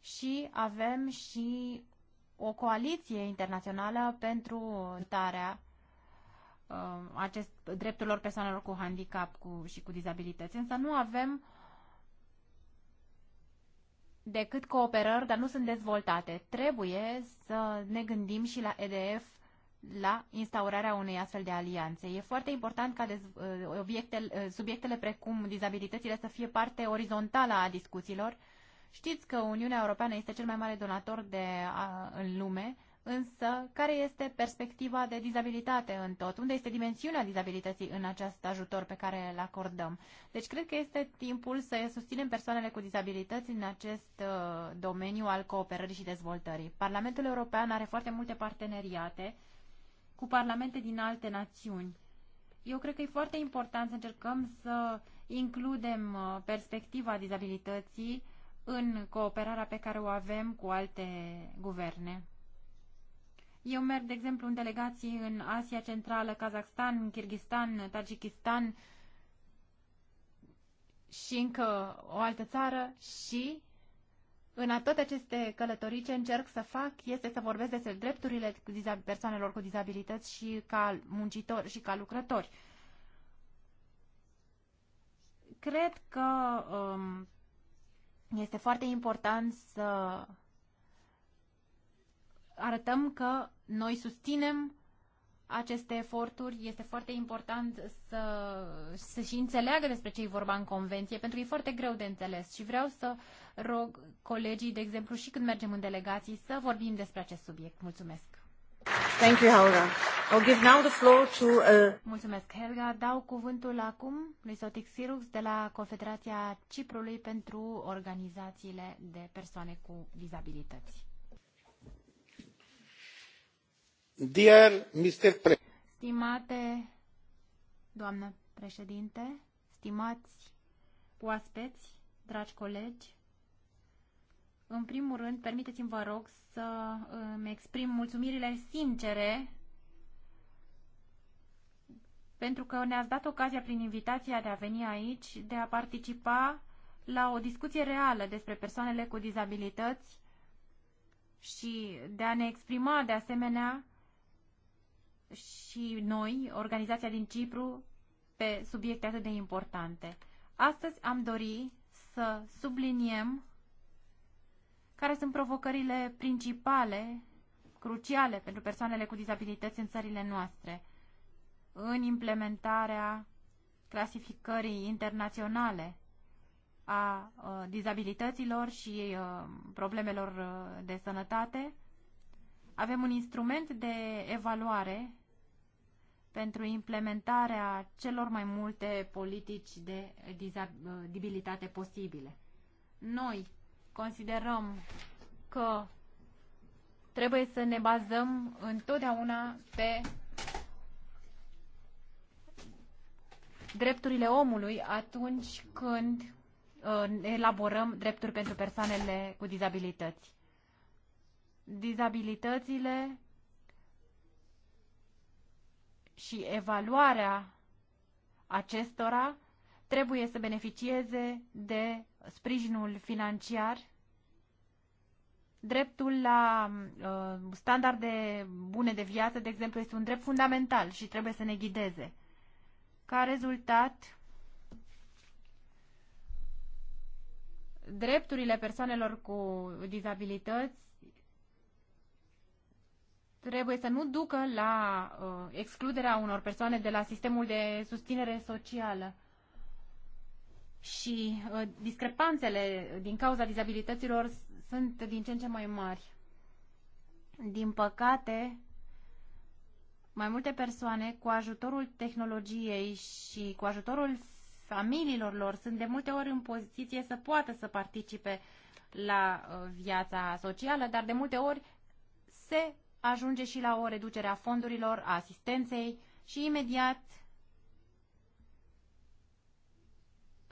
și avem și o coaliție internațională pentru tarea uh, acest, drepturilor persoanelor cu handicap cu, și cu dizabilități. Însă nu avem decât cooperări, dar nu sunt dezvoltate. Trebuie să ne gândim și la EDF la instaurarea unei astfel de alianțe. E foarte important ca uh, uh, subiectele precum dizabilitățile să fie parte orizontală a discuțiilor Știți că Uniunea Europeană este cel mai mare donator de, a, în lume, însă care este perspectiva de dizabilitate în tot? Unde este dimensiunea dizabilității în acest ajutor pe care îl acordăm? Deci cred că este timpul să susținem persoanele cu dizabilități în acest uh, domeniu al cooperării și dezvoltării. Parlamentul European are foarte multe parteneriate cu parlamente din alte națiuni. Eu cred că e foarte important să încercăm să includem uh, perspectiva dizabilității în cooperarea pe care o avem cu alte guverne. Eu merg, de exemplu, în delegații în Asia Centrală, Kazakhstan, Kirghistan, Tajikistan și încă o altă țară și în toate aceste călătorii ce încerc să fac este să vorbesc despre drepturile persoanelor cu dizabilități și ca muncitori și ca lucrători. Cred că um, este foarte important să arătăm că noi susținem aceste eforturi. Este foarte important să, să și înțeleagă despre ce e vorba în convenție, pentru că e foarte greu de înțeles și vreau să rog colegii, de exemplu, și când mergem în delegații, să vorbim despre acest subiect. Mulțumesc! Thank you, Helga. I'll give now the floor to, uh... Mulțumesc, Helga. Dau cuvântul acum lui Sotic Sirux de la Confederația Ciprului pentru organizațiile de persoane cu dizabilități. Dear Mr. Pre- Stimate doamnă președinte, stimați oaspeți, dragi colegi, în primul rând, permiteți-mi, vă rog, să îmi exprim mulțumirile sincere pentru că ne-ați dat ocazia prin invitația de a veni aici, de a participa la o discuție reală despre persoanele cu dizabilități și de a ne exprima de asemenea și noi, organizația din Cipru, pe subiecte atât de importante. Astăzi am dori să subliniem care sunt provocările principale, cruciale pentru persoanele cu dizabilități în țările noastre în implementarea clasificării internaționale a uh, dizabilităților și uh, problemelor uh, de sănătate. Avem un instrument de evaluare pentru implementarea celor mai multe politici de dizabilitate uh, posibile. Noi considerăm că trebuie să ne bazăm întotdeauna pe drepturile omului atunci când uh, elaborăm drepturi pentru persoanele cu dizabilități. Dizabilitățile și evaluarea acestora trebuie să beneficieze de sprijinul financiar, dreptul la uh, standarde bune de viață, de exemplu, este un drept fundamental și trebuie să ne ghideze. Ca rezultat, drepturile persoanelor cu dizabilități trebuie să nu ducă la uh, excluderea unor persoane de la sistemul de susținere socială și uh, discrepanțele din cauza dizabilităților sunt din ce în ce mai mari. Din păcate, mai multe persoane cu ajutorul tehnologiei și cu ajutorul familiilor lor sunt de multe ori în poziție să poată să participe la uh, viața socială, dar de multe ori se ajunge și la o reducere a fondurilor, a asistenței și imediat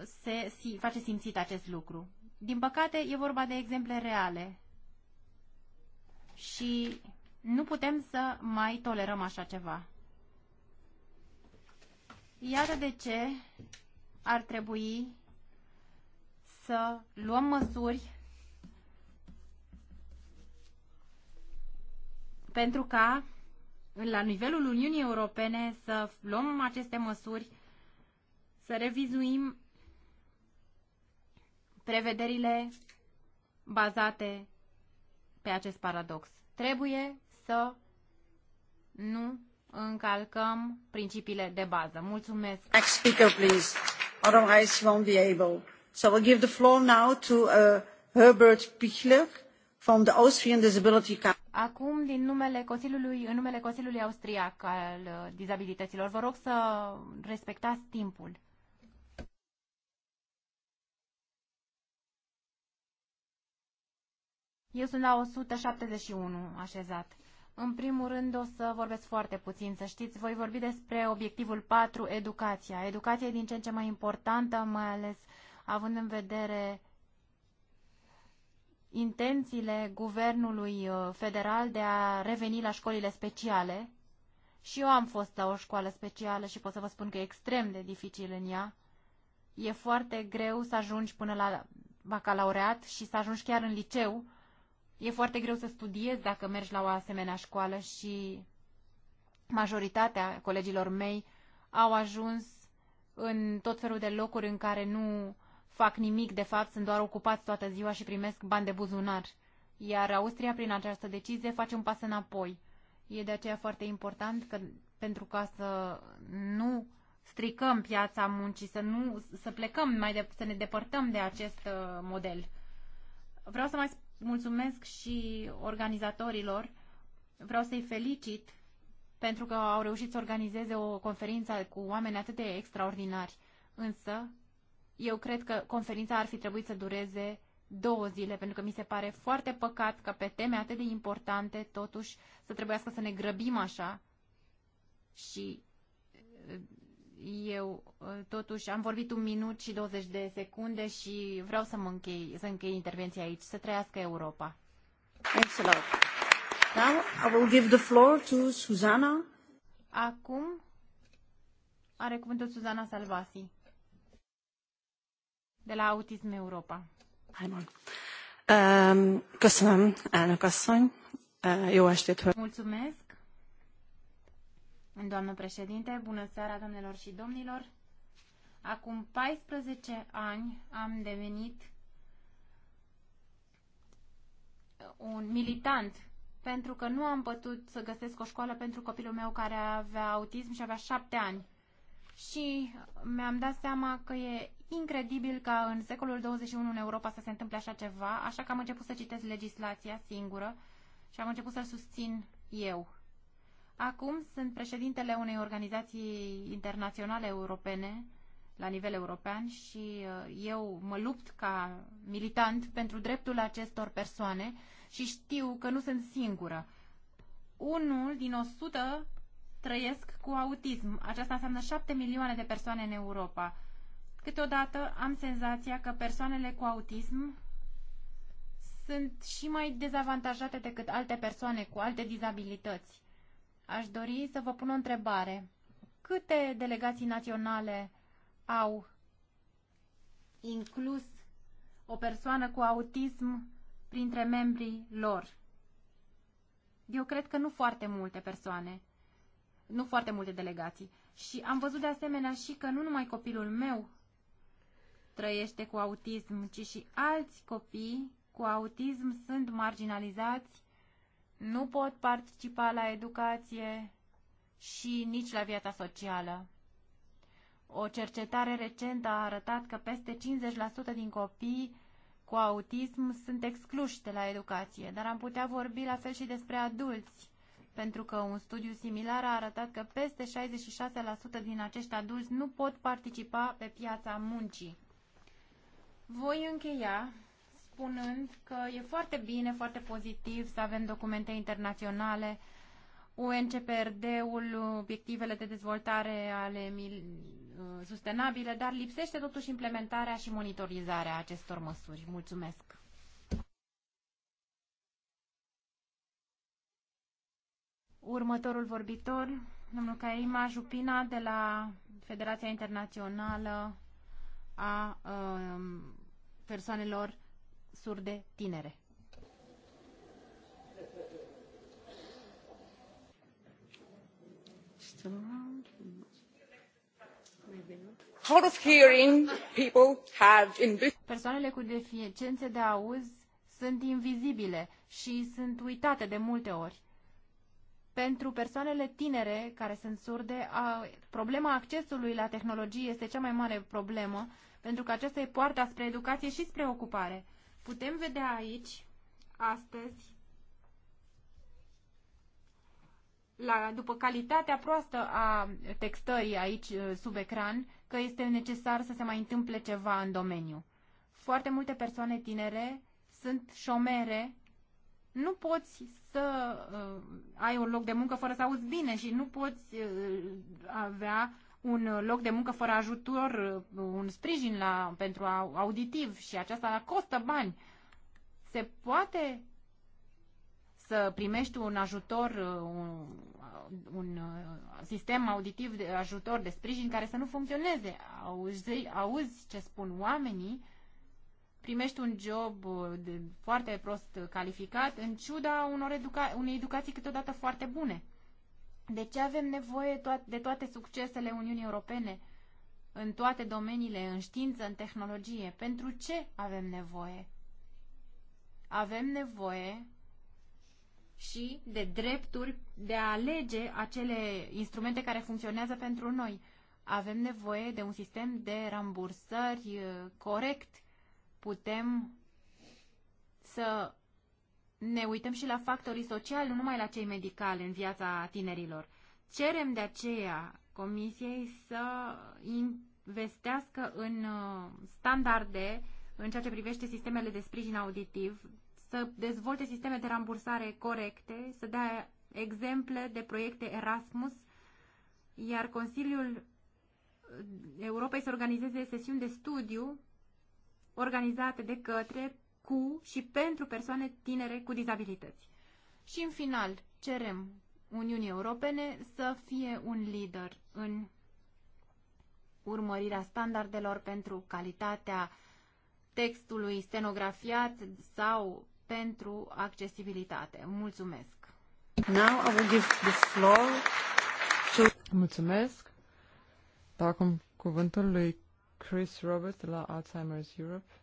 se face simțit acest lucru. Din păcate, e vorba de exemple reale. Și nu putem să mai tolerăm așa ceva. Iată de ce ar trebui să luăm măsuri pentru ca la nivelul Uniunii Europene să luăm aceste măsuri, să revizuim prevederile bazate pe acest paradox. Trebuie să nu încalcăm principiile de bază. Mulțumesc. Next speaker, please. Otherwise, you won't be able. So we'll give the floor now to uh, Herbert Pichler from the Austrian Disability Council. Acum, din numele Consiliului, în numele Consiliului Austriac al uh, Dizabilităților, vă rog să respectați timpul. Eu sunt la 171 așezat. În primul rând o să vorbesc foarte puțin, să știți. Voi vorbi despre obiectivul 4, educația. Educația e din ce în ce mai importantă, mai ales având în vedere intențiile guvernului uh, federal de a reveni la școlile speciale. Și eu am fost la o școală specială și pot să vă spun că e extrem de dificil în ea. E foarte greu să ajungi până la bacalaureat și să ajungi chiar în liceu, E foarte greu să studiezi dacă mergi la o asemenea școală și majoritatea colegilor mei au ajuns în tot felul de locuri în care nu fac nimic, de fapt sunt doar ocupați toată ziua și primesc bani de buzunar. Iar Austria, prin această decizie, face un pas înapoi. E de aceea foarte important că, pentru ca să nu stricăm piața muncii, să, nu, să plecăm, mai de, să ne depărtăm de acest uh, model. Vreau să mai mulțumesc și organizatorilor. Vreau să-i felicit pentru că au reușit să organizeze o conferință cu oameni atât de extraordinari. Însă, eu cred că conferința ar fi trebuit să dureze două zile, pentru că mi se pare foarte păcat că pe teme atât de importante, totuși, să trebuiască să ne grăbim așa și eu ă, totuși am vorbit un minut și 20 de secunde și vreau să, mă închei, să închei intervenția aici. Să trăiască Europa. Thanks a lot. Now da? I will give the floor to Susana. Acum are cuvântul Susana Salvasi de la Autism Europa. Hai, ehm, Köszönöm, elnök asszony. Ehm, jó estét. Mulțumesc. Doamnă președinte, bună seara, domnilor și domnilor. Acum 14 ani am devenit un militant pentru că nu am putut să găsesc o școală pentru copilul meu care avea autism și avea șapte ani. Și mi-am dat seama că e incredibil ca în secolul 21 în Europa să se întâmple așa ceva, așa că am început să citesc legislația singură și am început să-l susțin eu Acum sunt președintele unei organizații internaționale europene la nivel european și uh, eu mă lupt ca militant pentru dreptul acestor persoane și știu că nu sunt singură. Unul din 100 trăiesc cu autism. Aceasta înseamnă 7 milioane de persoane în Europa. Câteodată am senzația că persoanele cu autism sunt și mai dezavantajate decât alte persoane cu alte dizabilități. Aș dori să vă pun o întrebare. Câte delegații naționale au inclus o persoană cu autism printre membrii lor? Eu cred că nu foarte multe persoane, nu foarte multe delegații. Și am văzut de asemenea și că nu numai copilul meu trăiește cu autism, ci și alți copii cu autism sunt marginalizați nu pot participa la educație și nici la viața socială. O cercetare recentă a arătat că peste 50% din copii cu autism sunt excluși de la educație, dar am putea vorbi la fel și despre adulți, pentru că un studiu similar a arătat că peste 66% din acești adulți nu pot participa pe piața muncii. Voi încheia spunând că e foarte bine, foarte pozitiv să avem documente internaționale, UNCPRD-ul, obiectivele de dezvoltare ale mil uh, sustenabile, dar lipsește totuși implementarea și monitorizarea acestor măsuri. Mulțumesc! Următorul vorbitor, domnul Caima Jupina de la Federația Internațională a um, Persoanelor surde tinere. Hard of hearing people have Persoanele cu deficiențe de auz sunt invizibile și sunt uitate de multe ori. Pentru persoanele tinere care sunt surde, a, problema accesului la tehnologie este cea mai mare problemă, pentru că aceasta e poarta spre educație și spre ocupare. Putem vedea aici, astăzi, la, după calitatea proastă a textării aici uh, sub ecran, că este necesar să se mai întâmple ceva în domeniu. Foarte multe persoane tinere sunt șomere, nu poți să uh, ai un loc de muncă fără să auzi bine și nu poți uh, avea un loc de muncă fără ajutor, uh, un sprijin la, pentru auditiv și aceasta costă bani. Se poate să primești un ajutor, uh, un, uh, un sistem auditiv de ajutor de sprijin care să nu funcționeze. Auzi, auzi ce spun oamenii, primești un job de, foarte prost calificat în ciuda unor educa- unei educații câteodată foarte bune. De ce avem nevoie de toate succesele Uniunii Europene în toate domeniile, în știință, în tehnologie? Pentru ce avem nevoie? Avem nevoie și de drepturi de a alege acele instrumente care funcționează pentru noi. Avem nevoie de un sistem de rambursări uh, corect. Putem să ne uităm și la factorii sociali, nu numai la cei medicali în viața tinerilor. Cerem de aceea Comisiei să investească în uh, standarde în ceea ce privește sistemele de sprijin auditiv, să dezvolte sisteme de rambursare corecte, să dea exemple de proiecte Erasmus, iar Consiliul Europei să organizeze sesiuni de studiu organizate de către cu și pentru persoane tinere cu dizabilități. Și în final, cerem Uniunii Europene să fie un lider în urmărirea standardelor pentru calitatea textului stenografiat sau pentru accesibilitate. Mulțumesc! Now I will give the floor to... Mulțumesc! acum cuvântul lui Chris Robert la Alzheimer's Europe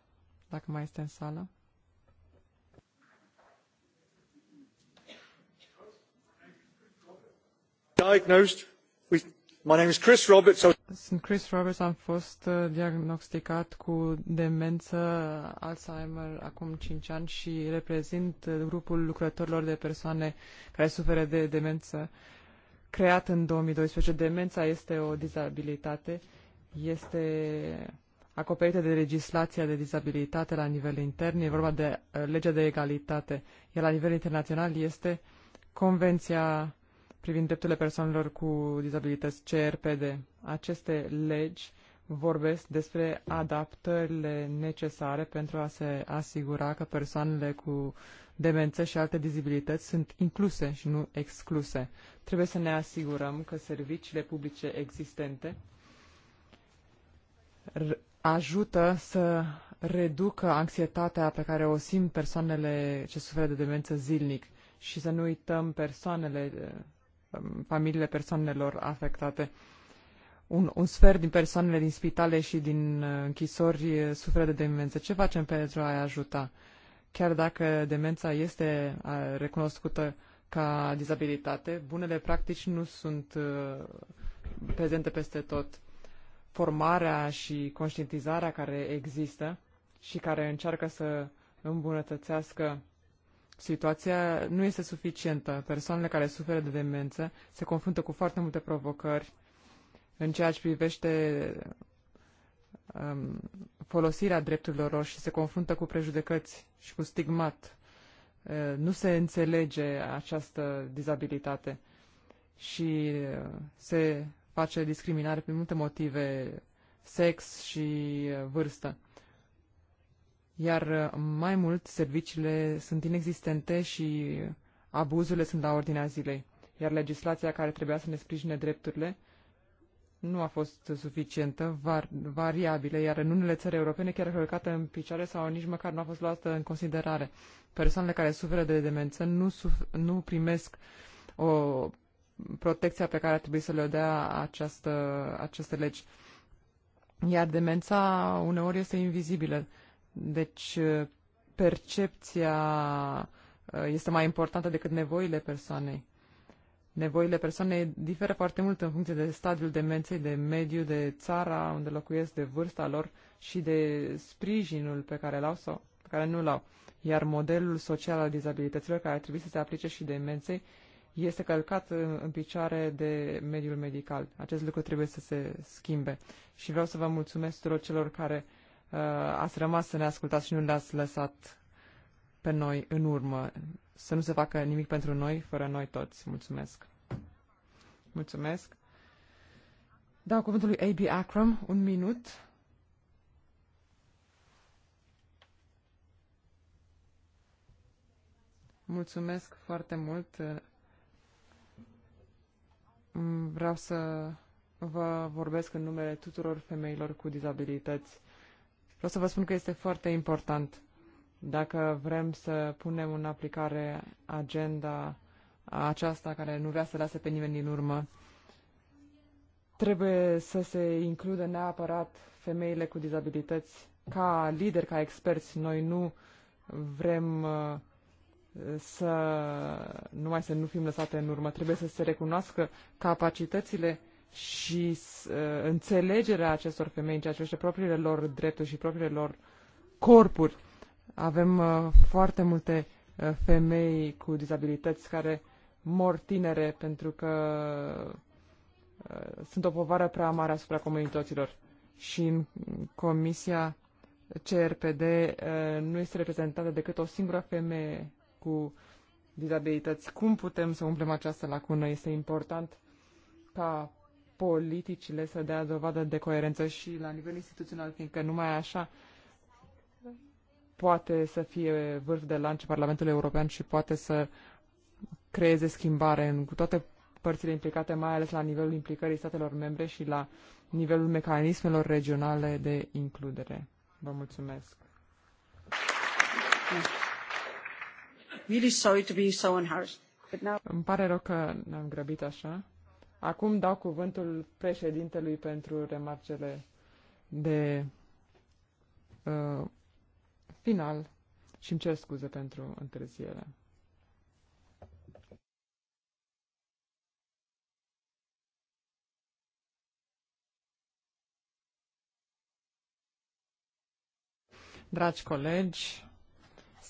dacă mai este în sală. Diagnosed with... My name is Chris Roberts. Sunt Chris Roberts, am fost uh, diagnosticat cu demență Alzheimer acum 5 ani și reprezint uh, grupul lucrătorilor de persoane care suferă de demență creat în 2012. Demența este o dizabilitate, este acoperite de legislația de dizabilitate la nivel intern, e vorba de uh, legea de egalitate, iar la nivel internațional este Convenția privind drepturile persoanelor cu dizabilități, CRPD. Aceste legi vorbesc despre adaptările necesare pentru a se asigura că persoanele cu demență și alte dizibilități sunt incluse și nu excluse. Trebuie să ne asigurăm că serviciile publice existente ajută să reducă anxietatea pe care o simt persoanele ce suferă de demență zilnic și să nu uităm persoanele, eh, familiile persoanelor afectate. Un, un sfert din persoanele din spitale și din eh, închisori eh, suferă de demență. Ce facem pentru a-i ajuta? Chiar dacă demența este recunoscută ca dizabilitate, bunele practici nu sunt prezente peste tot formarea și conștientizarea care există și care încearcă să îmbunătățească situația nu este suficientă. Persoanele care suferă de demență se confruntă cu foarte multe provocări în ceea ce privește um, folosirea drepturilor lor și se confruntă cu prejudecăți și cu stigmat. Uh, nu se înțelege această dizabilitate și uh, se face discriminare prin multe motive, sex și uh, vârstă. Iar uh, mai mult, serviciile sunt inexistente și abuzurile sunt la ordinea zilei. Iar legislația care trebuia să ne sprijine drepturile nu a fost suficientă, var, variabilă, iar în unele țări europene chiar călcată în picioare sau nici măcar nu a fost luată în considerare. Persoanele care suferă de demență nu, suf- nu primesc o protecția pe care ar trebui să le dea această, aceste legi. Iar demența uneori este invizibilă. Deci uh, percepția uh, este mai importantă decât nevoile persoanei. Nevoile persoanei diferă foarte mult în funcție de stadiul demenței, de mediu, de țara unde locuiesc, de vârsta lor și de sprijinul pe care l-au sau pe care nu l-au. Iar modelul social al dizabilităților care ar trebui să se aplice și demenței este călcat în picioare de mediul medical. Acest lucru trebuie să se schimbe. Și vreau să vă mulțumesc tuturor celor care uh, ați rămas să ne ascultați și nu le-ați lăsat pe noi în urmă. Să nu se facă nimic pentru noi, fără noi toți. Mulțumesc. Mulțumesc. Dau cuvântul lui A.B. Akram, un minut. Mulțumesc foarte mult Vreau să vă vorbesc în numele tuturor femeilor cu dizabilități. Vreau să vă spun că este foarte important dacă vrem să punem în aplicare agenda aceasta care nu vrea să lase pe nimeni din urmă. Trebuie să se includă neapărat femeile cu dizabilități ca lideri, ca experți. Noi nu vrem uh, să nu mai să nu fim lăsate în urmă, trebuie să se recunoască capacitățile și uh, înțelegerea acestor femei în ceea ce propriile lor drepturi și propriile lor corpuri. Avem uh, foarte multe uh, femei cu dizabilități care mor tinere pentru că sunt o povară prea mare asupra comunităților. Și în comisia CRPD nu este reprezentată decât o singură femeie cu dizabilități. Cum putem să umplem această lacună? Este important ca politicile să dea dovadă de coerență și la nivel instituțional, fiindcă numai așa poate să fie vârf de lance Parlamentul European și poate să creeze schimbare în toate părțile implicate, mai ales la nivelul implicării statelor membre și la nivelul mecanismelor regionale de includere. Vă mulțumesc! Mulțumesc really sorry to be so But now... Îmi pare rău că ne-am grăbit așa. Acum dau cuvântul președintelui pentru remarcele de uh, final și îmi cer scuze pentru întârziere. Dragi colegi,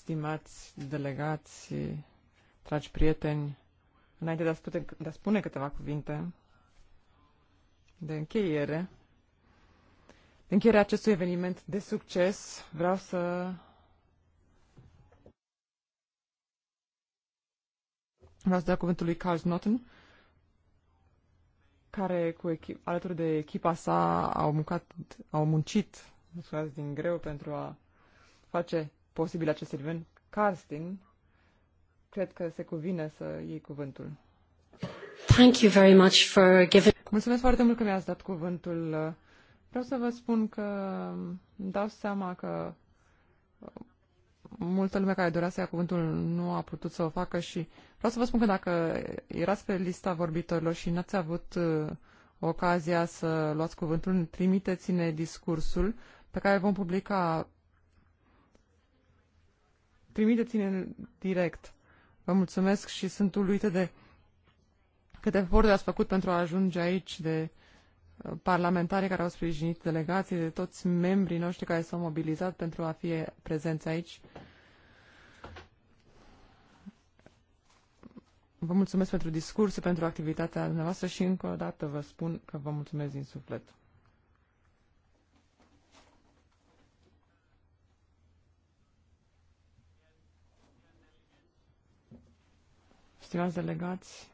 stimați delegați, dragi prieteni, înainte de a, spune, de a spune câteva cuvinte de încheiere, de încheierea acestui eveniment de succes, vreau să vreau să dau cuvântul lui Carl Norton, care cu echip, alături de echipa sa au, muncat, au muncit din greu pentru a face posibil acest element, casting, cred că se cuvine să iei cuvântul. Thank you very much for giving... Mulțumesc foarte mult că mi-ați dat cuvântul. Vreau să vă spun că îmi dau seama că uh, multă lume care dorea să ia cuvântul nu a putut să o facă și vreau să vă spun că dacă erați pe lista vorbitorilor și n-ați avut uh, ocazia să luați cuvântul, trimiteți-ne discursul pe care vom publica trimiteți-ne direct. Vă mulțumesc și sunt uluită de câte eforturi ați făcut pentru a ajunge aici, de uh, parlamentari care au sprijinit delegații, de toți membrii noștri care s-au mobilizat pentru a fi prezenți aici. Vă mulțumesc pentru discurs, pentru activitatea noastră și încă o dată vă spun că vă mulțumesc din suflet. stimați delegați,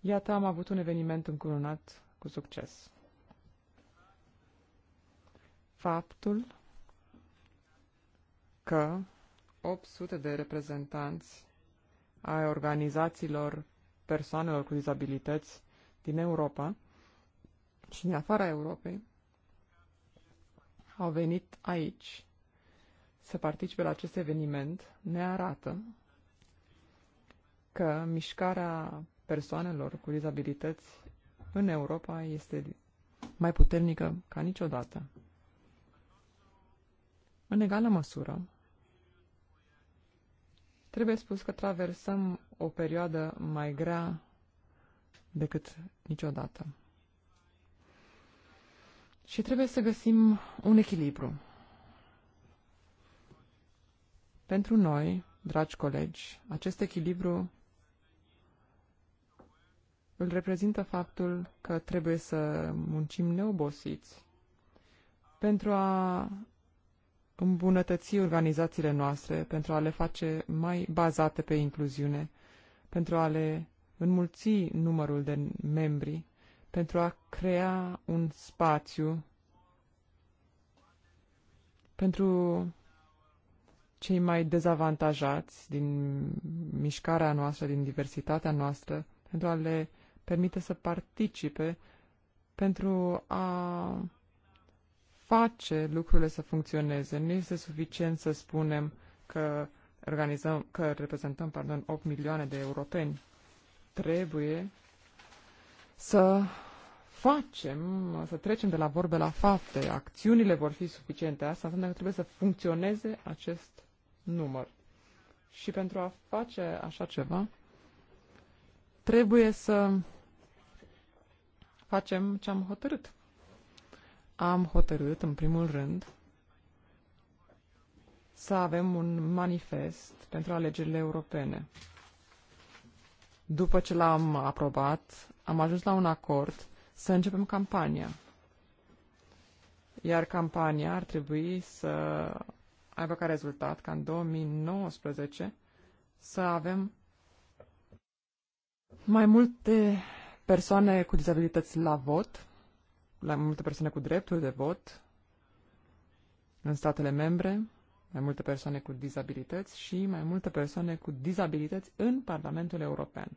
iată am avut un eveniment încurunat cu succes. Faptul că 800 de reprezentanți ai organizațiilor persoanelor cu dizabilități din Europa și din afara Europei au venit aici să participe la acest eveniment ne arată că mișcarea persoanelor cu dizabilități în Europa este mai puternică ca niciodată. În egală măsură, trebuie spus că traversăm o perioadă mai grea decât niciodată. Și trebuie să găsim un echilibru pentru noi, dragi colegi, acest echilibru îl reprezintă faptul că trebuie să muncim neobosiți pentru a îmbunătăți organizațiile noastre, pentru a le face mai bazate pe incluziune, pentru a le înmulți numărul de membri, pentru a crea un spațiu pentru cei mai dezavantajați din mișcarea noastră, din diversitatea noastră, pentru a le permite să participe, pentru a face lucrurile să funcționeze. Nu este suficient să spunem că organizăm, că reprezentăm, pardon, 8 milioane de europeni. Trebuie să facem, să trecem de la vorbe la fapte. Acțiunile vor fi suficiente. Asta înseamnă că trebuie să funcționeze acest număr. Și pentru a face așa ceva, trebuie să facem ce am hotărât. Am hotărât, în primul rând, să avem un manifest pentru alegerile europene. După ce l-am aprobat, am ajuns la un acord să începem campania. Iar campania ar trebui să aibă ca rezultat ca în 2019 să avem mai multe persoane cu dizabilități la vot, mai multe persoane cu drepturi de vot în statele membre, mai multe persoane cu dizabilități și mai multe persoane cu dizabilități în Parlamentul European.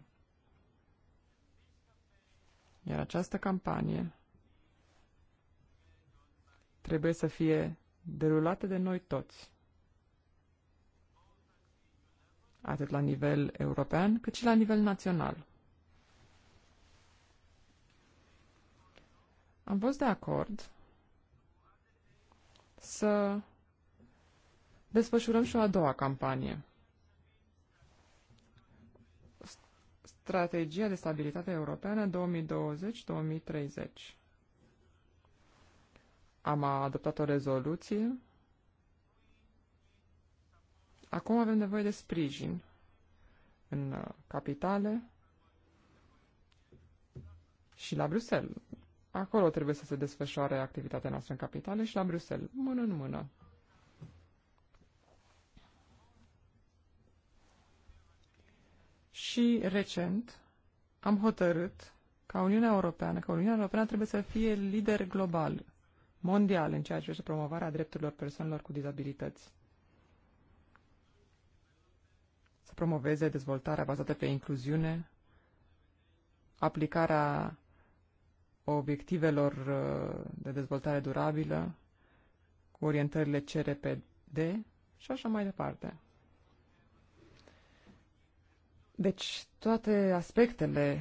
Iar această campanie trebuie să fie derulate de noi toți, atât la nivel european, cât și la nivel național. Am fost de acord să desfășurăm și o a doua campanie. Strategia de stabilitate europeană 2020-2030. Am adoptat o rezoluție. Acum avem nevoie de sprijin în uh, capitale și la Bruxelles. Acolo trebuie să se desfășoare activitatea noastră în capitale și la Bruxelles, mână în mână. Și recent am hotărât ca Uniunea Europeană, că Uniunea Europeană trebuie să fie lider global mondial în ceea ce privește promovarea drepturilor persoanelor cu dizabilități. Să promoveze dezvoltarea bazată pe incluziune, aplicarea obiectivelor uh, de dezvoltare durabilă, cu orientările CRPD și așa mai departe. Deci, toate aspectele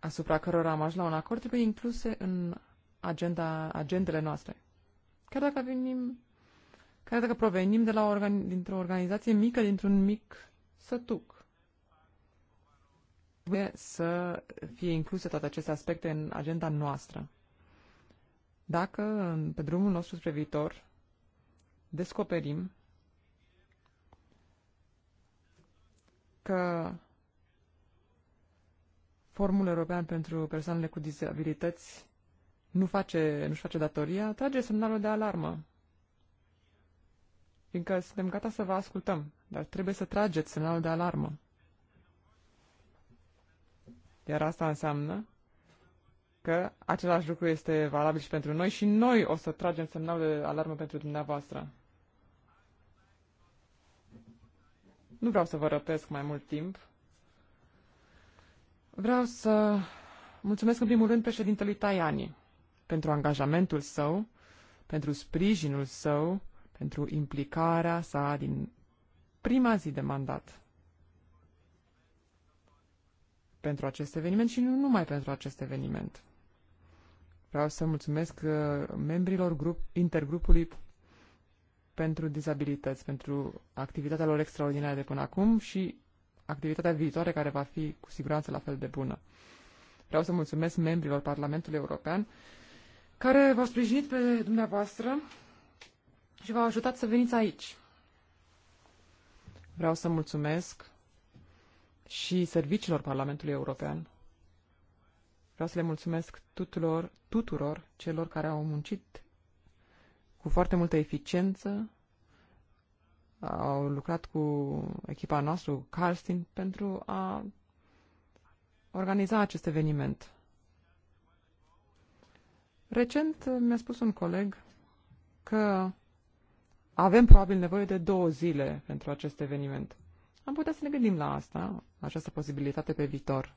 asupra cărora am ajuns la un acord trebuie incluse în agenda, agendele noastre. Chiar dacă venim, chiar dacă provenim de la organ, dintr-o organizație mică, dintr-un mic sătuc. Trebuie să fie incluse toate aceste aspecte în agenda noastră. Dacă pe drumul nostru spre viitor descoperim că Formul European pentru Persoanele cu Dizabilități nu face, nu-și face datoria, trage semnalul de alarmă. Fiindcă suntem gata să vă ascultăm, dar trebuie să trageți semnalul de alarmă. Iar asta înseamnă că același lucru este valabil și pentru noi și noi o să tragem semnalul de alarmă pentru dumneavoastră. Nu vreau să vă răpesc mai mult timp. Vreau să mulțumesc în primul rând președintelui Taiani pentru angajamentul său, pentru sprijinul său, pentru implicarea sa din prima zi de mandat pentru acest eveniment și nu numai pentru acest eveniment. Vreau să mulțumesc uh, membrilor grup, intergrupului pentru dizabilități, pentru activitatea lor extraordinară de până acum și activitatea viitoare care va fi cu siguranță la fel de bună. Vreau să mulțumesc membrilor Parlamentului European care v a sprijinit pe dumneavoastră și v a ajutat să veniți aici. Vreau să mulțumesc și serviciilor Parlamentului European. Vreau să le mulțumesc tuturor, tuturor celor care au muncit cu foarte multă eficiență, au lucrat cu echipa noastră, Carstin, pentru a organiza acest eveniment. Recent mi-a spus un coleg că avem probabil nevoie de două zile pentru acest eveniment. Am putea să ne gândim la asta, la această posibilitate pe viitor.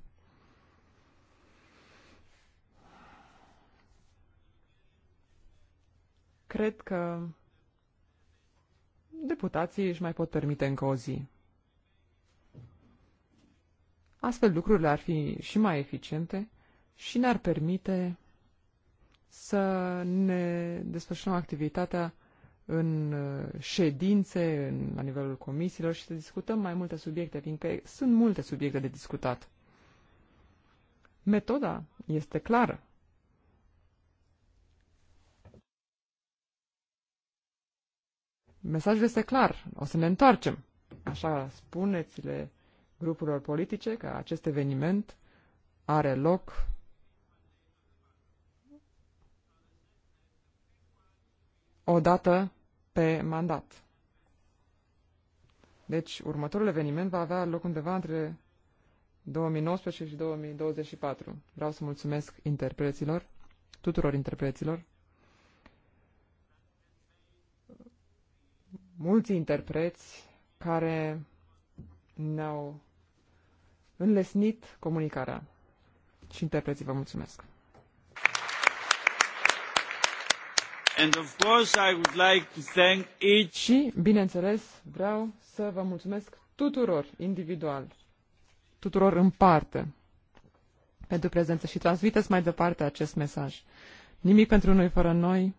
Cred că deputații își mai pot permite încă o zi. Astfel lucrurile ar fi și mai eficiente și ne-ar permite să ne desfășurăm activitatea în uh, ședințe, în, la nivelul comisiilor și să discutăm mai multe subiecte, fiindcă sunt multe subiecte de discutat. Metoda este clară. Mesajul este clar. O să ne întoarcem. Așa spuneți-le grupurilor politice că acest eveniment are loc o dată pe mandat. Deci, următorul eveniment va avea loc undeva între 2019 și 2024. Vreau să mulțumesc interpreților, tuturor interpreților. Mulți interpreți care ne-au înlesnit comunicarea. Și interpreții vă mulțumesc. Și, bineînțeles, vreau să vă mulțumesc tuturor individual, tuturor în parte, pentru prezență și transmiteți mai departe acest mesaj. Nimic pentru noi fără noi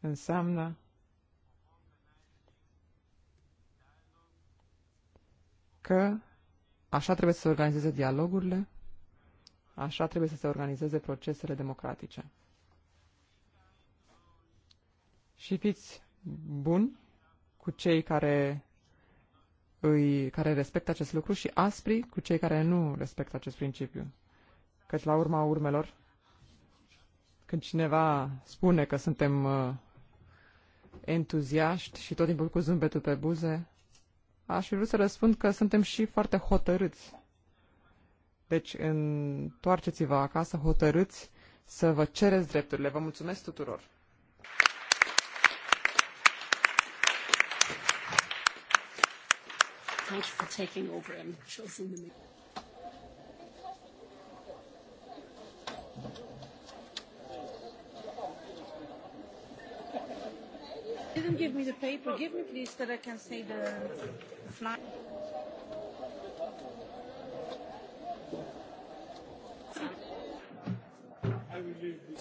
înseamnă că așa trebuie să se organizeze dialogurile, Așa trebuie să se organizeze procesele democratice. Și fiți buni cu cei care, îi, care respectă acest lucru și aspri cu cei care nu respectă acest principiu. Căci la urma urmelor, când cineva spune că suntem uh, entuziaști și tot timpul cu zâmbetul pe buze, aș fi vrut să răspund că suntem și foarte hotărâți deci, întoarceți-vă acasă, hotărâți să vă cereți drepturile. Vă mulțumesc tuturor! Thank you for taking over and closing the meeting. Didn't give me the paper. Give me please that I can say the flight. I will leave this.